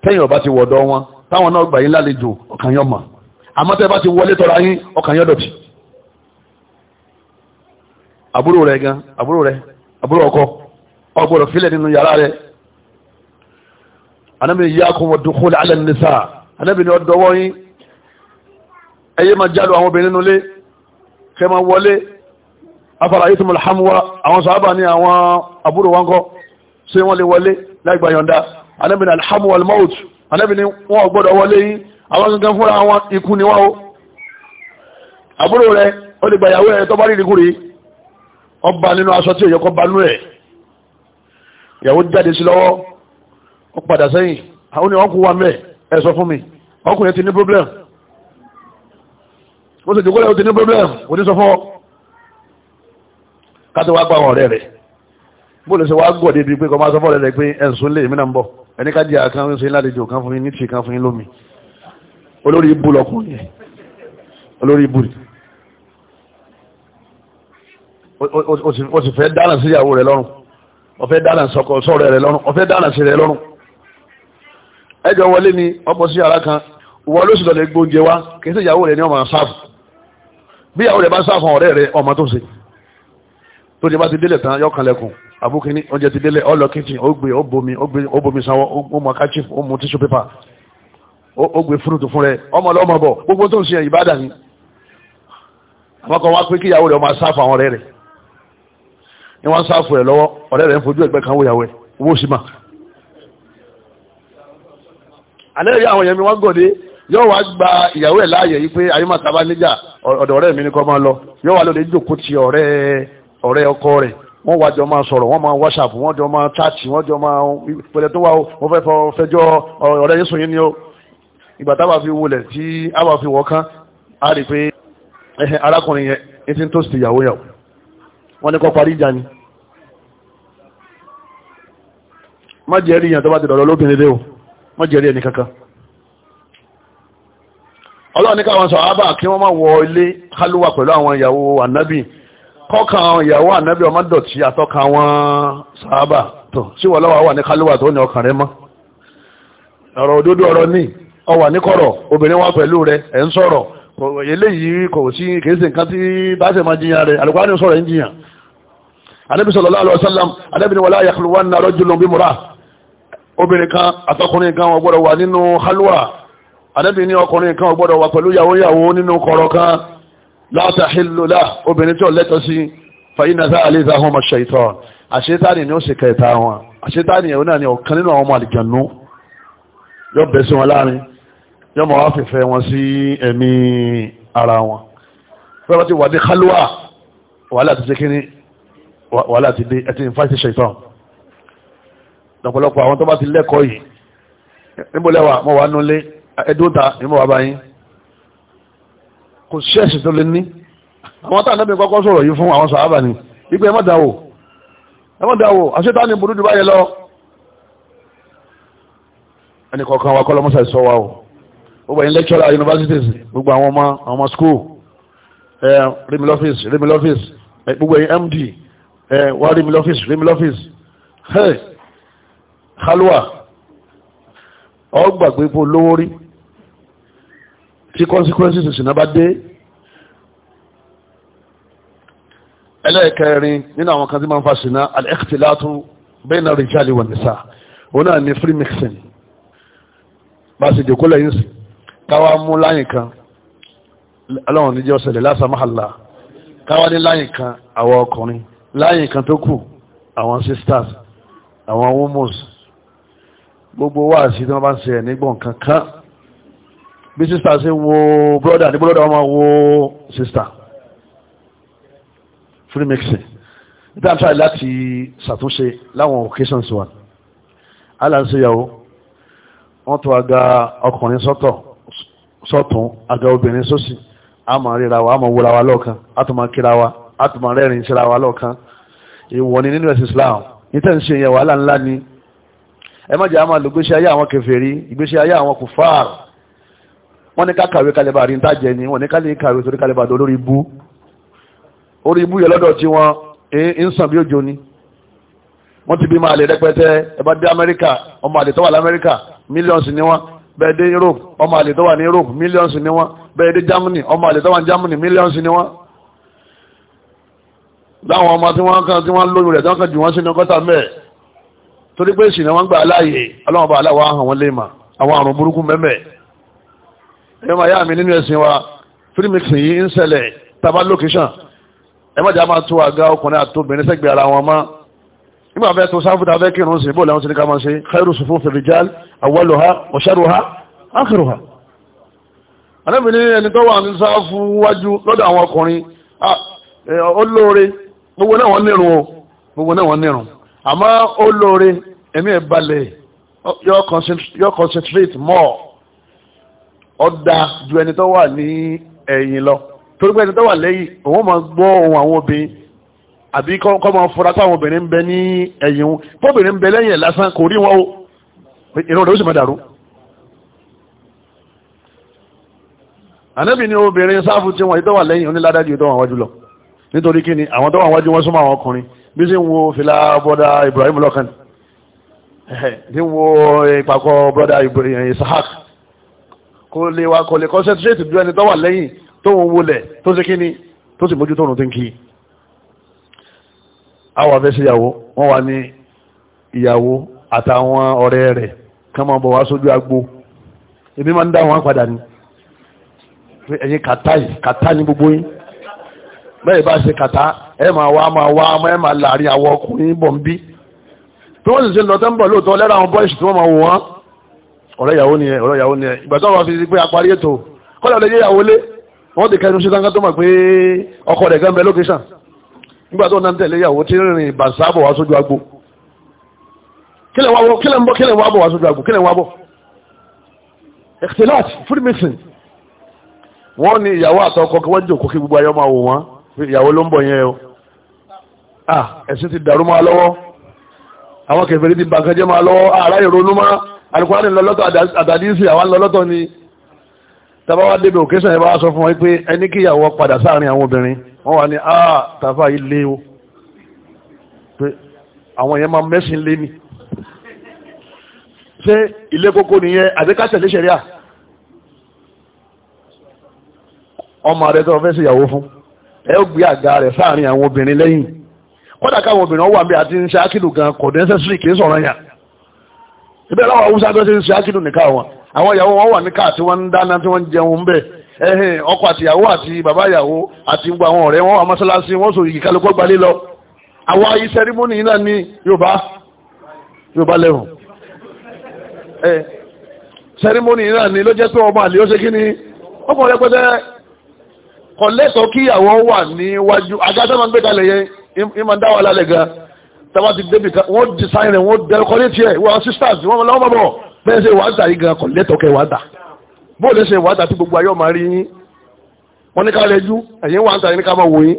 A: tẹ́yìn ọba ti wọ̀dọ̀ wọn táwọn náà gbà yín lálejò ọkàn yọ́n àbúrò rẹ̀ gan àbúrò rẹ̀ àbúrò ọkọ ọgbọ̀rọ̀ fílẹ̀ nínú yàrá rẹ̀ anábì ní yíyá kún wọ́dún kúlẹ̀ alẹ́ ní sáà anábì ní ọdọ wọ́nyí ẹyẹ máa jálù àwọn obìnrin nulé kẹ máa wọlé afárá yìí tó mọ̀ lọ́hàmúwá àwọn sàábà ní àwọn àbúrò wọn kọ́ sí wọ́n lè wọlé láìgbà yọ̀ǹda anábì ní alhamu almaut anábì ní wọ́n gbọ́dọ̀ wọlé yìí àwọn gangan fúnra wọn ikú ni wọ́n o àbúrò rẹ̀ ó lè gbàyàwó rẹ̀ tó bá rí ìrìkúrì yìí ọba nínú aṣọ tí òyẹ́kọ́ bá nú ẹ̀ ìyàwó jáde sí lọ́wọ́ ó padà sẹ́yìn àwọn ènìyàn kò wà mẹ́ ẹ sọ fún mi ọkùnrin ti ní problem ó sì jòkó lẹ́wọ́ ti ní problem kò ní sọ fún ọ káti wá pa àwọn ọ̀rẹ́ rẹ̀ bóòlù sọ wá gbọ̀ débi pé kọ́ máa sọ fún ọ̀rẹ́ rẹ̀ pé ẹ̀sùn lè mí náà ń bọ̀ ẹni ká jẹ́ àkàn ń ṣe ládejò kan fún yín ní tì kan fún yín lómi
B: olórí ibú lọkùnrin
A: olórí ibú rẹ̀ o sì fẹ́ dáná sí ìyàwó rẹ lọ́rùn o fẹ́ dáná sọkọ sọ̀rọ̀ rẹ lọ́rùn o fẹ́ dáná sí rẹ lọ́rùn ẹjọ́ wọlé ni ọbọ̀ sí ara kan wọ́n ló sì lọ lè gbóúnjẹ wá kì í sí ìyàwó rẹ ní ọmọ sáfù bí ìyàwó rẹ bá sáfù ọ̀rẹ́ rẹ ọmọ tó ṣe tó ti bá ti délẹ̀ tán yọ kanlẹ̀kùn àbúkíní oúnjẹ ti délẹ̀ ọlọ kíntìn ó gbé ó bomi ó bomi sanwó ó mọ káchif ó mu tíṣù pépà ó gbé fúrúùtù fún rẹ ọmọ lọ́mọ bọ̀ gbogbo tó ń ṣe ìbádà ni àwọn kan wá pé kíyàwó rẹ ọmọ sáfù àwọn ọ̀rẹ́ rẹ̀ ni wọ́n sáfù ẹ̀ lọ́wọ́ ọ̀rẹ́ rẹ̀ ń fojú ẹgbẹ́ kan wòyàwó ẹ̀ owó sì mà. alẹ́ yà àwọn yẹn mi wọ́n gòdè yóò wá gba ìyàwó ẹ̀ láàyè yìí pé ayé máa taba níjà ọ̀dọ̀ ọ̀rẹ́ mi ni kò máa lọ yóò wá lóde jókòó ti ọ̀rẹ́ ọ̀rẹ́ ọkọ rẹ̀ wọ́n wá jọ máa sọ̀rọ̀ wọ́n máa wáṣàp wọ́n jọ máa chaàtì wọ́n jọ máa pẹ̀lẹ́ tó wá o wọ́n fẹ́ fẹjọ́ ọ̀rẹ́ yín sùn yín ni o ìgbà táwa fi wulẹ̀ tí àwa fi wọ̀ kán á rí i pé arákùnrin yẹn ti ń tó sì ìyàwó yàwó wọ́n ní kó parí ìjà ni má jẹ́ rí yàn tó bá ti dọ̀rọ̀ lóbìnrin lé o má jẹ́ rí ẹni kankan ọlọ́run ní káwọn sàhábà kí wọ́n má wọ ilé kálúwà pẹ̀lú àwọn ìyàwó ànábì kọ́kàn àwọn ìyàwó ànábì ọmọ dọ̀tí àtọ́ka wọn sàhábà tó sí wọ́n lọ́wọ́ wà ní kálúwà tó ní ọkàn rẹ mọ́ ọ̀rọ̀ òdodo ọ̀rọ̀ ní ọwà ní kọ̀rọ̀ obìnrin wà pẹ̀lú rẹ ẹ̀ ń sọ̀rọ̀ eléyìí kò sí kìí nǹkan tí bá ṣe máa jiyàn rẹ àlùkò ànábì ń jiyàn ànábì sallallahu alaihi wasallam ànábì ní wala yakhluwanna rajulun bimra'ah obìnrin kan àtọkùnrin kan wọn gbọ́dọ̀ wà nínú halwa ànábì ní ọkùnrin kan wọn gbọ́dọ̀ wà pẹ̀lú yàwó yàwó nínú kọ̀rọ̀ kan látàhìlólà obìnrin tí ó lẹ́tọ̀ sí fàyínàtà àlẹ́ta àwọn ọmọ ṣẹ̀tọ́ àṣetáni ni ó sì kẹta wọn àṣetáni ẹ̀hún náà ni ọ̀kan nínú àwọn ọmọ àlìjànú yóò bẹ̀ sí wọn láàrin yóò mọ̀ wá fìfẹ́ wọn sí ẹ̀mí ara wọn fẹ́rẹ́ ti wà ní kálúwà wàhálà ti ṣe kíní wàhálà ti dé ẹ̀ ti ń lọ́pọ̀lọpọ̀ àwọn tó bá ti lẹ́kọ̀ọ́ yìí níbo lẹ́wà mo wà nulẹ̀ ẹ̀dúntà ni mo wà báyìí kò sí ẹ̀sìn tó lé ní àwọn tá ànábì kọ́kọ́ sọ̀rọ̀ yìí fún àwọn sàábà ni ipe ẹmọ́ dáwò ẹmọ́ dáwò àṣetá ni burú jù báyẹn lọ ẹnì kọ̀ọ̀kan wa kọ́lọ́mọ́sà sọ wa o gbogbo ẹ̀yin lecturer universities gbogbo àwọn ọmọ àwọn ọmọ school ẹ rímìlì office rímìlì office gbogbo ẹ̀yin MD ẹ wá rímìlì office rímìlì office kálúwà ọ gbàgbé bó lówó rí tí consequences ìsìnà bá dé ẹlẹ́ẹ̀kẹrin nínú àwọn kan tí máa ń fa ṣìnà al-ikhtilatu bayna rijali wa nisa òun náà ni free mixing bá ṣe jòkó lẹ́yìn sí káwá mú láyìn kan ọlọ́run níjẹ́ ọ̀sẹ̀lẹ̀ lásàmáhàlá káwá ní láyìn kan àwọn ọkùnrin láyìn kan tó kù àwọn sisters àwọn women's gbogbo wá sí tí wọ́n bá ń ṣe ẹ̀ nígbọ̀n kankan bí sísà ṣe wo brọ́dà ní brọ́dà ọmọ wo sísà free mixing nígbà tí a láti ṣàtúnṣe láwọn occasions wa aláṣeyàwó wọ́n tó aga ọkùnrin sọ́tọ̀ sọ́tún aga obìnrin sósì a máa ríra wa a máa wúra wa lọ́ọ̀kan a tó máa kíra wa a tó máa rẹ́rìn síra wa lọ́ọ̀kan ìwọ ni nínú ẹ̀sìn Islam ní tẹ́ ń ṣe ìyẹn wàhálà ńlá ni ẹ má jẹ́ àmà lò gbéṣẹ́ ayé àwọn kèfèrí ìgbéṣẹ́ ayé àwọn kùfáàr wọ́n ní ká kàwé kalẹ̀bà rí ntájẹ ni wọ́n ní ká lè kàwé torí kalẹ̀bà dò lórí ibú orí ibú yẹ lọ́dọ̀ tí wọ́n ń sàn bí òjò ni wọ́n ti bí máa lè rẹpẹtẹ ẹ dé amẹ́ríkà ọmọ àlè tó wà lamẹ́ríkà mílíọ̀nsì ni wọ́n bẹ́ẹ̀ dé europe ọmọ àlè tó wà ní europe mílíọ̀nsì ni wọ́n bẹ́ẹ̀ dé germany ọmọ àlè tó wà ní germany mílíọ̀nsì ni wọ́n láwọn ọmọ tí wọ́n kan tí wọ́n lóyún rẹ̀ tí wọ́n kan jù wọ́n sínú gọ́tà mẹ́ẹ̀ torí pé ìsìn ni wọ́n gbà láàyè ọlọ́run bá aláwọ̀ ahàn wọn lè mà àwọn àrùn burúkú mẹ́mẹ́ ẹ máa yá mi nínú ẹ̀sìn wa fírímìkì yìí ń ṣẹlẹ̀ taba lókèṣàn ẹ má jà máa tó àga ọkùnrin àtòbìnrin sẹ́gbẹ̀ẹ́ ara wọn mọ́ nígbà fẹ́ tó sáfúdà fẹ́ kírun sí bóòlù àwọn tí ní ká máa ṣe khairu sufu fi rijal awwaluha wa sharruha akhiruha anábìnrin ẹni tó wà ní sáfù wájú lọ́dọ̀ àwọn ọkùnrin ah, ó lóore gbogbo náà wọ́n nírun o gbogbo náà wọ́n nírun àmọ́ ó lóore ẹ̀mí ẹ̀ balẹ̀ yọ concentrate more ọ̀dà ju ẹni tó wà ní ẹ̀yìn lọ torí pé ẹni tó wà lẹ́yìn òun máa gbọ́ ohun àwọn obìnrin àbí kọ́ máa fura pé àwọn obìnrin ń bẹ ní ẹ̀yìn wọn fóbìnrin ń bẹ lẹ́yìn ẹ̀ lásán kò rí wọn o ìran rẹ̀ ó sì máa dàrú. ànábì ni obìnrin sáfù tí wọn yìí tó wà lẹ́yìn oníládájú tó wájú lọ nítorí kí ni àwọn tó wà wájú wọn súnmọ́ àwọn ọkùnrin bí sí ń wo fìlà bọ́dà Ibrahim lọ́kàn tí ń wo eh, ìpàkọ́ bọ́dà Ibrahim eh, Isahak kò lè wa kò lè concentrate ju ẹni tó wà lẹ́yìn tó ń wọlẹ̀ tó ṣe kíni tó sì mójútó òun tó ń kí àwọn afẹ́ síyàwó wọ́n wà ní ìyàwó àtàwọn ọ̀rẹ́ rẹ̀ kán máa bọ̀ wá sójú agbo èmi máa ń dá wọn padà ní ẹ̀yin kàtá ní gbogbo yín bẹ́ẹ̀ bá ṣe kàtá ẹ máa wá máa wá ẹ máa láàrin àwọn ọkùnrin bọ̀ ń bí tí wọ́n sì ṣe lọ́tẹ́ ń bọ̀ lóòótọ́ lẹ́rọ àwọn bọ́ìṣì tí wọ́n máa wò wọ́n ọ̀rẹ́ ìyàwó ni ẹ ọ̀rẹ́ ìyàwó ni ẹ ìgbà tó wọ́n fi pé àparí ètò kọ́lá lè yé ìyàwó lé wọ́n ti kẹnu sí tánká tó mọ̀ pé ọkọ rẹ̀ gan bẹ lókèṣàn nígbà tó náà ń tẹ̀lé ìyàwó tí rìnrìn ìbàṣábọ̀ wá wá sójú agbo kílẹ̀ wọ́n ni ìyàwó àtọkọ kí wọ́n jòkó kí gbogbo ayọ́ máa wò wọ́n ìyàwó ló ń bọ̀ yẹn o ah ẹ̀sìn ti dàrú máa lọ́wọ́ àwọn kẹfẹ́rí ti bàǹkan jẹ́ máa lọ́wọ́ ààrá ah, ìrònú máa alukóhánì lọ́lọ́tọ̀ àdàdísì àwọn lọ́lọ́tọ̀ ni tàbá wá débi òkèsàn ẹ̀ bá sọ fún wọn pé ẹni kí ìyàwó padà sáàrin àwọn obìnrin wọ́n wà ní ah tàfà yìí lé o pé àwọn yẹn máa mẹ́sìn lé ni ṣé ilé kókó nìyẹn àdékàṣẹ̀ léṣẹ̀ríà ọmọ rẹ̀ fẹ́ sí ìyàwó fún e ó gbé àga rẹ̀ sáàrin àwọn obìnrin lẹ́yìn kódà káwọn obìnrin wà bí àti ń ṣe ákìlù gan kò dé sẹ́sìrì kì í sọ̀rọ̀ yàn ibẹ̀ láwọn haúsá tó ṣe ń ṣe ákìlù nìka wọn àwọn ìyàwó wọn wà níka tí wọ́n ń dáná tí wọ́n ń jẹun ọkọ àti ìyàwó àti bàbá ìyàwó àti gbogbo àwọn ọ̀rẹ́ wọn wà mọ́ṣáláṣí sọ yìí kálukọ́ lọ àwọn ayé náà ní kọ̀lẹ́tọ̀ kí ìyàwó wà níwájú agádá máa ń gbé kalẹ̀ yẹn ìmọ̀ ń dá wà lálẹ́ gan tàbá ti débi kan wọ́n di sáyẹn wọ́n dẹ̀rẹ̀ kọ́lé wọ́n sisters wọ́n lọ́wọ́ bọ̀ bẹ́ẹ̀ ṣe wàá dà yìí gan kọ̀lẹ́tọ̀ kẹ wàá dà bó lè ṣe wàá dà tí gbogbo ayé ọmọ rí yín wọ́n ní ká lẹ jú ẹ̀yìn wàá dà yín ká máa wò yín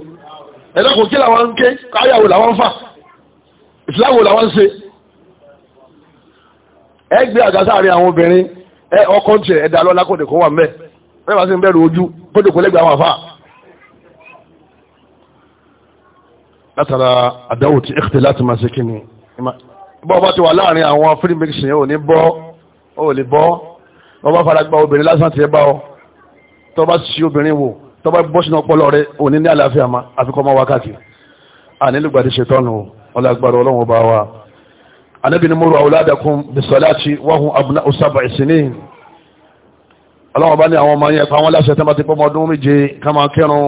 A: ẹ̀dá bẹ́ẹ̀ bá sì ń bẹ̀rù ojú kó dòkó lẹ́gbẹ̀ẹ́ àwọn àfáà látara àdáwò tí ẹ̀kẹ́tẹ̀ láti máa ṣe kíni bọ́ bá ti wà láàrin àwọn free mixing ò ní bọ́ ò lè bọ́ wọ́n bá fara gba obìnrin lásán ti bá ọ tọ́ bá sí obìnrin wò tọ́ bá bọ́ sínú ọpọlọ rẹ ò ní ní àlàáfíà ma àfikọ́ mọ́ wákàtí ànílùgbàdì ṣètọ́nù ọlágbàrá ọlọ́run ọba wa anábìnrin mọ́rọ̀ àwòládàkùn bisalati ọlọ́wọ́ bá ní àwọn ọmọ yẹn pa wọ́n láṣẹ tẹ́mà ti pọ́mọ ọdún méje kama kẹrùn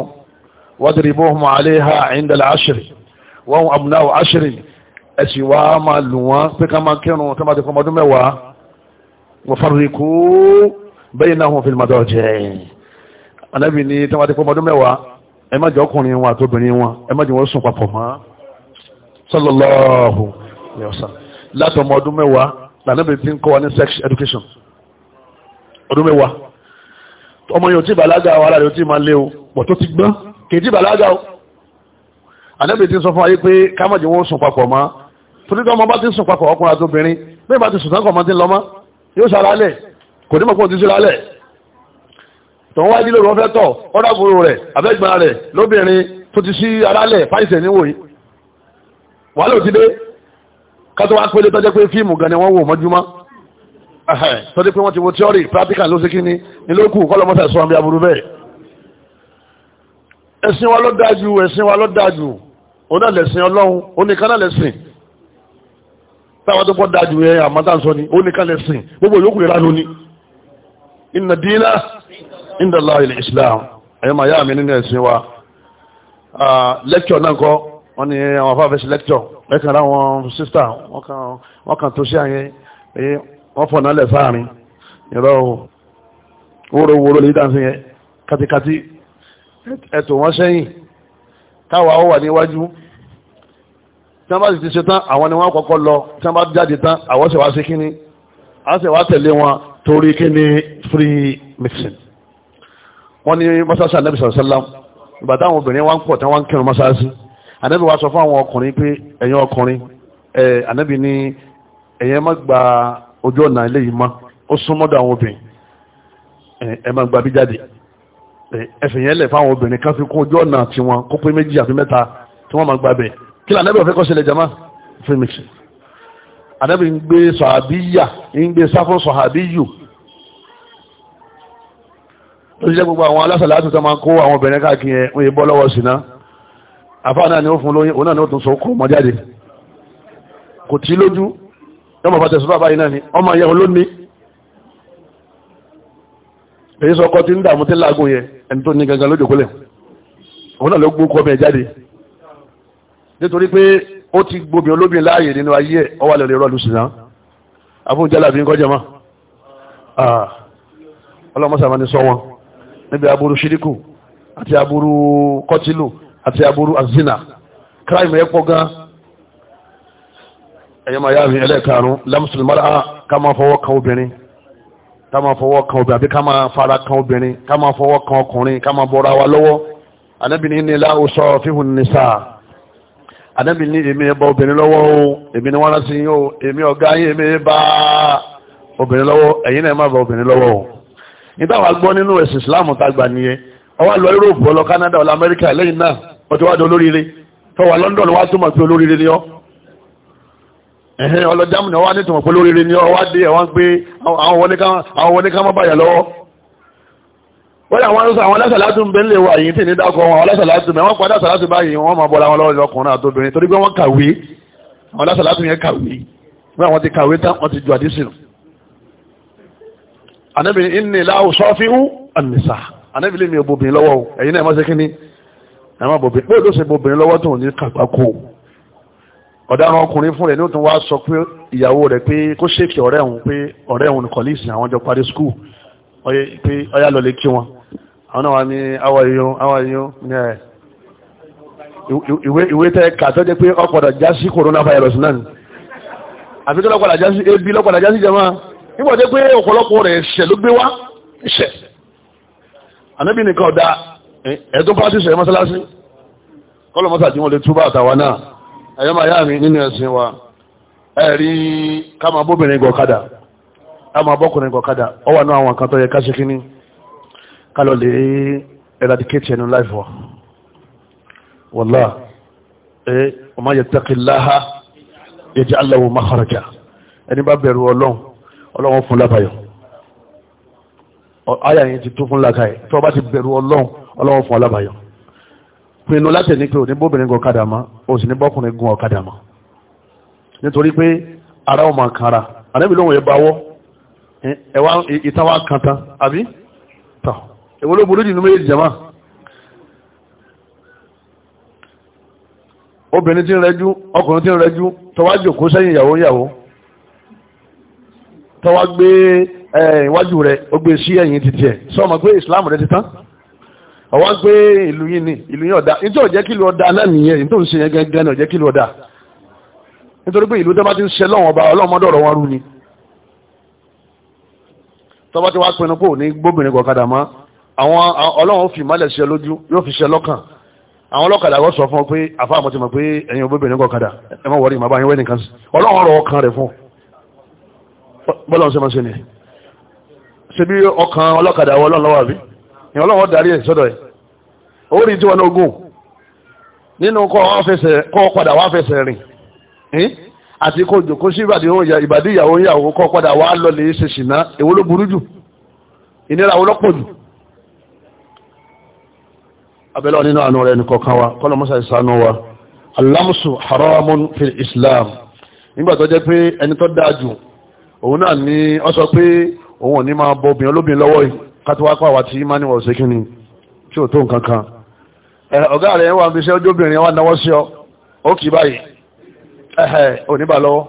A: wadribuhum alayha inda al-ashri wa hum abna'u ashrin ẹ̀sìn wa máa lù wọ́n pé kama kẹrùn tẹ́mà ti pọ́mọ ọdún mẹ́wàá wa farriqu baynahum fil madaji' anábì ní tẹ́mà ti pọ́mọ ọdún mẹ́wàá ẹ má jẹ́ ọkùnrin wọn àtobìnrin wọn ẹ má jẹ́ wọ́n sùn papọ̀ mọ́ ọdún mẹ́wàá ọmọ yóò tí bàlágà wà láàrin tí ma lé o pọ̀ tó ti gbọ́n kìí tí bàlágà o ànábì ti sọ fún ayé pé kámọ̀jì wọn sùn papọ̀ mọ́ torí tí ọmọ bá ti sùn papọ̀ ọkùnrin àti obìnrin bí ìbá ti sùn sáńkọ̀ ọmọ ti lọ́mọ yóò ṣàlálẹ̀ kò ní mọ̀kún ti sí lálẹ̀ tó ń wá ilé lóru ọfẹ́ tọ̀ rẹ̀ abẹ́gbọ̀n lóbìnrin tó ti sí tọ́dí pé wọ́n ti wo tíọ́rì practical ló sí kí ni nílòkù kọ́lọ́mọ́sà ìsọ́n bí aburú bẹ́ẹ̀ ẹ̀sìn wa ló dájú ẹ̀sìn wa ló dájú òun náà lẹ̀sìn ọlọ́run oníkan náà lẹ̀sìn táwọn tó pọ̀ dájú yẹn àmọ́tàǹsọ ni oníkan lẹ̀sìn gbogbo yòókù rẹ̀ lánàá ni inna dina inda Allah ilẹ̀ Islam ẹ̀yọ́ màá yá mi nínú ẹ̀sìn wa lecture náà kọ́ wọ́n ní àwọn afáfẹ́sì lecture ẹ̀kan láwọn sister wọ́n kan tó sí àyẹn wọ́n fọ̀nà lẹ̀ sáàrin ìrọ̀ wórówóró lè dáńsí yẹn katikati ẹ̀tò wọ́n sẹ́yìn táwa ó wà níwájú tí wọ́n bá ti ṣe tán àwọn ni wọ́n kọ́kọ́ lọ tí wọ́n bá jáde tán àwọn sì wá sí kíní a sì wá tẹ̀lé wọn torí kíní free mixing wọ́n ní mọ́sáàsì anabi sallam, ìgbà táwọn obìnrin wá ń pọ̀ tí wọ́n ń kírun mọ́sáàsì anabi wa sọ fún àwọn ọkùnrin pé ẹ̀yin ọkùnrin ẹ̀ anabi ní ẹ̀yin má gba ojú ọ̀nà ilé yìí mọ́ ó súnmọ́dọ̀ àwọn obìnrin ẹ máa gbabi jáde ẹ̀fìn yẹn lẹ̀ fáwọn obìnrin kan fi kún ojú ọ̀nà tiwọn kó pé méjì àfi mẹ́ta tí wọ́n máa gbabẹ̀ kí lànà ẹ̀bẹ̀ òfin kọ́ sílẹ̀ jama fímìsì ànábì ń gbé sọ̀hábíyà ń gbé sáfún sọ̀hábíyù tó ṣiṣẹ́ gbogbo àwọn alásàlẹ̀ àti tó máa kó àwọn obìnrin káàkiri yẹn wọ́n yẹ bọ́ ni ó fún lóyún òun náà ni ó yọ́mọ̀ bá tẹ̀sùn bàbá iná ni ọmọ yẹn olóní èyí sọ ọkọ̀ tí ń dààmú tí láàgùn yẹn ẹni tó ní gangan lójò kólẹ̀ òun náà ló gbó kọ́ bẹ̀ jáde nítorí pé ó ti gbóbi olóbìn láàyè nínú ayé ẹ̀ ọwà lè rọ́ọ̀lù sí náà afúnjálà ń kọjá azina crime ẹ̀ ẹ̀yẹ́ máa yá mi ẹlẹ́ẹ̀karùn-ún lámùsùlùmí mara ká máa fọwọ́ kan obìnrin ká máa fọwọ́ kan obìnrin àbí ká máa fara kan obìnrin ká máa fọwọ́ kan ọkùnrin ká máa bọ́ra wa lọ́wọ́ anábìnrin ní láwù sọ fíhùn ní sáà anábìnrin èmi ẹ̀bọ obìnrin lọ́wọ́ o èmi ni wọ́n rán sí yín o èmi ọ̀gá yín èmi bá obìnrin lọ́wọ́ ẹ̀yin náà má bá obìnrin lọ́wọ́ o nígbà wàá gbọ́ nínú ẹ̀sìn Islam tá gbà nìyẹn ọwọ́ lọ Europe ọlọ Canada ọlọ America lẹ́yìn náà ọtí wàá di olóríire tọwọ́ London wàá túmọ̀ sí olóríire ni ọ́ ẹ̀hìn ọlọ́jàmù náà wá nítorí pé lóríire ni ọwá dé ẹ̀wọ́n pé àwọn wọlé ká má bàyà lọ́wọ́ wọ́n àwọn arúgbó àwọn alásàlátù bẹ́ẹ̀ lè wà yìí tí ní dákọ̀ wọn alásàlátù bẹ́ẹ̀ wọ́n padà sàlátù báyìí wọ́n máa bọ́ra wọn lọ́wọ́ lọ́kùnrin àtòbìnrin torí pé wọ́n kàwé àwọn alásàlátù yẹn kàwé wọ́n àwọn ti kàwé tán wọ́n ti ju àdísì nù. ànábì ní láwù sọ́fíù ànìsà ànábì lè mi ọ̀daràn ọkùnrin fún rẹ̀ ní ó tún wá sọ pé ìyàwó rẹ̀ pé kó ṣèkì ọ̀rẹ́ òun pé ọ̀rẹ́ òun kọ̀lísì àwọn jọ parí skul pé ọyá lọ lè kí wọn àwọn náà wà ní awàyún awàyún ní ẹ̀ ìwé tẹ́ kàtọ́ jẹ́ pé ọ̀pọ̀dọ̀ já sí coronavirus náà ni àti tó lọ́pọ̀dọ̀ já sí ebi lọ́pọ̀dọ̀ já sí jẹma nígbà tẹ́ pé ọ̀pọ̀lọpọ̀ rẹ̀ ṣẹ̀ ló gbé wá ṣẹ̀ ànábì nìkan ọ̀dà ẹ̀ẹ́dún ṣẹ̀ mọ́sálásí kọ́lọ̀ mọ́sálásí wọn lè túbọ̀ àtàwọn náà ẹ̀yọ́ máa yá mi nínú ẹ̀sìn wa ẹ̀rí ká máa bóbìnrin gọ̀kadà ká máa bọ́kùnrin gọ̀kadà ọ wà náà àwọn kan tó yẹ ká ṣe kíní ká lọ lè eradicate ẹnu láìfọ wa wàlá ẹ ọ máa yẹ tẹ́kìláha yaj'al lahu makhraja ẹni bá bẹ̀rù ọlọ́run ọlọ́run fún lábàyọ̀ pinnu láti ní pé ò ní bóbìnrin o ọ̀kadà mọ́ ò ní bọ́kùnrin gun ọ̀kadà mọ́ nítorí pé ara ọmọ kanra ànábì lóhun báwọ́ ẹwà ìtawà àbí tọ èwo ló burú jùlọ méjì jama obìnrin tí ń rẹjú ọkùnrin tí ń rẹjú tọwájú kó sẹ́yìn ìyàwó ìyàwó tọwá gbé iwájú rẹ̀ ó gbé sí ẹ̀yìn sọ ma pé islam rẹ̀ tán ọwọ́ gbé ìlú yìí ni ìlú yìí ọ̀dá nítorí ọ̀jẹ́ kí ìlú ọ̀dá náà nìyẹn nítorí ṣe yẹn gẹ́gẹ́ náà ọ̀jẹ́ kí ìlú ọ̀dá nítorí pé ìlú tó ń ṣe lọ́wọ́n ọba ọlọ́mọdọ̀rọ̀ wọn rú ni tó bá ti wá pinnu pé òní gbóbìnrin kọ̀kadà mọ́ àwọn ọlọ́wọ́n fi ìmọ̀lẹ̀ ṣe lójú yóò fi ṣe lọ́kàn àwọn ọlọ́kadà wọ́n sọ fún ọ pé àfa àmọ́ ti mọ̀ pé ẹ̀yin obìnrin kọ̀kadà ẹ má ìwọ lọ́wọ́ darí ẹ̀ sọ́dọ̀ ẹ̀ owó rí Ninu nínú kọ́ padà wá fẹsẹ̀ rìn àti kó sí ìbàdí ìyàwó ìyàwó kọ́ padà wá lọ lè ṣe ṣìnà èwo ló burú jù ìnira lọ́pọ̀ jù abẹ́lẹ́ nínú àánú rẹ̀ wa kọ́lọ̀ mọ́sá wa haramun fil islam nígbà tó jẹ́ pé ẹni tó dáa jù òun náà ni sọ pé òun ò kátówákọ́ àwà tí imani wọ̀ sí kíni tí o tó nǹkan kan ọ̀gá rẹ̀ wà ń wà náwọ́ ọ ó kì í báyìí ẹ̀hẹ̀ oníbà lọ́wọ́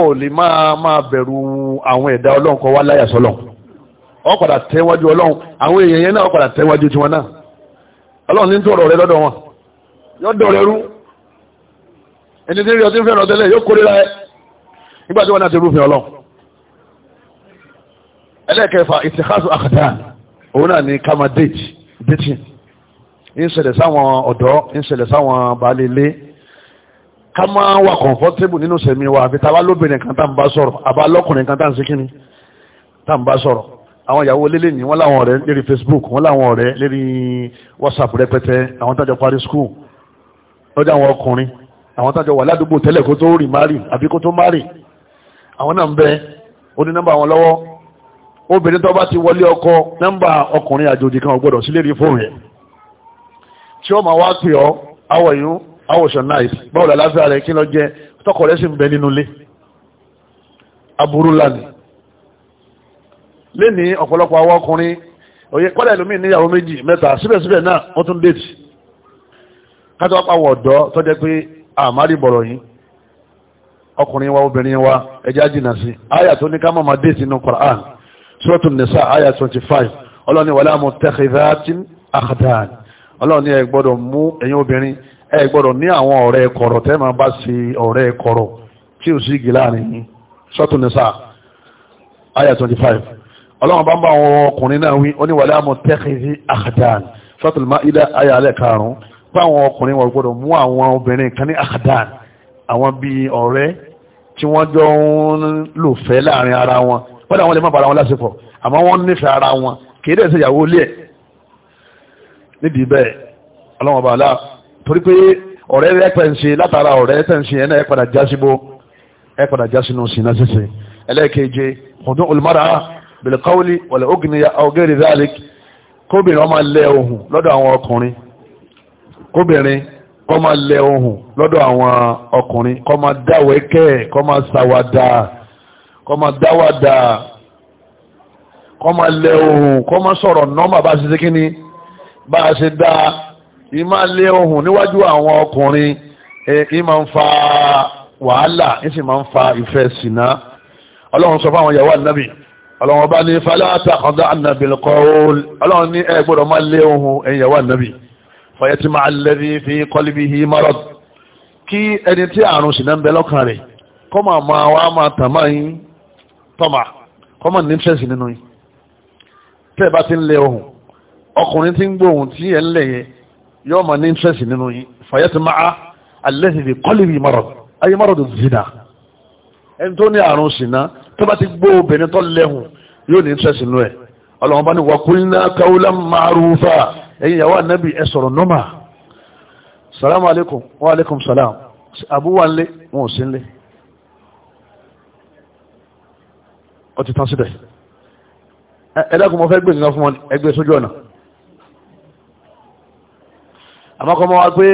A: ó lè máa máa bẹ̀rù àwọn ẹ̀dá ọlọ́run kọ wá láyà sọ́lọ̀ ọ padà tẹ́wájú ọlọ́run àwọn èèyàn yẹn náà padà tẹ́wájú tiwọn náà ọlọ́run ní tọrọ rẹ lọ́dọ̀ wọn yóò dọ̀ rẹ rú ẹni tí ń rí ọtí ń fẹ́ràn tẹ́lẹ̀ yóò ẹ nígbà tí náà ti rúfin ẹlẹ́ẹ̀kẹfà ìtìkásù àkàdá òun náà ni kama déètì déètì ń ṣẹlẹ̀ sáwọn ọ̀dọ́ ń ṣẹlẹ̀ sáwọn balẹ̀lẹ́ ká máa wà kọ̀ǹfọ́tébù nínú sẹ̀mí wa àfi tá a bá lóbìnrin kan tá à bá sọ̀rọ̀ àbá lọ́kùnrin kan tá à ń tá à bá sọ̀rọ̀ àwọn ìyàwó lélẹ̀ ní wọ́n láwọn ọ̀rẹ́ lérí Facebook wọ́n láwọn ọ̀rẹ́ lérí WhatsApp rẹpẹtẹ àwọn tájọ parí school lọ́jọ́ àwọn ọkùnrin àwọn tájọ wà ládùúgbò tẹ́lẹ̀ kó tó rì márì àbí kó tó márì àwọn náà ń bẹ ó ní nọ́mbà wọn lọ́wọ́ obìnrin tó bá ti wọlé ọkọ nọ́mbà ọkùnrin àjòjì kan ọgbọ́dọ̀ sílé rí fóònù ẹ̀ tí ó máa wá pè ọ́ awọ ìyún awọ̀sàn náà báwo làlàáfíà rẹ̀ kí lọ jẹ tọkọ rẹ̀ sì ń bẹ nínú ilé aburú lánìí ọ̀pọ̀lọpọ̀ awọ ọkùnrin òye níyàwó méjì mẹ́ta síbẹ̀síbẹ̀ náà wọ́n tún déètì sọ́tún nìsa àyà 25 ọlọ́ni wàlá mutakhidhatin akhdan ọlọ́ni ẹ gbọ́dọ̀ mú ẹ̀yin obìnrin ẹ gbọ́dọ̀ ní àwọn ọ̀rẹ́ kọ̀rọ̀ tẹ́ máa bá sí ọ̀rẹ́ kọ̀rọ̀ tí ò sí igi láàrin sọ́tún nìsa àyà 25 ọlọ́run bá ń bá àwọn ọkùnrin náà wí ó ní wàlá mutakhidhi akhdan sọ́tún Maida àyà alẹ́ karùn-ún pé àwọn ọkùnrin wọn gbọ́dọ̀ mú àwọn obìnrin kan ní akhdan àwọn bíi ọ̀rẹ́ tí wọ́n jọ ń lò fẹ́ láàrin ara wọn kọ́dà wọn lè má bára wọn lásìkò àmọ́ wọ́n nífẹ̀ẹ́ ara wọn kì í dẹ̀ ṣe ìyàwó ilé ẹ̀ nídìí bẹ́ẹ̀ ọlọ́wọ́n bá la torí pé ọ̀rẹ́ rẹ̀ pẹ̀ ń ṣe látara ọ̀rẹ́ tẹ̀ ń ṣe ẹ̀ náà ẹ̀ padà já síbó ẹ̀ padà já sínú sínú ṣíṣe ẹlẹ́ẹ̀keje ọdún olùmọ́ra bìlìkọ́wìlì wọ̀lẹ̀ ògìnìyà ọgẹ́rì kọ́mọ dáwàdà kọ́mọ lẹ ohùn kọ́mọ sọ̀rọ̀ nọ́mà bá ṣe kíní bá a ṣe dá ìmá lé ohùn níwájú àwọn ọkùnrin ìmá ń fa wàhálà ìsì máa ń fa ìfẹ́ sínà ọlọ́run sọ fáwọn ìyàwó ànábì ọlọ́run bá ní fàlàtà ọ̀dá ànábì lọ́kọ́ ọlọ́run ní ẹ gbọ́dọ̀ máa lé ohùn ẹ̀yìn ìyàwó ànábì fọyẹ́tì máa lẹ́rí fi qalbihi marad kí ẹni tí àrùn sínà ń bẹ lọ́kàn rẹ̀ kọ́ máa máa wá máa tọ́ba common interest nínú yìí tẹ́ ẹ bá ti ń lẹ ohun ọkùnrin tí ń gbóhùn tí ẹ ń lẹ yẹ yóò máa ní interest nínú yìí fàyẹ́tì máa alẹ́sìndì kọ́lìrì marad ayé marad zina ẹni tó ní àrùn sìnà tó bá ti gbó obìnrin tó lẹ́hùn yóò ní interest nínú ẹ̀ ọlọ́run bá ní wàkúnná káwúlá márùfà ẹ̀yin ìyàwó ànábì ẹ sọ̀rọ̀ nọ́mà salamu alaykum wa alaykum salam abuwa wọn ò sí nle ó ti tán síbẹ̀ ẹ̀dàkùn mọ́ fẹ́ gbé nǹkan fún wọn ẹgbẹ́ sójú ọ̀nà àmọ́kọ́ mọ́ wá pé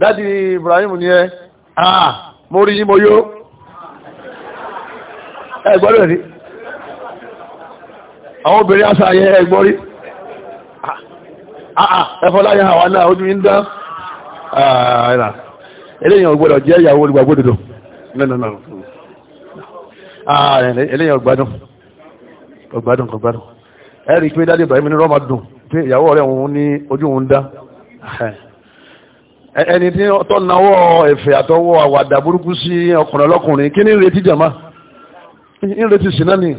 A: dádì Ibrahim ni ẹ ah mo rí yín mo yó ẹ gbọ́dọ̀ rí àwọn obìnrin aṣọ ayẹ ẹ gbọ́ rí ẹfọláyé àwọn náà ojú ń dán eléyìn ò gbọ́dọ̀ jẹ́ ìyàwó olùgbàgbọ́dọ̀dọ̀ nínú náà Ah, eléyàn ọgbádùn ọgbádùn ọgbádùn ẹ rí i pé dáadé Ibrahim ní rọ́mà dùn pé ìyàwó ọ̀rẹ́ òun ní ojú òun dá ẹni tí tọ́ náwọ́ ẹ̀fẹ̀ àtọwọ́ àwàdà burúkú sí ọkùnrin ọlọ́kùnrin kí ní retí jàmá ń retí sínà ni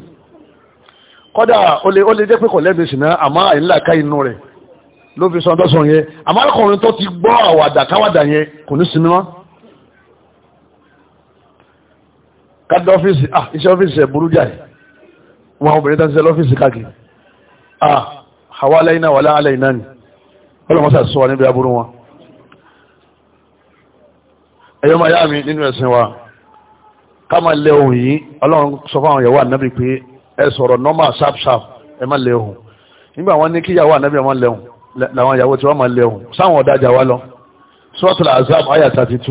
A: kọ́dà ó lè jẹ́ pé kò lẹ́bi sínà àmọ́ àìlà inú rẹ̀ ló fi sọ ọdọ́sọ yẹn àmọ́ ọkùnrin tó ti gbọ́ àwàdà káwàdà yẹn kò ní sinimá kádé ọ́fíìsì ah iṣẹ́ ọ́fíìsì ẹ̀ burú jáì wọn obìnrin tán ṣe lọ́fíìsì káàkiri ah àwa aláìná wà láàlẹ́ ni ọlọ́mọ sà sọ wa níbi aburú wọn ẹ̀yọ́ máa yá mi nínú ẹ̀sìn wa ká máa lẹ ohun yìí ọlọ́run sọ fún àwọn ìyàwó ànábì pé ẹ sọ̀rọ̀ normal sharp sharp ẹ má lẹ ohun nígbà wọn ní kí ìyàwó ànábì wọn lẹ ohun làwọn ìyàwó tí wọn máa lẹ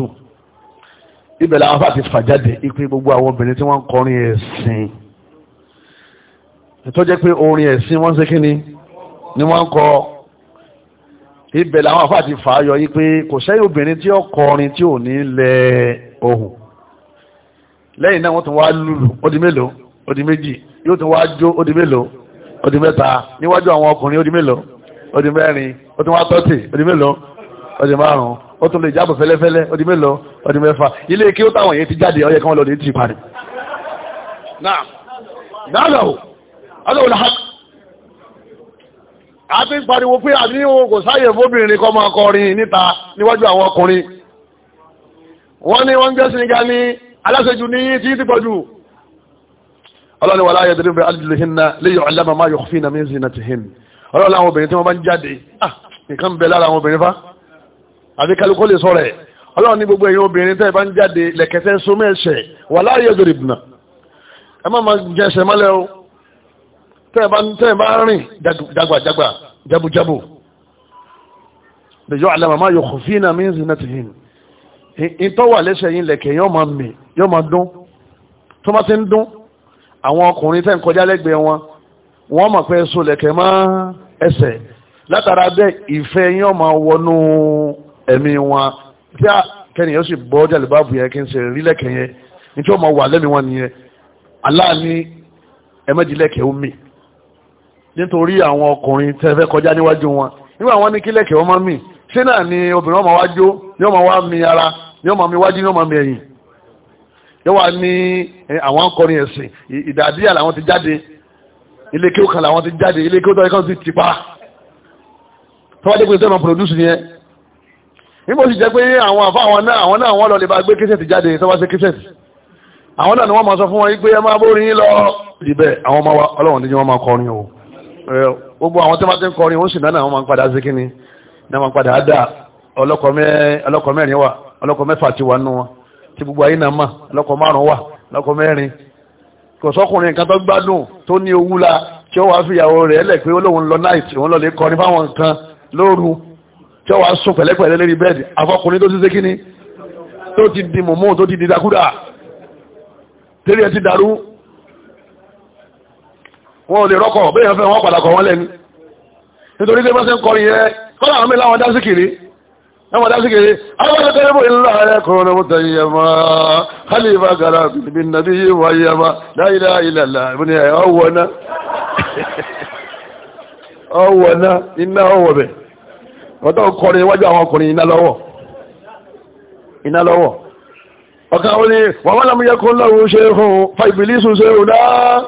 A: ibẹ̀ làwọn bá ti fà jáde ipe gbogbo àwọn obìnrin tí wọ́n ń kọrin ẹ̀sìn tó jẹ́ pé orin ẹ̀sìn wọ́n ń ṣe ni ni wọ́n ń kọ ibẹ̀ làwọn àfà ti fà á yọ yí pé kò sẹ́yìn obìnrin tí ó kọrin tí ò ní lẹ ohùn lẹ́yìn náà wọ́n tún wá lùlù ó di mélòó odi di méjì yóò tún wá jó ó di mélòó ó di mẹ́ta níwájú àwọn ọkùnrin ó mélòó ó mẹ́rin ó wá tọ́tì ó mélòó ó márùn-ún ó tún lè jábọ̀ fẹ́lẹ́fẹ́lẹ́ ó di mélòó ó di mẹ́fà ilé kí ó táwọn yẹn ti jáde ó yẹ kí wọ́n lọ lè ti parí. náà náà lọ́wọ́ ọlọ́wọ́ làákù a ti ń pariwo pé àdínwó kò sáyè fóbìnrin kọ́ máa kọrin níta níwájú àwọn ọkùnrin wọ́n ní wọ́n jẹ́ síniga ní aláṣẹ́jù ní tí obìnrin tí wọ́n bá ń jáde ah nǹkan bẹ̀ lára àwọn obìnrin fa àbí kálukọ́ lè sọ̀rọ̀ ẹ̀ ọlọ́run ní gbogbo ẹ̀yin obìnrin tẹ́ ẹ bá ń jáde lẹ̀kẹ̀tẹ̀ sọmọ ẹ̀ṣẹ̀ wà láàyè ọjọ́ ìbùnà ẹ má máa jẹ ẹsẹ̀ mọ́lẹ̀ o tẹ́ ẹ bá tẹ́ ẹ bá rìn dàgbàdàgbà jabujabu lèyọ́ àlàmà máa yọ kò fí iná mìíràn sínú ti hìn ìtọ́ wà lẹ́sẹ̀ yín lẹ̀kẹ̀ yọ́ máa mì yọ́ máa dún tó bá ti ń dún àwọn ọkùnrin tẹ́ ń kọjá lẹ́gbẹ̀ẹ́ wọn wọ́n mọ̀ pé so lẹ̀kẹ̀ máa ẹsẹ̀ látara bẹ́ẹ̀ ìfẹ́ yín máa wọnú ẹ̀mí wọn tí a kẹ́nìyàn sì bọ́ jàlùbáàbù yẹn kí n ṣe rí lẹ́kẹ̀ yẹn ní tí wọ́n máa wà lẹ́mí wọn nìyẹn aláàní ẹ̀mẹ́jìlẹ́kẹ̀ omi nítorí àwọn ọkùnrin tẹ́fẹ́ kọjá níwájú wọn nígbà wọn ní kí lẹ́kẹ̀ wọn máa mì ṣé náà ni obìnrin ọmọ wájú ni ọmọ wá mi ara ni ọmọ mi wájú ni ọmọ mi ẹ̀yìn yóò wá ní àwọn akọrin ẹ̀sìn ìdàdíyà làwọn ti jáde ilé kí ó kan làwọn ti jáde ilé kí ó tọ́ ẹ̀kọ́ sí ti tọ́wádé pé tẹ́ máa produce yẹn nígbò sì jẹ́ pé àwọn àfa àwọn náà àwọn náà wọ́n lọ lè bá gbé kíṣẹ̀tì jáde sọ́wọ́ sí kíṣẹ̀tì àwọn náà ni wọ́n máa sọ fún wọn pé ẹ máa bórí yín lọ ìbẹ̀ àwọn ọmọ wa ọlọ́run ní wọ́n máa kọrin o gbogbo àwọn tó máa ti ń kọrin ó sì náà wọ́n máa padà sí kíni náà máa padà dá ọlọ́kọ mẹ́rin wà ọlọ́kọ mẹ́fà ti wà nù wọn tí gbogbo ayé náà mà ọlọ́kọ márùn-ún wà ọlọ́kọ mẹ́rin kò sọ́kùnrin nǹkan tó gbádùn tó ní owú la tí ó wàá fìyàwó rẹ̀ lẹ̀ tí ó wà ń sùn pẹ̀lẹ́pẹ̀lẹ́ lérí bẹ́ẹ̀dì afọkùnrin tó ti ṣe kíni tó ti di mọ̀mọ́ tó ti di dákúdà tẹ́lẹ̀ ẹ ti dàrú wọn ò lè rọ́kọ̀ bẹ́ẹ̀ yẹn fẹ́ wọn padà kọ̀ wọ́n lẹ́nu nítorí pé wọ́n kọrin yẹn kọ́ khalifa gara bí nàbí yé wà yẹ mọ́ láyìlá ìlàlá ìbùnú ẹ̀ ọ̀wọ̀ náà *laughs* ọ̀wọ̀ náà iná ọ̀wọ̀ bẹ́ẹ̀ ọ̀tọ́ kọrin iwájú àwọn ọkùnrin iná lọ́wọ́ iná lọ́wọ́ ọ̀kan ó ní wọ́n wọ́n lámúyẹ́ kó lọ́rùn ṣe hùn fa ìbìlísù ṣe hùn náà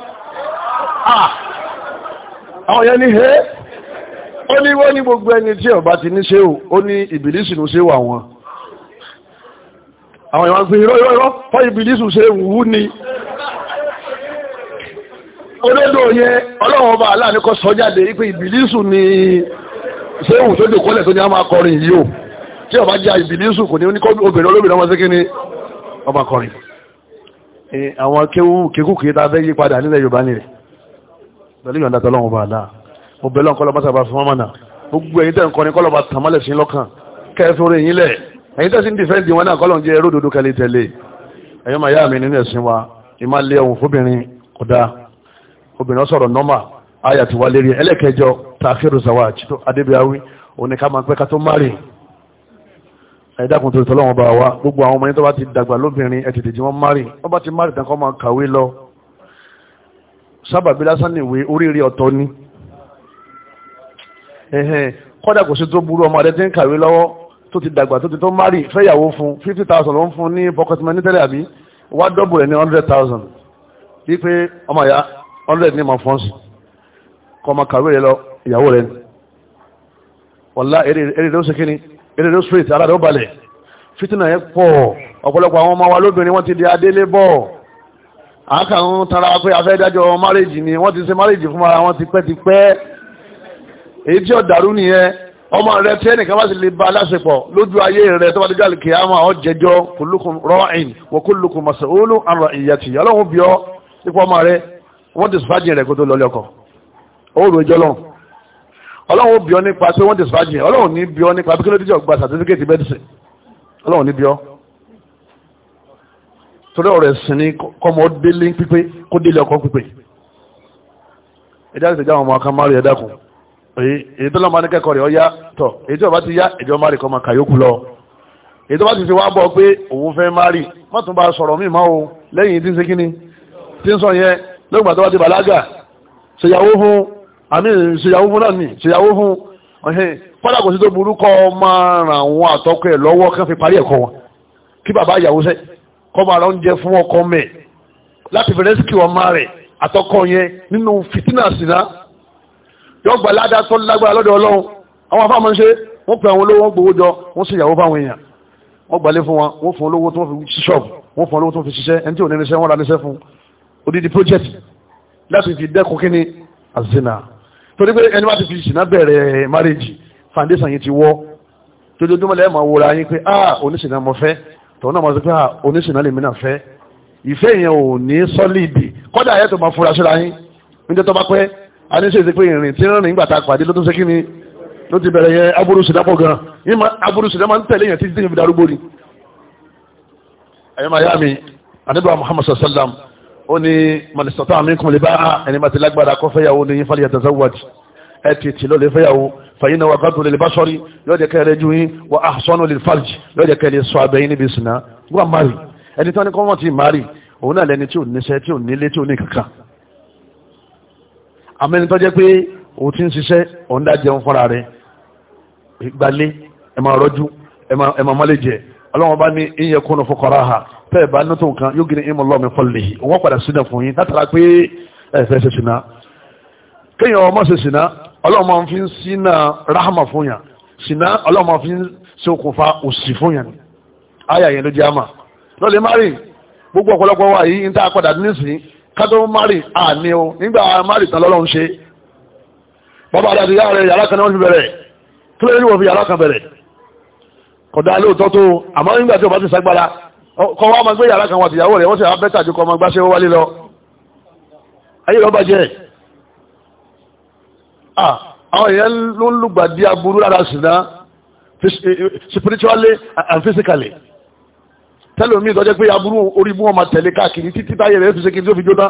A: àwọn yẹn ní he ó ní wọ́n ní gbogbo ẹni tí ọba ti ní ṣe ó ní ìbìlísù ní ṣe wà wọn àwọn ìwọ̀n fi irọ́ irọ́ fa ìbìlísù ṣe wù ní olódò yẹn ọlọ́wọ́ ọba aláàníkọ́ sọ jáde ipé ìbìlísù ni séwù tó dè kọ́lẹ̀ tó ní a máa kọrin yìí o tí ọba jẹ́ ìbìlísù kò ní obìnrin olóbìnrin ọmọ sí ni ọba kọrin àwọn kéwú kékúkè tá a fẹ́ yí padà nílẹ̀ Yorùbá nílẹ̀ pẹ̀lú ìyọ̀ǹda tọ́lọ́wọ́n bá dáa mo bẹ̀rẹ̀ ọ̀kọ́lọ́ba sábà fún ọmọ náà gbogbo ẹ̀yin tẹ́ ń kọrin kọ́lọ́ba tàmálẹ̀ sí lọ́kàn kẹfìrin yín lẹ̀ ẹ̀yin tẹ́ sí ń dìfẹ́ǹdì wọn náà kọ́lọ́n jẹ́ ródòdó kẹlẹ́ tẹ̀lé ẹ̀yọ́ màá yá mi nínú ẹ̀sìn wa ìmá lé ọ̀hún fóbìnrin kò dáa obìnrin sọ̀rọ̀ nọ́mà Aya ti wá lérí ẹlẹ́kẹjọ tààkìrù zawaj tó adébíyáwí òní ká máa pẹ́ ká tó márì ẹ̀dàkùn tó tọ́lọ́wọ́n bá wa gbogbo àwọn ọmọ yẹn tó bá ti dàgbà lóbìnrin ẹ̀ tètè tí wọ́n márì wọ́n bá ti márì tán kọ́ máa kàwé lọ sábàbí lásán nìwé oríire ọ̀tọ̀ ni kọ́dà kò sí tó burú ọmọ rẹ ti ń kàwé lọ́wọ́ tó ti dàgbà tó ti tó márì fẹ́yàwó fún fifty thousand ló ń fún ní pocket money tẹ́lẹ̀ àbí wá dọ́bù hundred thousand wípé ọmọ hundred ní ma kọ́ ọmọ kàwé rẹ lọ ìyàwó rẹ ni wàlá èrè ló sèkéni èrè ló sèkéni ara rẹ ó balẹ̀ fitina yẹn pọ̀ ọ̀pọ̀lọpọ̀ àwọn ọmọ wa lóbìnrin wọ́n ti di adélé bọ̀ àákàn tara pé afẹ́dájọ́ márèjì ni wọ́n ti ṣe márèjì fún ara wọn ti pẹ́ ti pẹ́ èyí tí ó dàrú nìyẹn ọmọ rẹ tí ẹnìkan bá sì lè ba aláṣepọ̀ lójú ayé rẹ tó bá dégà lè kíá máa jẹjọ́ kullukum ra'in wa kullukum mas'ulun an ra'iyatihi ọlọ́run bí ọ ipò ọmọ rẹ wọ́n ti sùfàjì rẹ̀ kó tó lọ́lẹ́ ó rojọ́ lọ́rùn ọlọ́run ó bí ọ nípa pé wọ́n discharge yẹn ọlọ́run ní bí ọ nípa pé kí ló díjọ́ gba certificate medicine ọlọ́run ní bí ọ torí ọ̀rọ̀ ẹ̀sìn ni kọ́mọ délé pípé kó délé ọkọ pípé ẹ̀dá ìṣèjá àwọn ọmọ aká máa rí ẹ̀dá kù èyí tó lọ́mọ akẹ́kọ̀ọ́ rẹ̀ ọ yá tọ̀ èyí tí ọba ti yá ẹ̀jọ̀ máa rí kọ́ máa kàyókù lọ èyí tó bá ti ti wá bọ̀ pé òun fẹ́ máa rí má tún bá sọ̀rọ̀ míì máa o lẹ́yìn tí ń ṣe kíni tí ń sọ yẹn lọ́gbà tó ti bàlágà ṣèyàwó fún àní ṣèyàwó fún náà ní ṣèyàwó fún kọ́dà kò sí tó burú kọ́ máa ràn wọn àtọ́kọ ẹ̀ lọ́wọ́ kí wọ́n fi parí ẹ̀kọ́ wọn kí bàbá ìyàwó sẹ́ kọ́ máa ra oúnjẹ fún ọkọ mẹ́ láti fi rẹ́síkì ọmọ rẹ̀ àtọ́kọ yẹn nínú fìtínà síná yóò gbà ládàá tó lágbára lọ́dọ̀ ọlọ́run àwọn afáàmọ́ ṣe wọ́n pè àwọn olówó wọn gbowó jọ wọ́n sì yàwó fáwọn èèyàn wọ́n gbalẹ̀ fún wọn wọ́n fún olówó tó fi ṣí ṣọ́ọ̀bù wọ́n fún olówó tó fi ṣiṣẹ́ ẹni tí ò ní irinṣẹ́ wọn ra irinṣẹ́ fún odidi project láti fi dẹ́kun kíni azina torí pé ẹni bá ti fi ìsìná bẹ̀rẹ̀ márèjì foundation yìí ti wọ́ tójójúmọ́ lẹ́yìn máa wọra yín pé ah oníṣìná mo fẹ́ tòun náà máa sọ pé ah oníṣìná lèmi náà fẹ́ ìfẹ́ yẹn ò ní sọ́lìdì kọ́dà ayé tó máa fura síra yín níjẹ́ tó bá pẹ́ aníṣe ìsìnkú ìrìn tí ń rìn gbà ta pàdé ló tó ṣe kí ni ló ti bẹ̀rẹ̀ yẹn aburú ṣìná pọ̀ gan yín aburú ṣìná máa ń tẹ̀lé yẹn títí tí yẹn fi darúgbó ó ní mọ̀lẹ́sọ̀tà mi kún lè bá ẹni máa ti lágbára kó fẹ́yàwó ní fàlẹ́ yàtọ̀sáwájì ẹ ti tì lọ́lẹ̀ fẹ́yàwó fàyín náà wà gádùn lè bá sọ́rí yóò jẹ́ kẹ́rẹ́ ju yín wà á sọ́nù lè fàlìjì yóò jẹ́ kẹ́rẹ́ sọ abẹ́yìn níbi ìsìnà wà mari ẹni tí ní kọ́ wọ́n ti mari òun náà lẹni tí ò níṣẹ́ tí ò ọlọ́wọ́n bá ní iye kúnnù fọkọrọ ha tẹ́ bá tó nǹkan yóò gírí ìmọ̀ lọ́mọ ẹ̀fọ́ lè wọ́n padà sínú fún yín látara pé ẹ fẹ́ ṣe ọmọ ṣe ọlọ́wọ́n máa fi ń rahama fún yàn ṣìnà ọlọ́wọ́n máa fi ń ṣe okùnfà fún yàn ayà yẹn ló jẹ́ àmà lọ́lẹ̀ mari gbogbo ọ̀pọ̀lọpọ̀ wa yìí padà mari àní kọ̀dá lóòótọ́ tó àmọ́ nígbà tí o bá ti sagbára kọ́ wá máa gbé yàrá kan wà tìyàwó rẹ̀ wọ́n sì á bẹ́tà ju kọ́ máa gbáṣẹ́ wọ́n wálé lọ ayé lọ bàjẹ́ àwọn èèyàn ló ń lùgbàdì aburú lára ṣìnà eh, eh, spiritually and physically tẹ́lẹ̀ omi ìtọ́jẹ́ pé aburú orí mú ọmọ tẹ̀lé káàkiri títí táyé rẹ̀ fi ṣe kí n tó fi jóná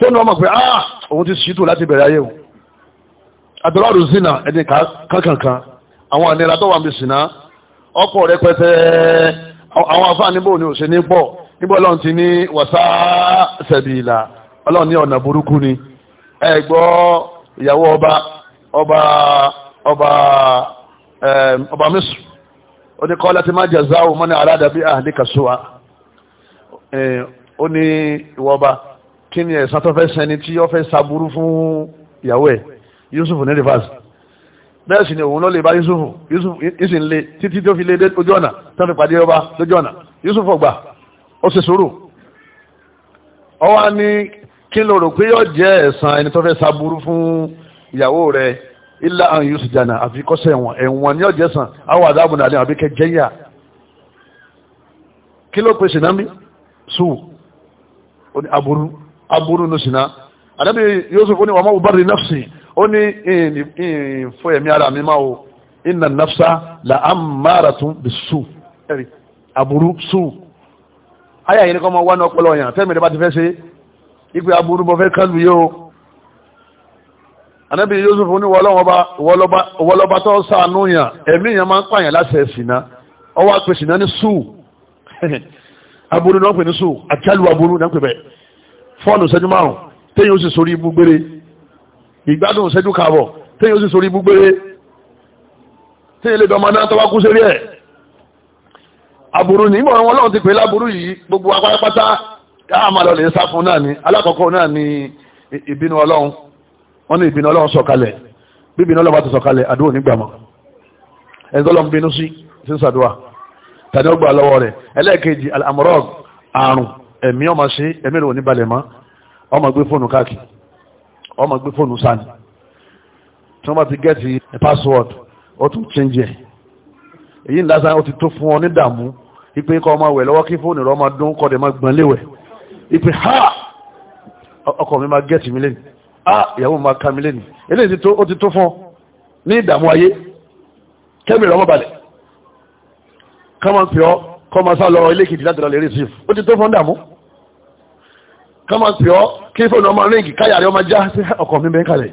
A: tó ní ọmọ pé ah òun ti ṣìtò láti bẹ̀rẹ̀ ayé o àdọ́rọ̀ zina ẹni kankan àwọn ànira tó wà ń bẹ̀ ọkọ̀ rẹ pẹ́tẹ́ àwọn afáà níbo ni ò ní pọ̀ níbo ọlọ́run ti ní wàsá sẹ̀bìlà ọlọ́run ní ọ̀nà burúkú ni ọba ọba ọba ọba mísù ó ní kọ́ láti má aládàbí ó ní ìwọ ọba kí ni ẹ̀sán tó fẹ́ sẹni tí ó fẹ́ saburú fún ìyàwó bẹ́ẹ̀ sì ni òun ló lè bá yusufu yusufu yìí sì ń le títí tó fi lé lójú ọ̀nà tó fi pàdé ọba lójú ọ̀nà yusufu ọgbà ó sì sùúrù ọwọ́ ni kí ló rò pé yóò jẹ́ ẹ̀san ẹni tó fẹ́ saburú fún ìyàwó rẹ̀ ilá àwọn yóò sì àfi kọ́sẹ̀ ẹ̀wọ̀n ẹ̀wọ̀n ni yóò jẹ́ ẹ̀san àwọn àdáàbò nàlẹ àbí kẹjẹyà kí ló pe sinami sùn aburú aburú nu sinna àdàbí yusuf ó ní wàá má ó ní ìrìn fún ẹ̀mí ara mi máa o inna nafsa la ammaratun bisu ẹ̀rí aburú su ayé àyè ní kọ́ máa wá ní ọpọlọ yàn tẹ́mi rẹ bá ti fẹ́ ṣe ipe aburú mo fẹ́ kálù yóò anabi yusuf ní wọlọ́ba tó sànú yàn ẹ̀mí yàn máa ń pààyàn láti ẹ̀sìn náà ọwọ́ àpè sìn náà ní su *laughs* aburú náà pè ní su àti àlù aburú náà pè bẹ́ẹ̀ fọ́ọ̀nù sẹ́jú márùn-ún téèyàn ó sì sórí ibú gbére ìgbádùn ṣẹ́jú kààbọ̀ téyàn ó sì sórí gbúgbére téyàn lè dọ́mọ náà tọ́wá kú sórí ẹ̀ aburú ni ìmọ̀ wọn lọ́wọ́ ti pè láburú yìí gbogbo apárápátá káàmà lọ lè sá fún náà ni alákọ̀ọ́kọ́ náà ni ìbínú ọlọ́run wọ́n ní ìbínú ọlọ́run sọ̀kalẹ̀ bí ìbínú ọlọ́run bá ti sọ̀kalẹ̀ àdúrà nígbàmọ́ ẹni tó lọ ń bínú sí sí sàdúrà tàbí ọgbà lọ́wọ́ rẹ̀ ẹlẹ́ẹ̀kejì àmọ́rọ̀ àrùn ẹ̀mí ọmọ ṣe ẹ̀mí rò balẹ̀ mọ́ ọmọ gbé fóònù káàkiri ọmọ gbé fóònù sani tí wọ́n bá ti gẹ́ẹ̀tì password ó tún change ẹ̀ èyí ńlásán ó ti tó fún ọ ní dààmú ipe kọ́ ọmọ wẹ̀ lọ́wọ́ kí fóònù rẹ̀ ọmọ dún kọ́ dẹ̀ máa gbọ́n léwẹ̀ ipe ha ọkọ mi máa gẹ́ẹ̀tì mi lẹ́nu ha ìyàwó mi máa ká mi lẹ́nu eléyìí ó ti tó fún ọ ní ìdààmú ayé kẹ́mìrì ọmọ balẹ̀ kọ́mọ pè ọ kọ́mọ sá lọ ilé kejì láti lọ lè rí sí ká máa pè ọ́ kí fóònù ọmọ ríǹgì káyàrí rẹ̀ ọmọ já sí ọkọ̀ mi bẹ́ẹ̀ kalẹ̀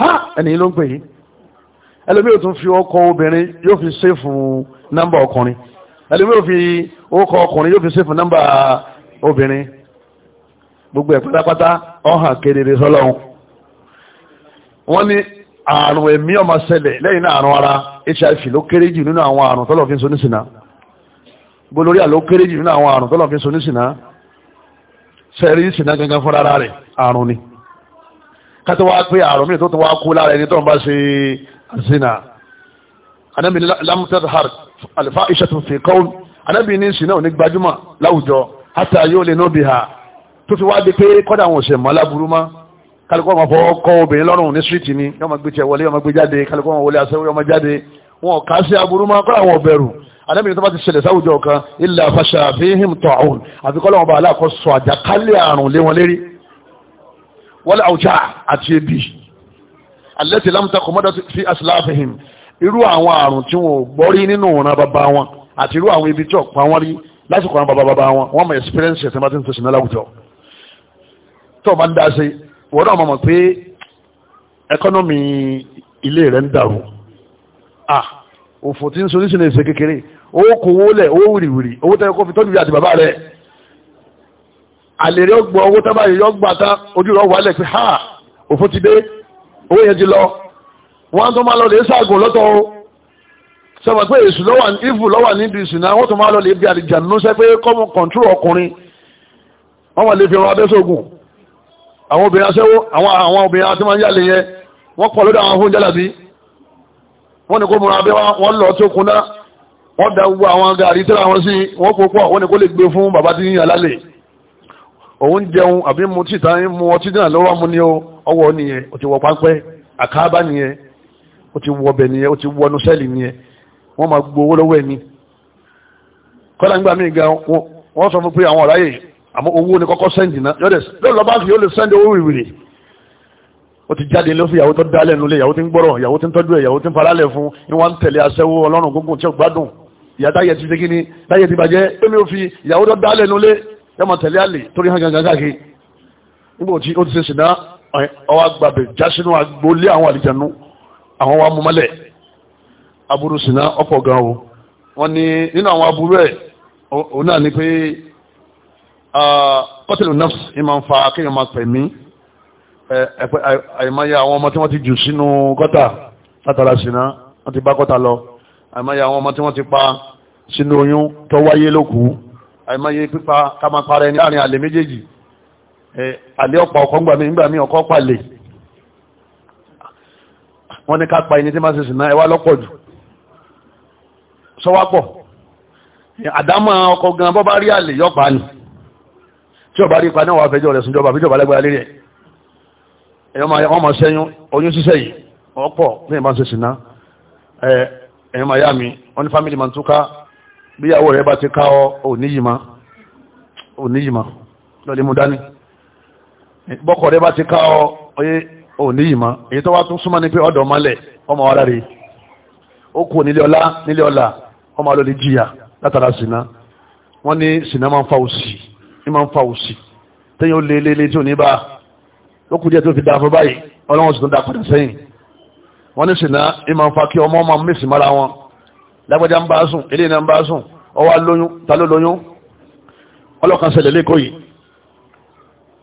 A: ha ẹni ló ń pè yín fi ọkọ̀ obìnrin yóò fi nọ́mbà ọkùnrin ò fi ọkọ̀ ọkùnrin yóò fi ṣèfù nọ́mbà obìnrin gbogbo ẹ̀ pátápátá ọ̀hàn kedere sọ́lọ́hún wọ́n ní àrùn ẹ̀mí ọmọ lẹ́yìn náà àrùn ara hiv ló kéré jù nínú àwọn àrùn tọ́lọ̀ fi ń so nísìnà sẹ́rí ṣìnà gangan fún rárá rẹ̀ àrùn ni kátó wá pé àrùn mi tó tún wá kú lára ẹni tó ń bá ṣe zina anábì lamtadhar alifa iṣẹ́tún fi kọ́ anábì ní ṣìnà òní gbajúmọ̀ láwùjọ hátà yóò lè nóbi ha tó fi wá di pé kọ́dà àwọn òṣè mọ́ láburú mọ́ kálukọ́ ọmọ fọ́ kọ́ obìnrin lọ́rùn ní síríìtì ni yọmọ gbé tiẹ̀ wọlé yọmọ gbé jáde kálukọ́ ọmọ wọlé aṣẹ́wó yọmọ jáde wọn kà á sí aburú mọ́ kọ́dà àwọn ọ̀bẹ̀rù anábìrin tó bá ti ṣẹlẹ̀ sáwùjọ kan ilẹ̀ àfàṣà àfihìm tọ̀hún àfikọ́lọ́ ọba aláàkọ́ sọ àjàkálẹ̀ àrùn lé wọn lérí wọ́lẹ̀ àwùjá àti ebi alẹ́tì lámùtà kọ̀mọ́dọ̀ fi àṣìláàfihìm irú àwọn àrùn tí wọn ò gbọ́rí nínú ọ̀ràn bàbá wọn àti irú àwọn ibi tí ọ̀pá wọn rí lásìkò àwọn bàbá bàbá wọn wọn mọ experience ẹ̀ ah òfò tí ń so nísìnyí ṣe kékeré owó kòwó lẹ̀ owó wìrìwìrì owó tẹ́ kó fi tọ́jú àti bàbá rẹ̀ àlèrè ọgbọ̀ owó tábà yìí ọgbà tán ojú rọ̀ wálẹ̀ pé ha òfó ti dé owó yẹn ti lọ wọ́n tó máa lọ lè ṣàgùn lọ́tọ̀ o sọ̀rọ̀ pé èṣù lọ́wà ìfù lọ́wà nídìí ìṣìnà wọ́n tó máa lọ lè bí àdìjànú sẹ́ pé kọ́mù kọ̀ǹtúrò ọkùnrin wọ́n wà lè fi ran abẹ́sọ̀gùn àwọn obìnrin aṣẹ́wó àwọn àwọn obìnrin àti máa wọ́n da gbogbo àwọn gàrí tẹ́lá wọn sí wọ́n kó pọ̀ wọ́n ní kó lè gbé fún bàbá tí yín alálẹ̀ òun jẹun àbí mu títa ń mu ọtí náà lọ́wọ́ mu ní ọwọ́ nìyẹn ó ti wọ páńpẹ́ àkáábá nìyẹn ó ti wọ ọbẹ̀ nìyẹn ó ti wọ ọnu sẹ́ẹ̀lì nìyẹn wọ́n máa gbowó lọ́wọ́ ẹ̀ kọ́lá ń gbà mí ga wọ́n sọ fún pé àwọn ọ̀ráyè àmọ́ owó ni kọ́kọ́ sẹ́ǹdì náà yọ̀dẹ̀ lọ́dọ̀ lọ́ba fi ó lè sẹ́ǹdì owó ìwìrì ó ti jáde ló ìyàwó tó dálẹ̀ nulẹ̀ ìyàwó tí ń gbọ́rọ̀ ìyàwó tí ń tọ́jú ẹ̀ ìyàwó tí ń faralẹ̀ fún ni tẹ̀lé aṣẹ́wó ọlọ́run gbógun tí ó gbádùn ìyá táyẹ̀ ti ṣe kí ni táyẹ̀ ti bàjẹ́ pé mi ò fi ìyàwó tó dálẹ̀ nulẹ̀ yọmọ tẹ̀lé àlè torí hàn gangan káàkiri nígbà tí ó ti ṣe ṣìnà ọwọ́ agbábẹ̀ já sínú agboolé àwọn àlìjànú àwọn wa mú mọ́lẹ̀ aburú ṣìnà ọ̀pọ̀ gan o wọ́n ní nínú àwọn aburú ẹ̀ òun náà ni pé pọ́tẹ́lù nọ́ọ̀sì ni máa ń fa akéèyàn máa pẹ̀ mí àìmọye àwọn ọmọ tí wọ́n ti jù sínú gọ́tà látara ṣìnà wọ́n ti bá gọ́tà lọ àìmọye àwọn ọmọ tí wọ́n ti pa sínú oyún tó wáyé lókù àìmọye pípa ká máa para ẹni láàrin àlè méjèèjì àlè ọ̀pá ọkọ̀ ńgbà mí ńgbà mí ọkọ̀ palẹ̀ wọ́n ní ká pa ẹni tí máa ṣe sìn náà ẹwà lọ́pọ̀ jù sọ́wápọ̀ àdámọ́ ọkọ̀ gan bọ́ bá rí àlè yọ́pa ni tí ọba rí ipa wà fẹjọ́ ẹ̀yìn Miami, mi wọ́n ní family man túká bíyàwó rẹ̀ bá ti ká ọ oníyìmá oníyìmá lọ́lẹ́ mú dání bọ́kọ̀ rẹ̀ bá ti ká ọ oyé oníyìmá èyí tó wá tún súnmọ́ ní pé ọ̀dọ̀ mọ́lẹ̀ ọmọ wa rárẹ̀ ó kú nílé ọlá nílé ọlá ọmọ alóòlì jìyà látara sínà wọ́n ní sínà máa ń fa òsì ní máa ń fa òsì tẹ́yìn ó lé lé lé tí ò ní bá ó tó fi dáa fún báyìí ọlọ́wọ́n sì tún dáa padà sẹ́yìn wọ́n ní sìnà ìmọ̀ ń fa kí ọmọ ọmọ mí sìnmọ́ra wọn lágbájá ń bá sùn eléyìí náà ń bá sùn ọwọ́ alóyún ta ló lóyún ọlọ́kan ṣẹlẹ̀ lẹ́kọ̀ọ́ yìí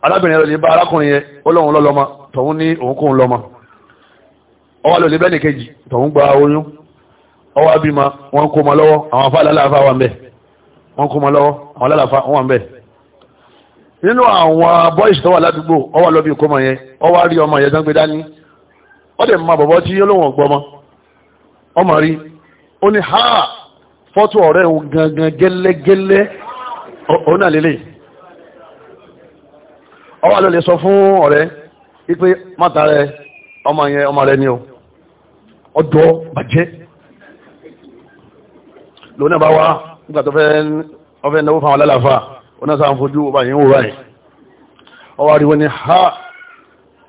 A: arábìnrin rẹ̀ ní bá arákùnrin yẹn ó lóun lọ́lọ́mọ tòun ní òun kóun lọ́mọ ọwọ́ lòlẹ́ bẹ́ẹ̀ nìkejì tòun gba oyún ọwọ́ abímọ wọn kó ma lọ́wọ́ àwọn afá alálàáfá wà ń bẹ̀ wọn kó ma lọ́wọ́ àwọn alálàáfá wà ń nínú àwọn bọ́ìsì tó wà ládùúgbò ọwọ́ lọ́bí ìkómọ yẹn ọwọ́ rí ọmọ yẹn tó dání ọ dị ma bọ̀bọ̀ tí olóhùn ọgbọ́mọ ọ rí ó ha fọtụ ọ̀rẹ́ gangan gelegele ọ na lélẹ̀ ọwọ́ sọ fún ọrẹ wípé mata rẹ ọmọ yẹn ọmọ rẹ ni o ọdọ bàjẹ́ lóun náà bá nígbà tó fẹ́ náwó fáwọn alálàáfà òun ń fojú ọba yẹn ni ha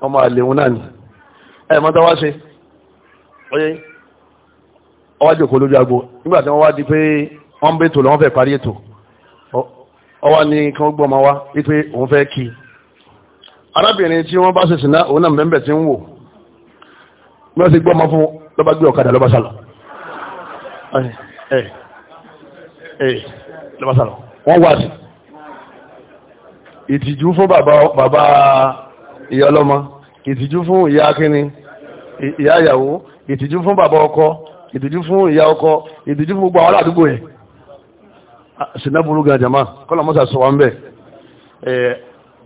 A: ọmọ àlè náà ni ẹ̀ mọ́tọ́ wá ṣe ọyẹ́ ọwájú kò lójú agbo nígbà tí wọ́n wá di pé wọ́n ń bẹ́ tò lọ́wọ́ fẹ́ parí ètò ọwá ni kí wọ́n gbọ́mọ wá wípé òun fẹ́ kí arábìnrin tí wọ́n bá ṣe sìnà òun náà mẹ́mbẹ̀ tí ń wò bí wọ́n ti gbọ́mọ fún lọ́ba gbé ọ̀kadà lọ́ba sálọ lọ́ba sálọ wọ́n wá sí ìtìjú fún bàbá ìyá ọlọ́mọ ìtìjú fún ìyá akíní ìyá ìyàwó ìtìjú fún bàbá ọkọ ìtìjú fún ìyá ọkọ ìtìjú fún gbogbo àwọn àdúgbò ẹ̀ sinaburu gan jama kọ́lá mọ́sà sọ wá ń bẹ̀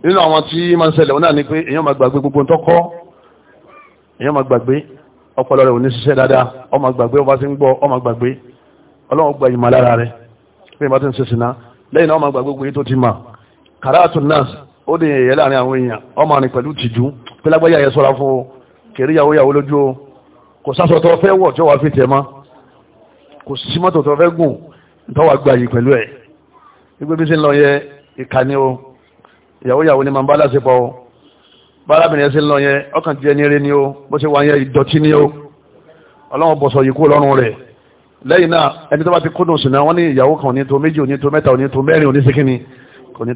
A: nínú àwọn tí máa ń ṣẹlẹ̀ wọn náà ni pé èèyàn máa gbàgbé gbogbo ntọ́kọ́ èèyàn máa gbàgbé ọpọlọ rẹ̀ ò ní ṣiṣẹ́ dáadáa ó máa gbàgbé ọba tí ń gbọ́ ó máa gbàgbé ọlọ́run gba ìmọ̀ lára pé ìbá tí ń ṣe sìnà lẹ́yìn náà ó máa gbàgbé gbogbo yìí tó ti mà kàràtù náà ó dè yẹ láàrin àwọn èèyàn ọmọ rìn pẹ̀lú tìjú pélágbáyà yẹ sọ́ra fún kèrè yàwó lójú o kò o tó fẹ́ wọ̀ tí ó wà fi tẹ̀ mọ́ kò sí mọ́tò tó fẹ́ gùn tó wà gbàyè pẹ̀lú ẹ̀ gbígbé bí sí lọ yẹ ìkànnì o ìyàwó yàwó ni màá bá láṣepọ̀ o bárábìnrin sí lọ yẹ ọkàn jẹ́ ní eré ni o bó ṣe wà yẹ ìdọ̀tí ni o ọlọ́wọ́n bọ̀sọ̀ yìí kú lọ́rùn rẹ̀ lẹ́yìn náà ẹni tó bá ti kúndùn sínú wọn ní ìyàwó kan ò ní tó méjì ò ní to. mẹ́ta ò ní mẹ́rin ò ní kò ní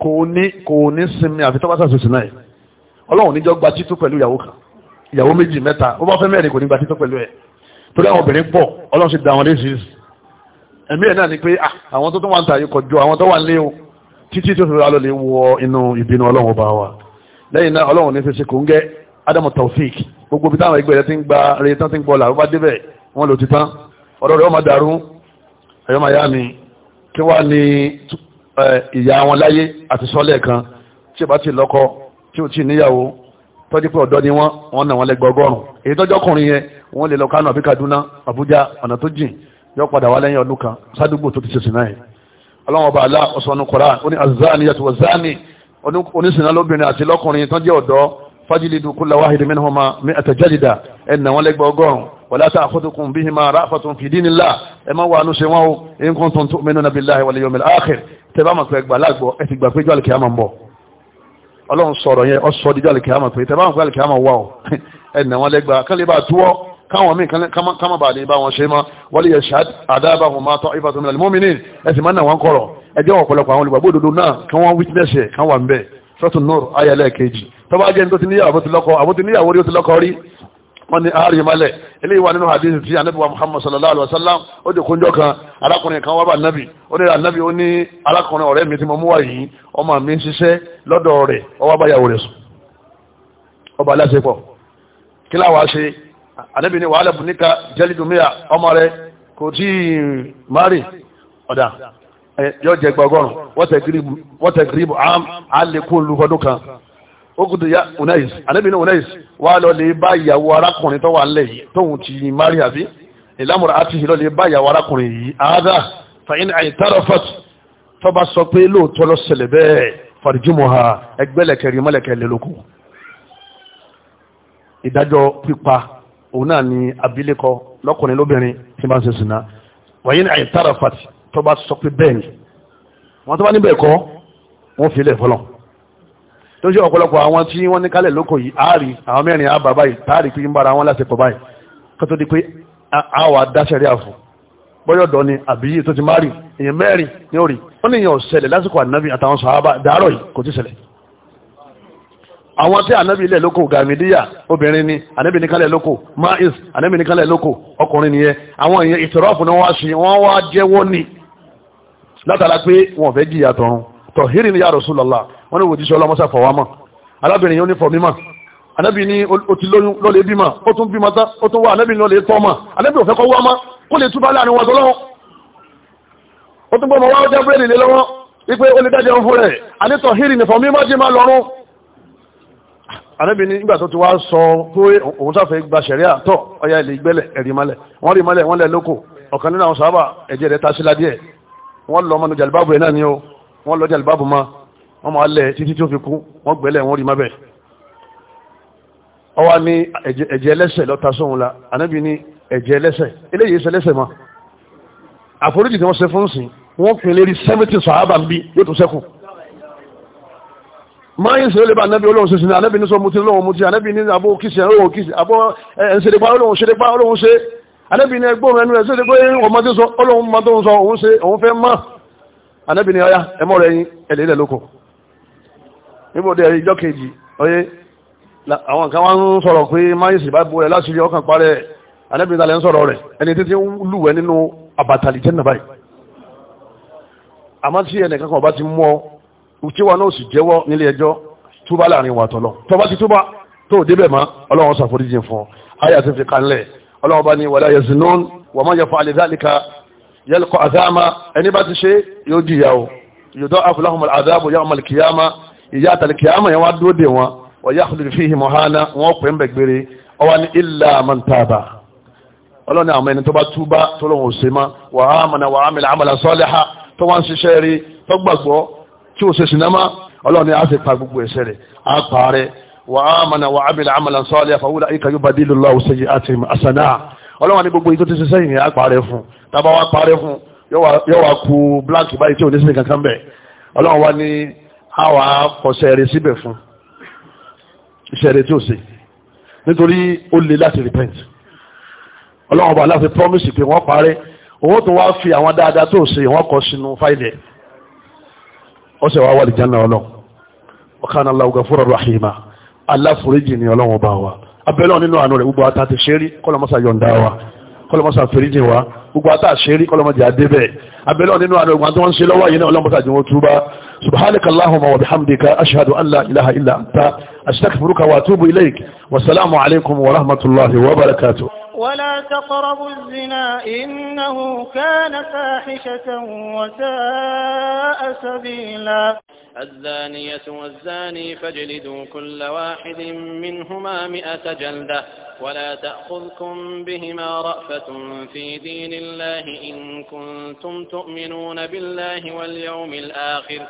A: kò ní kò ní sinmi àfi tọ́ba sàṣẹ̀ṣẹ̀ náà yìí ọlọ́run níjọ́ gba títú pẹ̀lú ìyàwó kan ìyàwó méjì mẹ́ta ó bá fẹ́ mẹ́rin kò ní gba títú pẹ̀lú ẹ̀ torí àwọn obìnrin pọ̀ ọlọ́run sì da àwọn léṣe ẹ̀mí ẹ̀ náà ni pé ah, àwọn tó tó wà ń ta yìí kọjú àwọn tó wà ń lé o títí tó fi wà lọ́lẹ̀ wọ inú ìbínú ọlọ́run ọba wa lẹ́yìn náà ọlọ́run ní fèsì kò ń gẹ́ Adamu Taofik gbogbo ibi táwọn ẹgbẹ́ rẹ ti ń gba rẹ ìyá wọn láyé àti sọ́lẹ̀ kan tí o bá ti lọ́kọ tí o ti níyàwó tọ́jú pé ọ̀dọ́ ni wọ́n wọ́n nà wọ́n lẹ́gbẹ̀ ọgọ́rùn-ún èyí tọ́jọ́ ọkùnrin yẹn wọ́n lè lọ Kánò àbí Kaduna Àbújá ọ̀nà tó jìn yọ padà wá lẹ́yìn ọdún kan sádùgbò tó ti ṣe sìnà yẹn ọlọ́wọ́n ọba alá ọ̀sán Kùránì ó ní azani yàtọ̀ wazani oníṣìnà lóbìnrin àti lọ́kùnrin tọ́jú ọ̀dọ́ fájìlì dùkú làwáhìdì mẹ́nàmá wala ta'khudhukum bihima ra'fatun fi dinillah ẹ má wà ánú ṣe wọ́n o in kuntum tu'minuna billahi wal yawmil akhir tẹ bá mọ̀ pé gbà lágbọ́ ẹ ti gbà pé jọ́lì kìámà ń bọ̀ ọlọ́run sọ̀rọ̀ yẹn ọ sọ di jọ́lì kìámà pé tẹ bá mọ̀ pé jọ́lì kìámà wà o *laughs* ẹnà wọn lẹ́gbà kán lè bá túwọ́ káwọn míì kán bá lè bá wọn ṣe mọ́ wal yashhad adabahuma ta'ifatun minal mu'minin ẹ sì má nà wọn kọ̀rọ̀ ẹ jẹ́ ọ̀pọ̀lọpọ̀ àwọn olùgbàgbọ́ òdodo náà kí wọ́n witness ẹ̀ kán wà ń bẹ̀ sọ́tún nọ́ọ̀rù ayẹlẹ́ kejì tọ́ba jẹ́ ní tó ti níyàwó ti lọ́kọ àbó ti níyàwó rí ó ti lọ́kọ rí wọ́n ní ààrẹ ìmọ̀lẹ̀ eléyìí wà nínú hadith ti anabi wa muhammad sallallahu alaihi wa sallam ó di kúnjọ́ kan arákùnrin kan wá bá anabi ó ní anabi ó ní arákùnrin ọ̀rẹ́ mi tí mo mú wá yìí ọmọ mi ń ṣiṣẹ́ lọ́dọ̀ rẹ̀ ó wá bá ìyàwó rẹ̀ sùn ọba aláṣepọ̀ kí láwa ṣe anabi ní wàhálà bùníkà jẹ́lídùmíà ọmọ rẹ̀ kò tí ì mari ọ̀dà yóò jẹ gbọgọrùn wọ́tẹ̀ gíríbù okutu ya unais anabi unais wa lọ lè bá ìyàwó arákùnrin tó wà ńlẹ̀ yìí tóun ti mari àbí ìlàmùrà àti ìlọ lè bá ìyàwó arákùnrin yìí àádá fàyín àìtárọ̀fàt tó bá sọ pé lóòótọ́ lọ ṣẹlẹ̀ bẹ́ẹ̀ fàdíjúmọ̀ ha ẹgbẹ́lẹ̀kẹ̀rì mọ́lẹ̀kẹ̀lẹ̀ lóko ìdájọ́ pípa òun náà ni abilékọ lọ́kùnrin lóbìnrin tí bá ń ṣe sìnà fàyín àìtárọ̀fàt tó bá sọ pé bẹ́ẹ̀ ni wọ́n tó bá níbẹ̀ kọ́ wọ́n fi ilẹ̀ fọlọ́n tó ṣe ọ̀pọ̀lọpọ̀ àwọn tí wọ́n ní kálẹ̀ lóko yìí àárí àwọn mẹ́rin àbá báyìí táàrí pé ń bára wọn lásìkò báyìí kó tó di pé àwà dáṣẹ́rí àfò bọ́yọ̀dọ̀ ni àbíyí tó ti má rí èèyàn mẹ́rin ní orí ó ní èèyàn ṣẹlẹ̀ lásìkò ànábì àtàwọn sàábà dàárọ̀ yìí kò ti ṣẹlẹ̀ àwọn tí ànábì ilẹ̀ lóko gàmídíyà obìnrin ni ànábì nìkanlẹ̀ lóko maïs ànábì nìkanlẹ̀ lóko ọkùnrin nìyẹn àwọn èèyàn ìtìrọ́ọ̀fù ni wọ́n wá ṣe wọ́n wá jẹ́wọ́ ni látara pé wọ́n fẹ́ jìyà tọrun tọ̀hírì ni ya Rasulullah wọ́n ní òjíṣẹ́ ọlọ́mọsá fọ̀wámọ̀ arábìnrin yóò ní fọ̀ mímọ̀ anábì ní o ti lóyún lọ́lẹ̀ bímọ ó tún bímọ tán ó tún wá anábì lọ́lẹ̀ tọ́ ọmọ anábì ò fẹ́ kọ́ wá mọ́ kó lè túbọ̀ láàrin wọn tọ́lọ́wọ́ ó tún gbọ́mọ wá ó jẹ́ búrẹ́dì lé lọ́wọ́ wípé ó lè dájẹ́ ọ̀hún rẹ̀ àní tọ̀hírì ni fọ̀ mímọ̀ ti máa lọ́rùn anábì ní ìgbà tó ti wá sọ pé òun sáfẹ́ gba sẹ̀ríà tọ̀ ọya ilé ìgbẹ́lẹ̀ ẹ̀rí malẹ̀ wọ́n rí malẹ̀ wọ́n lẹ̀ lóko ọ̀kan nínú àwọn sábà ẹ̀jẹ̀ rẹ̀ tasílá díẹ̀ wọ́n lọ ọmọ nù jàlíbáàbù ẹ̀ náà ni ó wọ́n lọ́jà àlùbáàbù ma wọ́n máa lẹ̀ títí tí ó fi kú wọ́n gbẹ́lẹ̀ wọ́n rí má bẹ́ẹ̀ ọwọ́ ní ẹ̀jẹ̀ ẹlẹ́sẹ̀ lọ́ta sóhun la ànábì ní ẹ̀jẹ̀ ẹlẹ́sẹ̀ eléyìí ẹsẹ̀ ẹlẹ́sẹ̀ ma àforíjì tí wọ́n ṣe fún sí wọ́n pin lérí seventy sàhábà ń bí yóò tún sẹ́kù máa ń sèré lébà ànábì olóhùn sísìn ànábì ní sọ mutí olóhùn mutí ànábì ní àbó kìsì olóhùn kìsì àbó ẹ̀ǹsẹ̀dẹ̀gbá olóhùn ṣẹdẹ̀gbá olóhùn ṣe ànábì ní ẹgbọ́n ẹnu ẹ̀ sẹ́dẹ̀gbá ọmọdé sọ olóhùn mọ́tò ń sọ òun ṣe òun fẹ́ máa anábì ní ọyá ẹmọ́ rẹ̀ yín ẹ̀lẹ́ ilẹ̀ lóko níbòdé ìjọ kejì ọyé àwọn nǹkan wá ń sọ̀rọ̀ pé máyèsì bá bu rẹ̀ láti rí ọkàn parẹ́ anábì ìdálẹ̀ ń sọ̀rọ̀ rẹ̀ ẹni títí ń lúwẹ̀ nínú àbàtàlì jẹ́ nàbáyì àmọ́ tí ẹnì kankan bá ti mú ọ tí wa náà sì jẹ́wọ́ nílé ẹjọ́ túbá láàrin wa tọ̀lọ̀ tó bá ti túbá tó débẹ̀ mọ́ ọlọ́run ṣàforíjì fún ọ ayé àti fi kanlẹ̀ ọlọ́run bá ní wàlá yazinun wàmọ́ yẹ fún alẹ́ yẹ́lẹ̀kọ́ àzáàmà ẹni bá ti ṣe yóò di ìyàwó yòdọ́ afúláhùn àzáàbò yà ọmọ kìyàmà ìyá àtàlẹ̀ kìyàmà yẹn wá dúró dè wọn wọ́n yà kùdù fi hìmọ̀ hánà wọ́n pè ń bẹ̀ gbére ọwọ́ ní ilà mọ̀ntàbà ọlọ́ni àwọn ẹni tó bá túbá tó lọ́wọ́ ò sèmá wà á mọ̀nà wà á mìlẹ̀ àmàlà sọ́lẹ́hà tó wá ń rí tó gbàgbọ́ tí ò ṣe sinamá ọlọ́ni á sì pa gbogbo ẹ̀ṣẹ̀ rẹ̀ á pa rẹ̀ wà á mọ̀nà wà á mìlẹ̀ àmàlà sọ́lẹ́hà fàwúlà ìkàyọ́ ọlọ́wọ́n ní gbogbo yìí tó ti ṣiṣẹ́ yìí á parẹ́ fún tábà wá parẹ́ fún yóò wá ku black báyìí tí ò ní sinmi kankan bẹ̀ ọlọ́wọ́n wá ní àwa kọ̀ṣẹ́ rẹ̀ síbẹ̀ fún iṣẹ́ rẹ̀ tí ò ṣe nítorí ó le láti repent ọlọ́wọ́n bá láti promise pé wọ́n parẹ́ owó tó wá fi àwọn dáadáa tó ṣe wọ́n kọ sínú fáìlì ẹ̀ ọ̀sẹ̀ wá wà lìjánná ọlọ́run ọ̀kan aláwọ̀ gafúrà rahima aláforíjì ni ọlọ́run bá wa abẹ́lọ́ nínú àánú rẹ̀ gbogbo ata ti ṣe rí kọ́lọ́mọ́sá yọ̀ǹda wa kọ́lọ́mọ́sá fèrèjì wa gbogbo ata ṣe rí kọ́lọ́mọ́jà débẹ̀ abẹ́lọ́ nínú àánú rẹ̀ gbogbo ata ṣe lọ́wọ́ yìí náà ọlọ́mọ́sá jẹ́ túbá subhanaka wa bihamdika ashhadu an la ilaha illa anta astaghfiruka wa atubu ilaik wa salaamu alaykum wa rahmatullahi wa barakatuh ولا تقربوا الزنا إنه كان فاحشة وساء سبيلا الزانية والزاني فاجلدوا كل واحد منهما مئة جلدة ولا تأخذكم بهما رأفة في دين الله إن كنتم تؤمنون بالله واليوم الآخر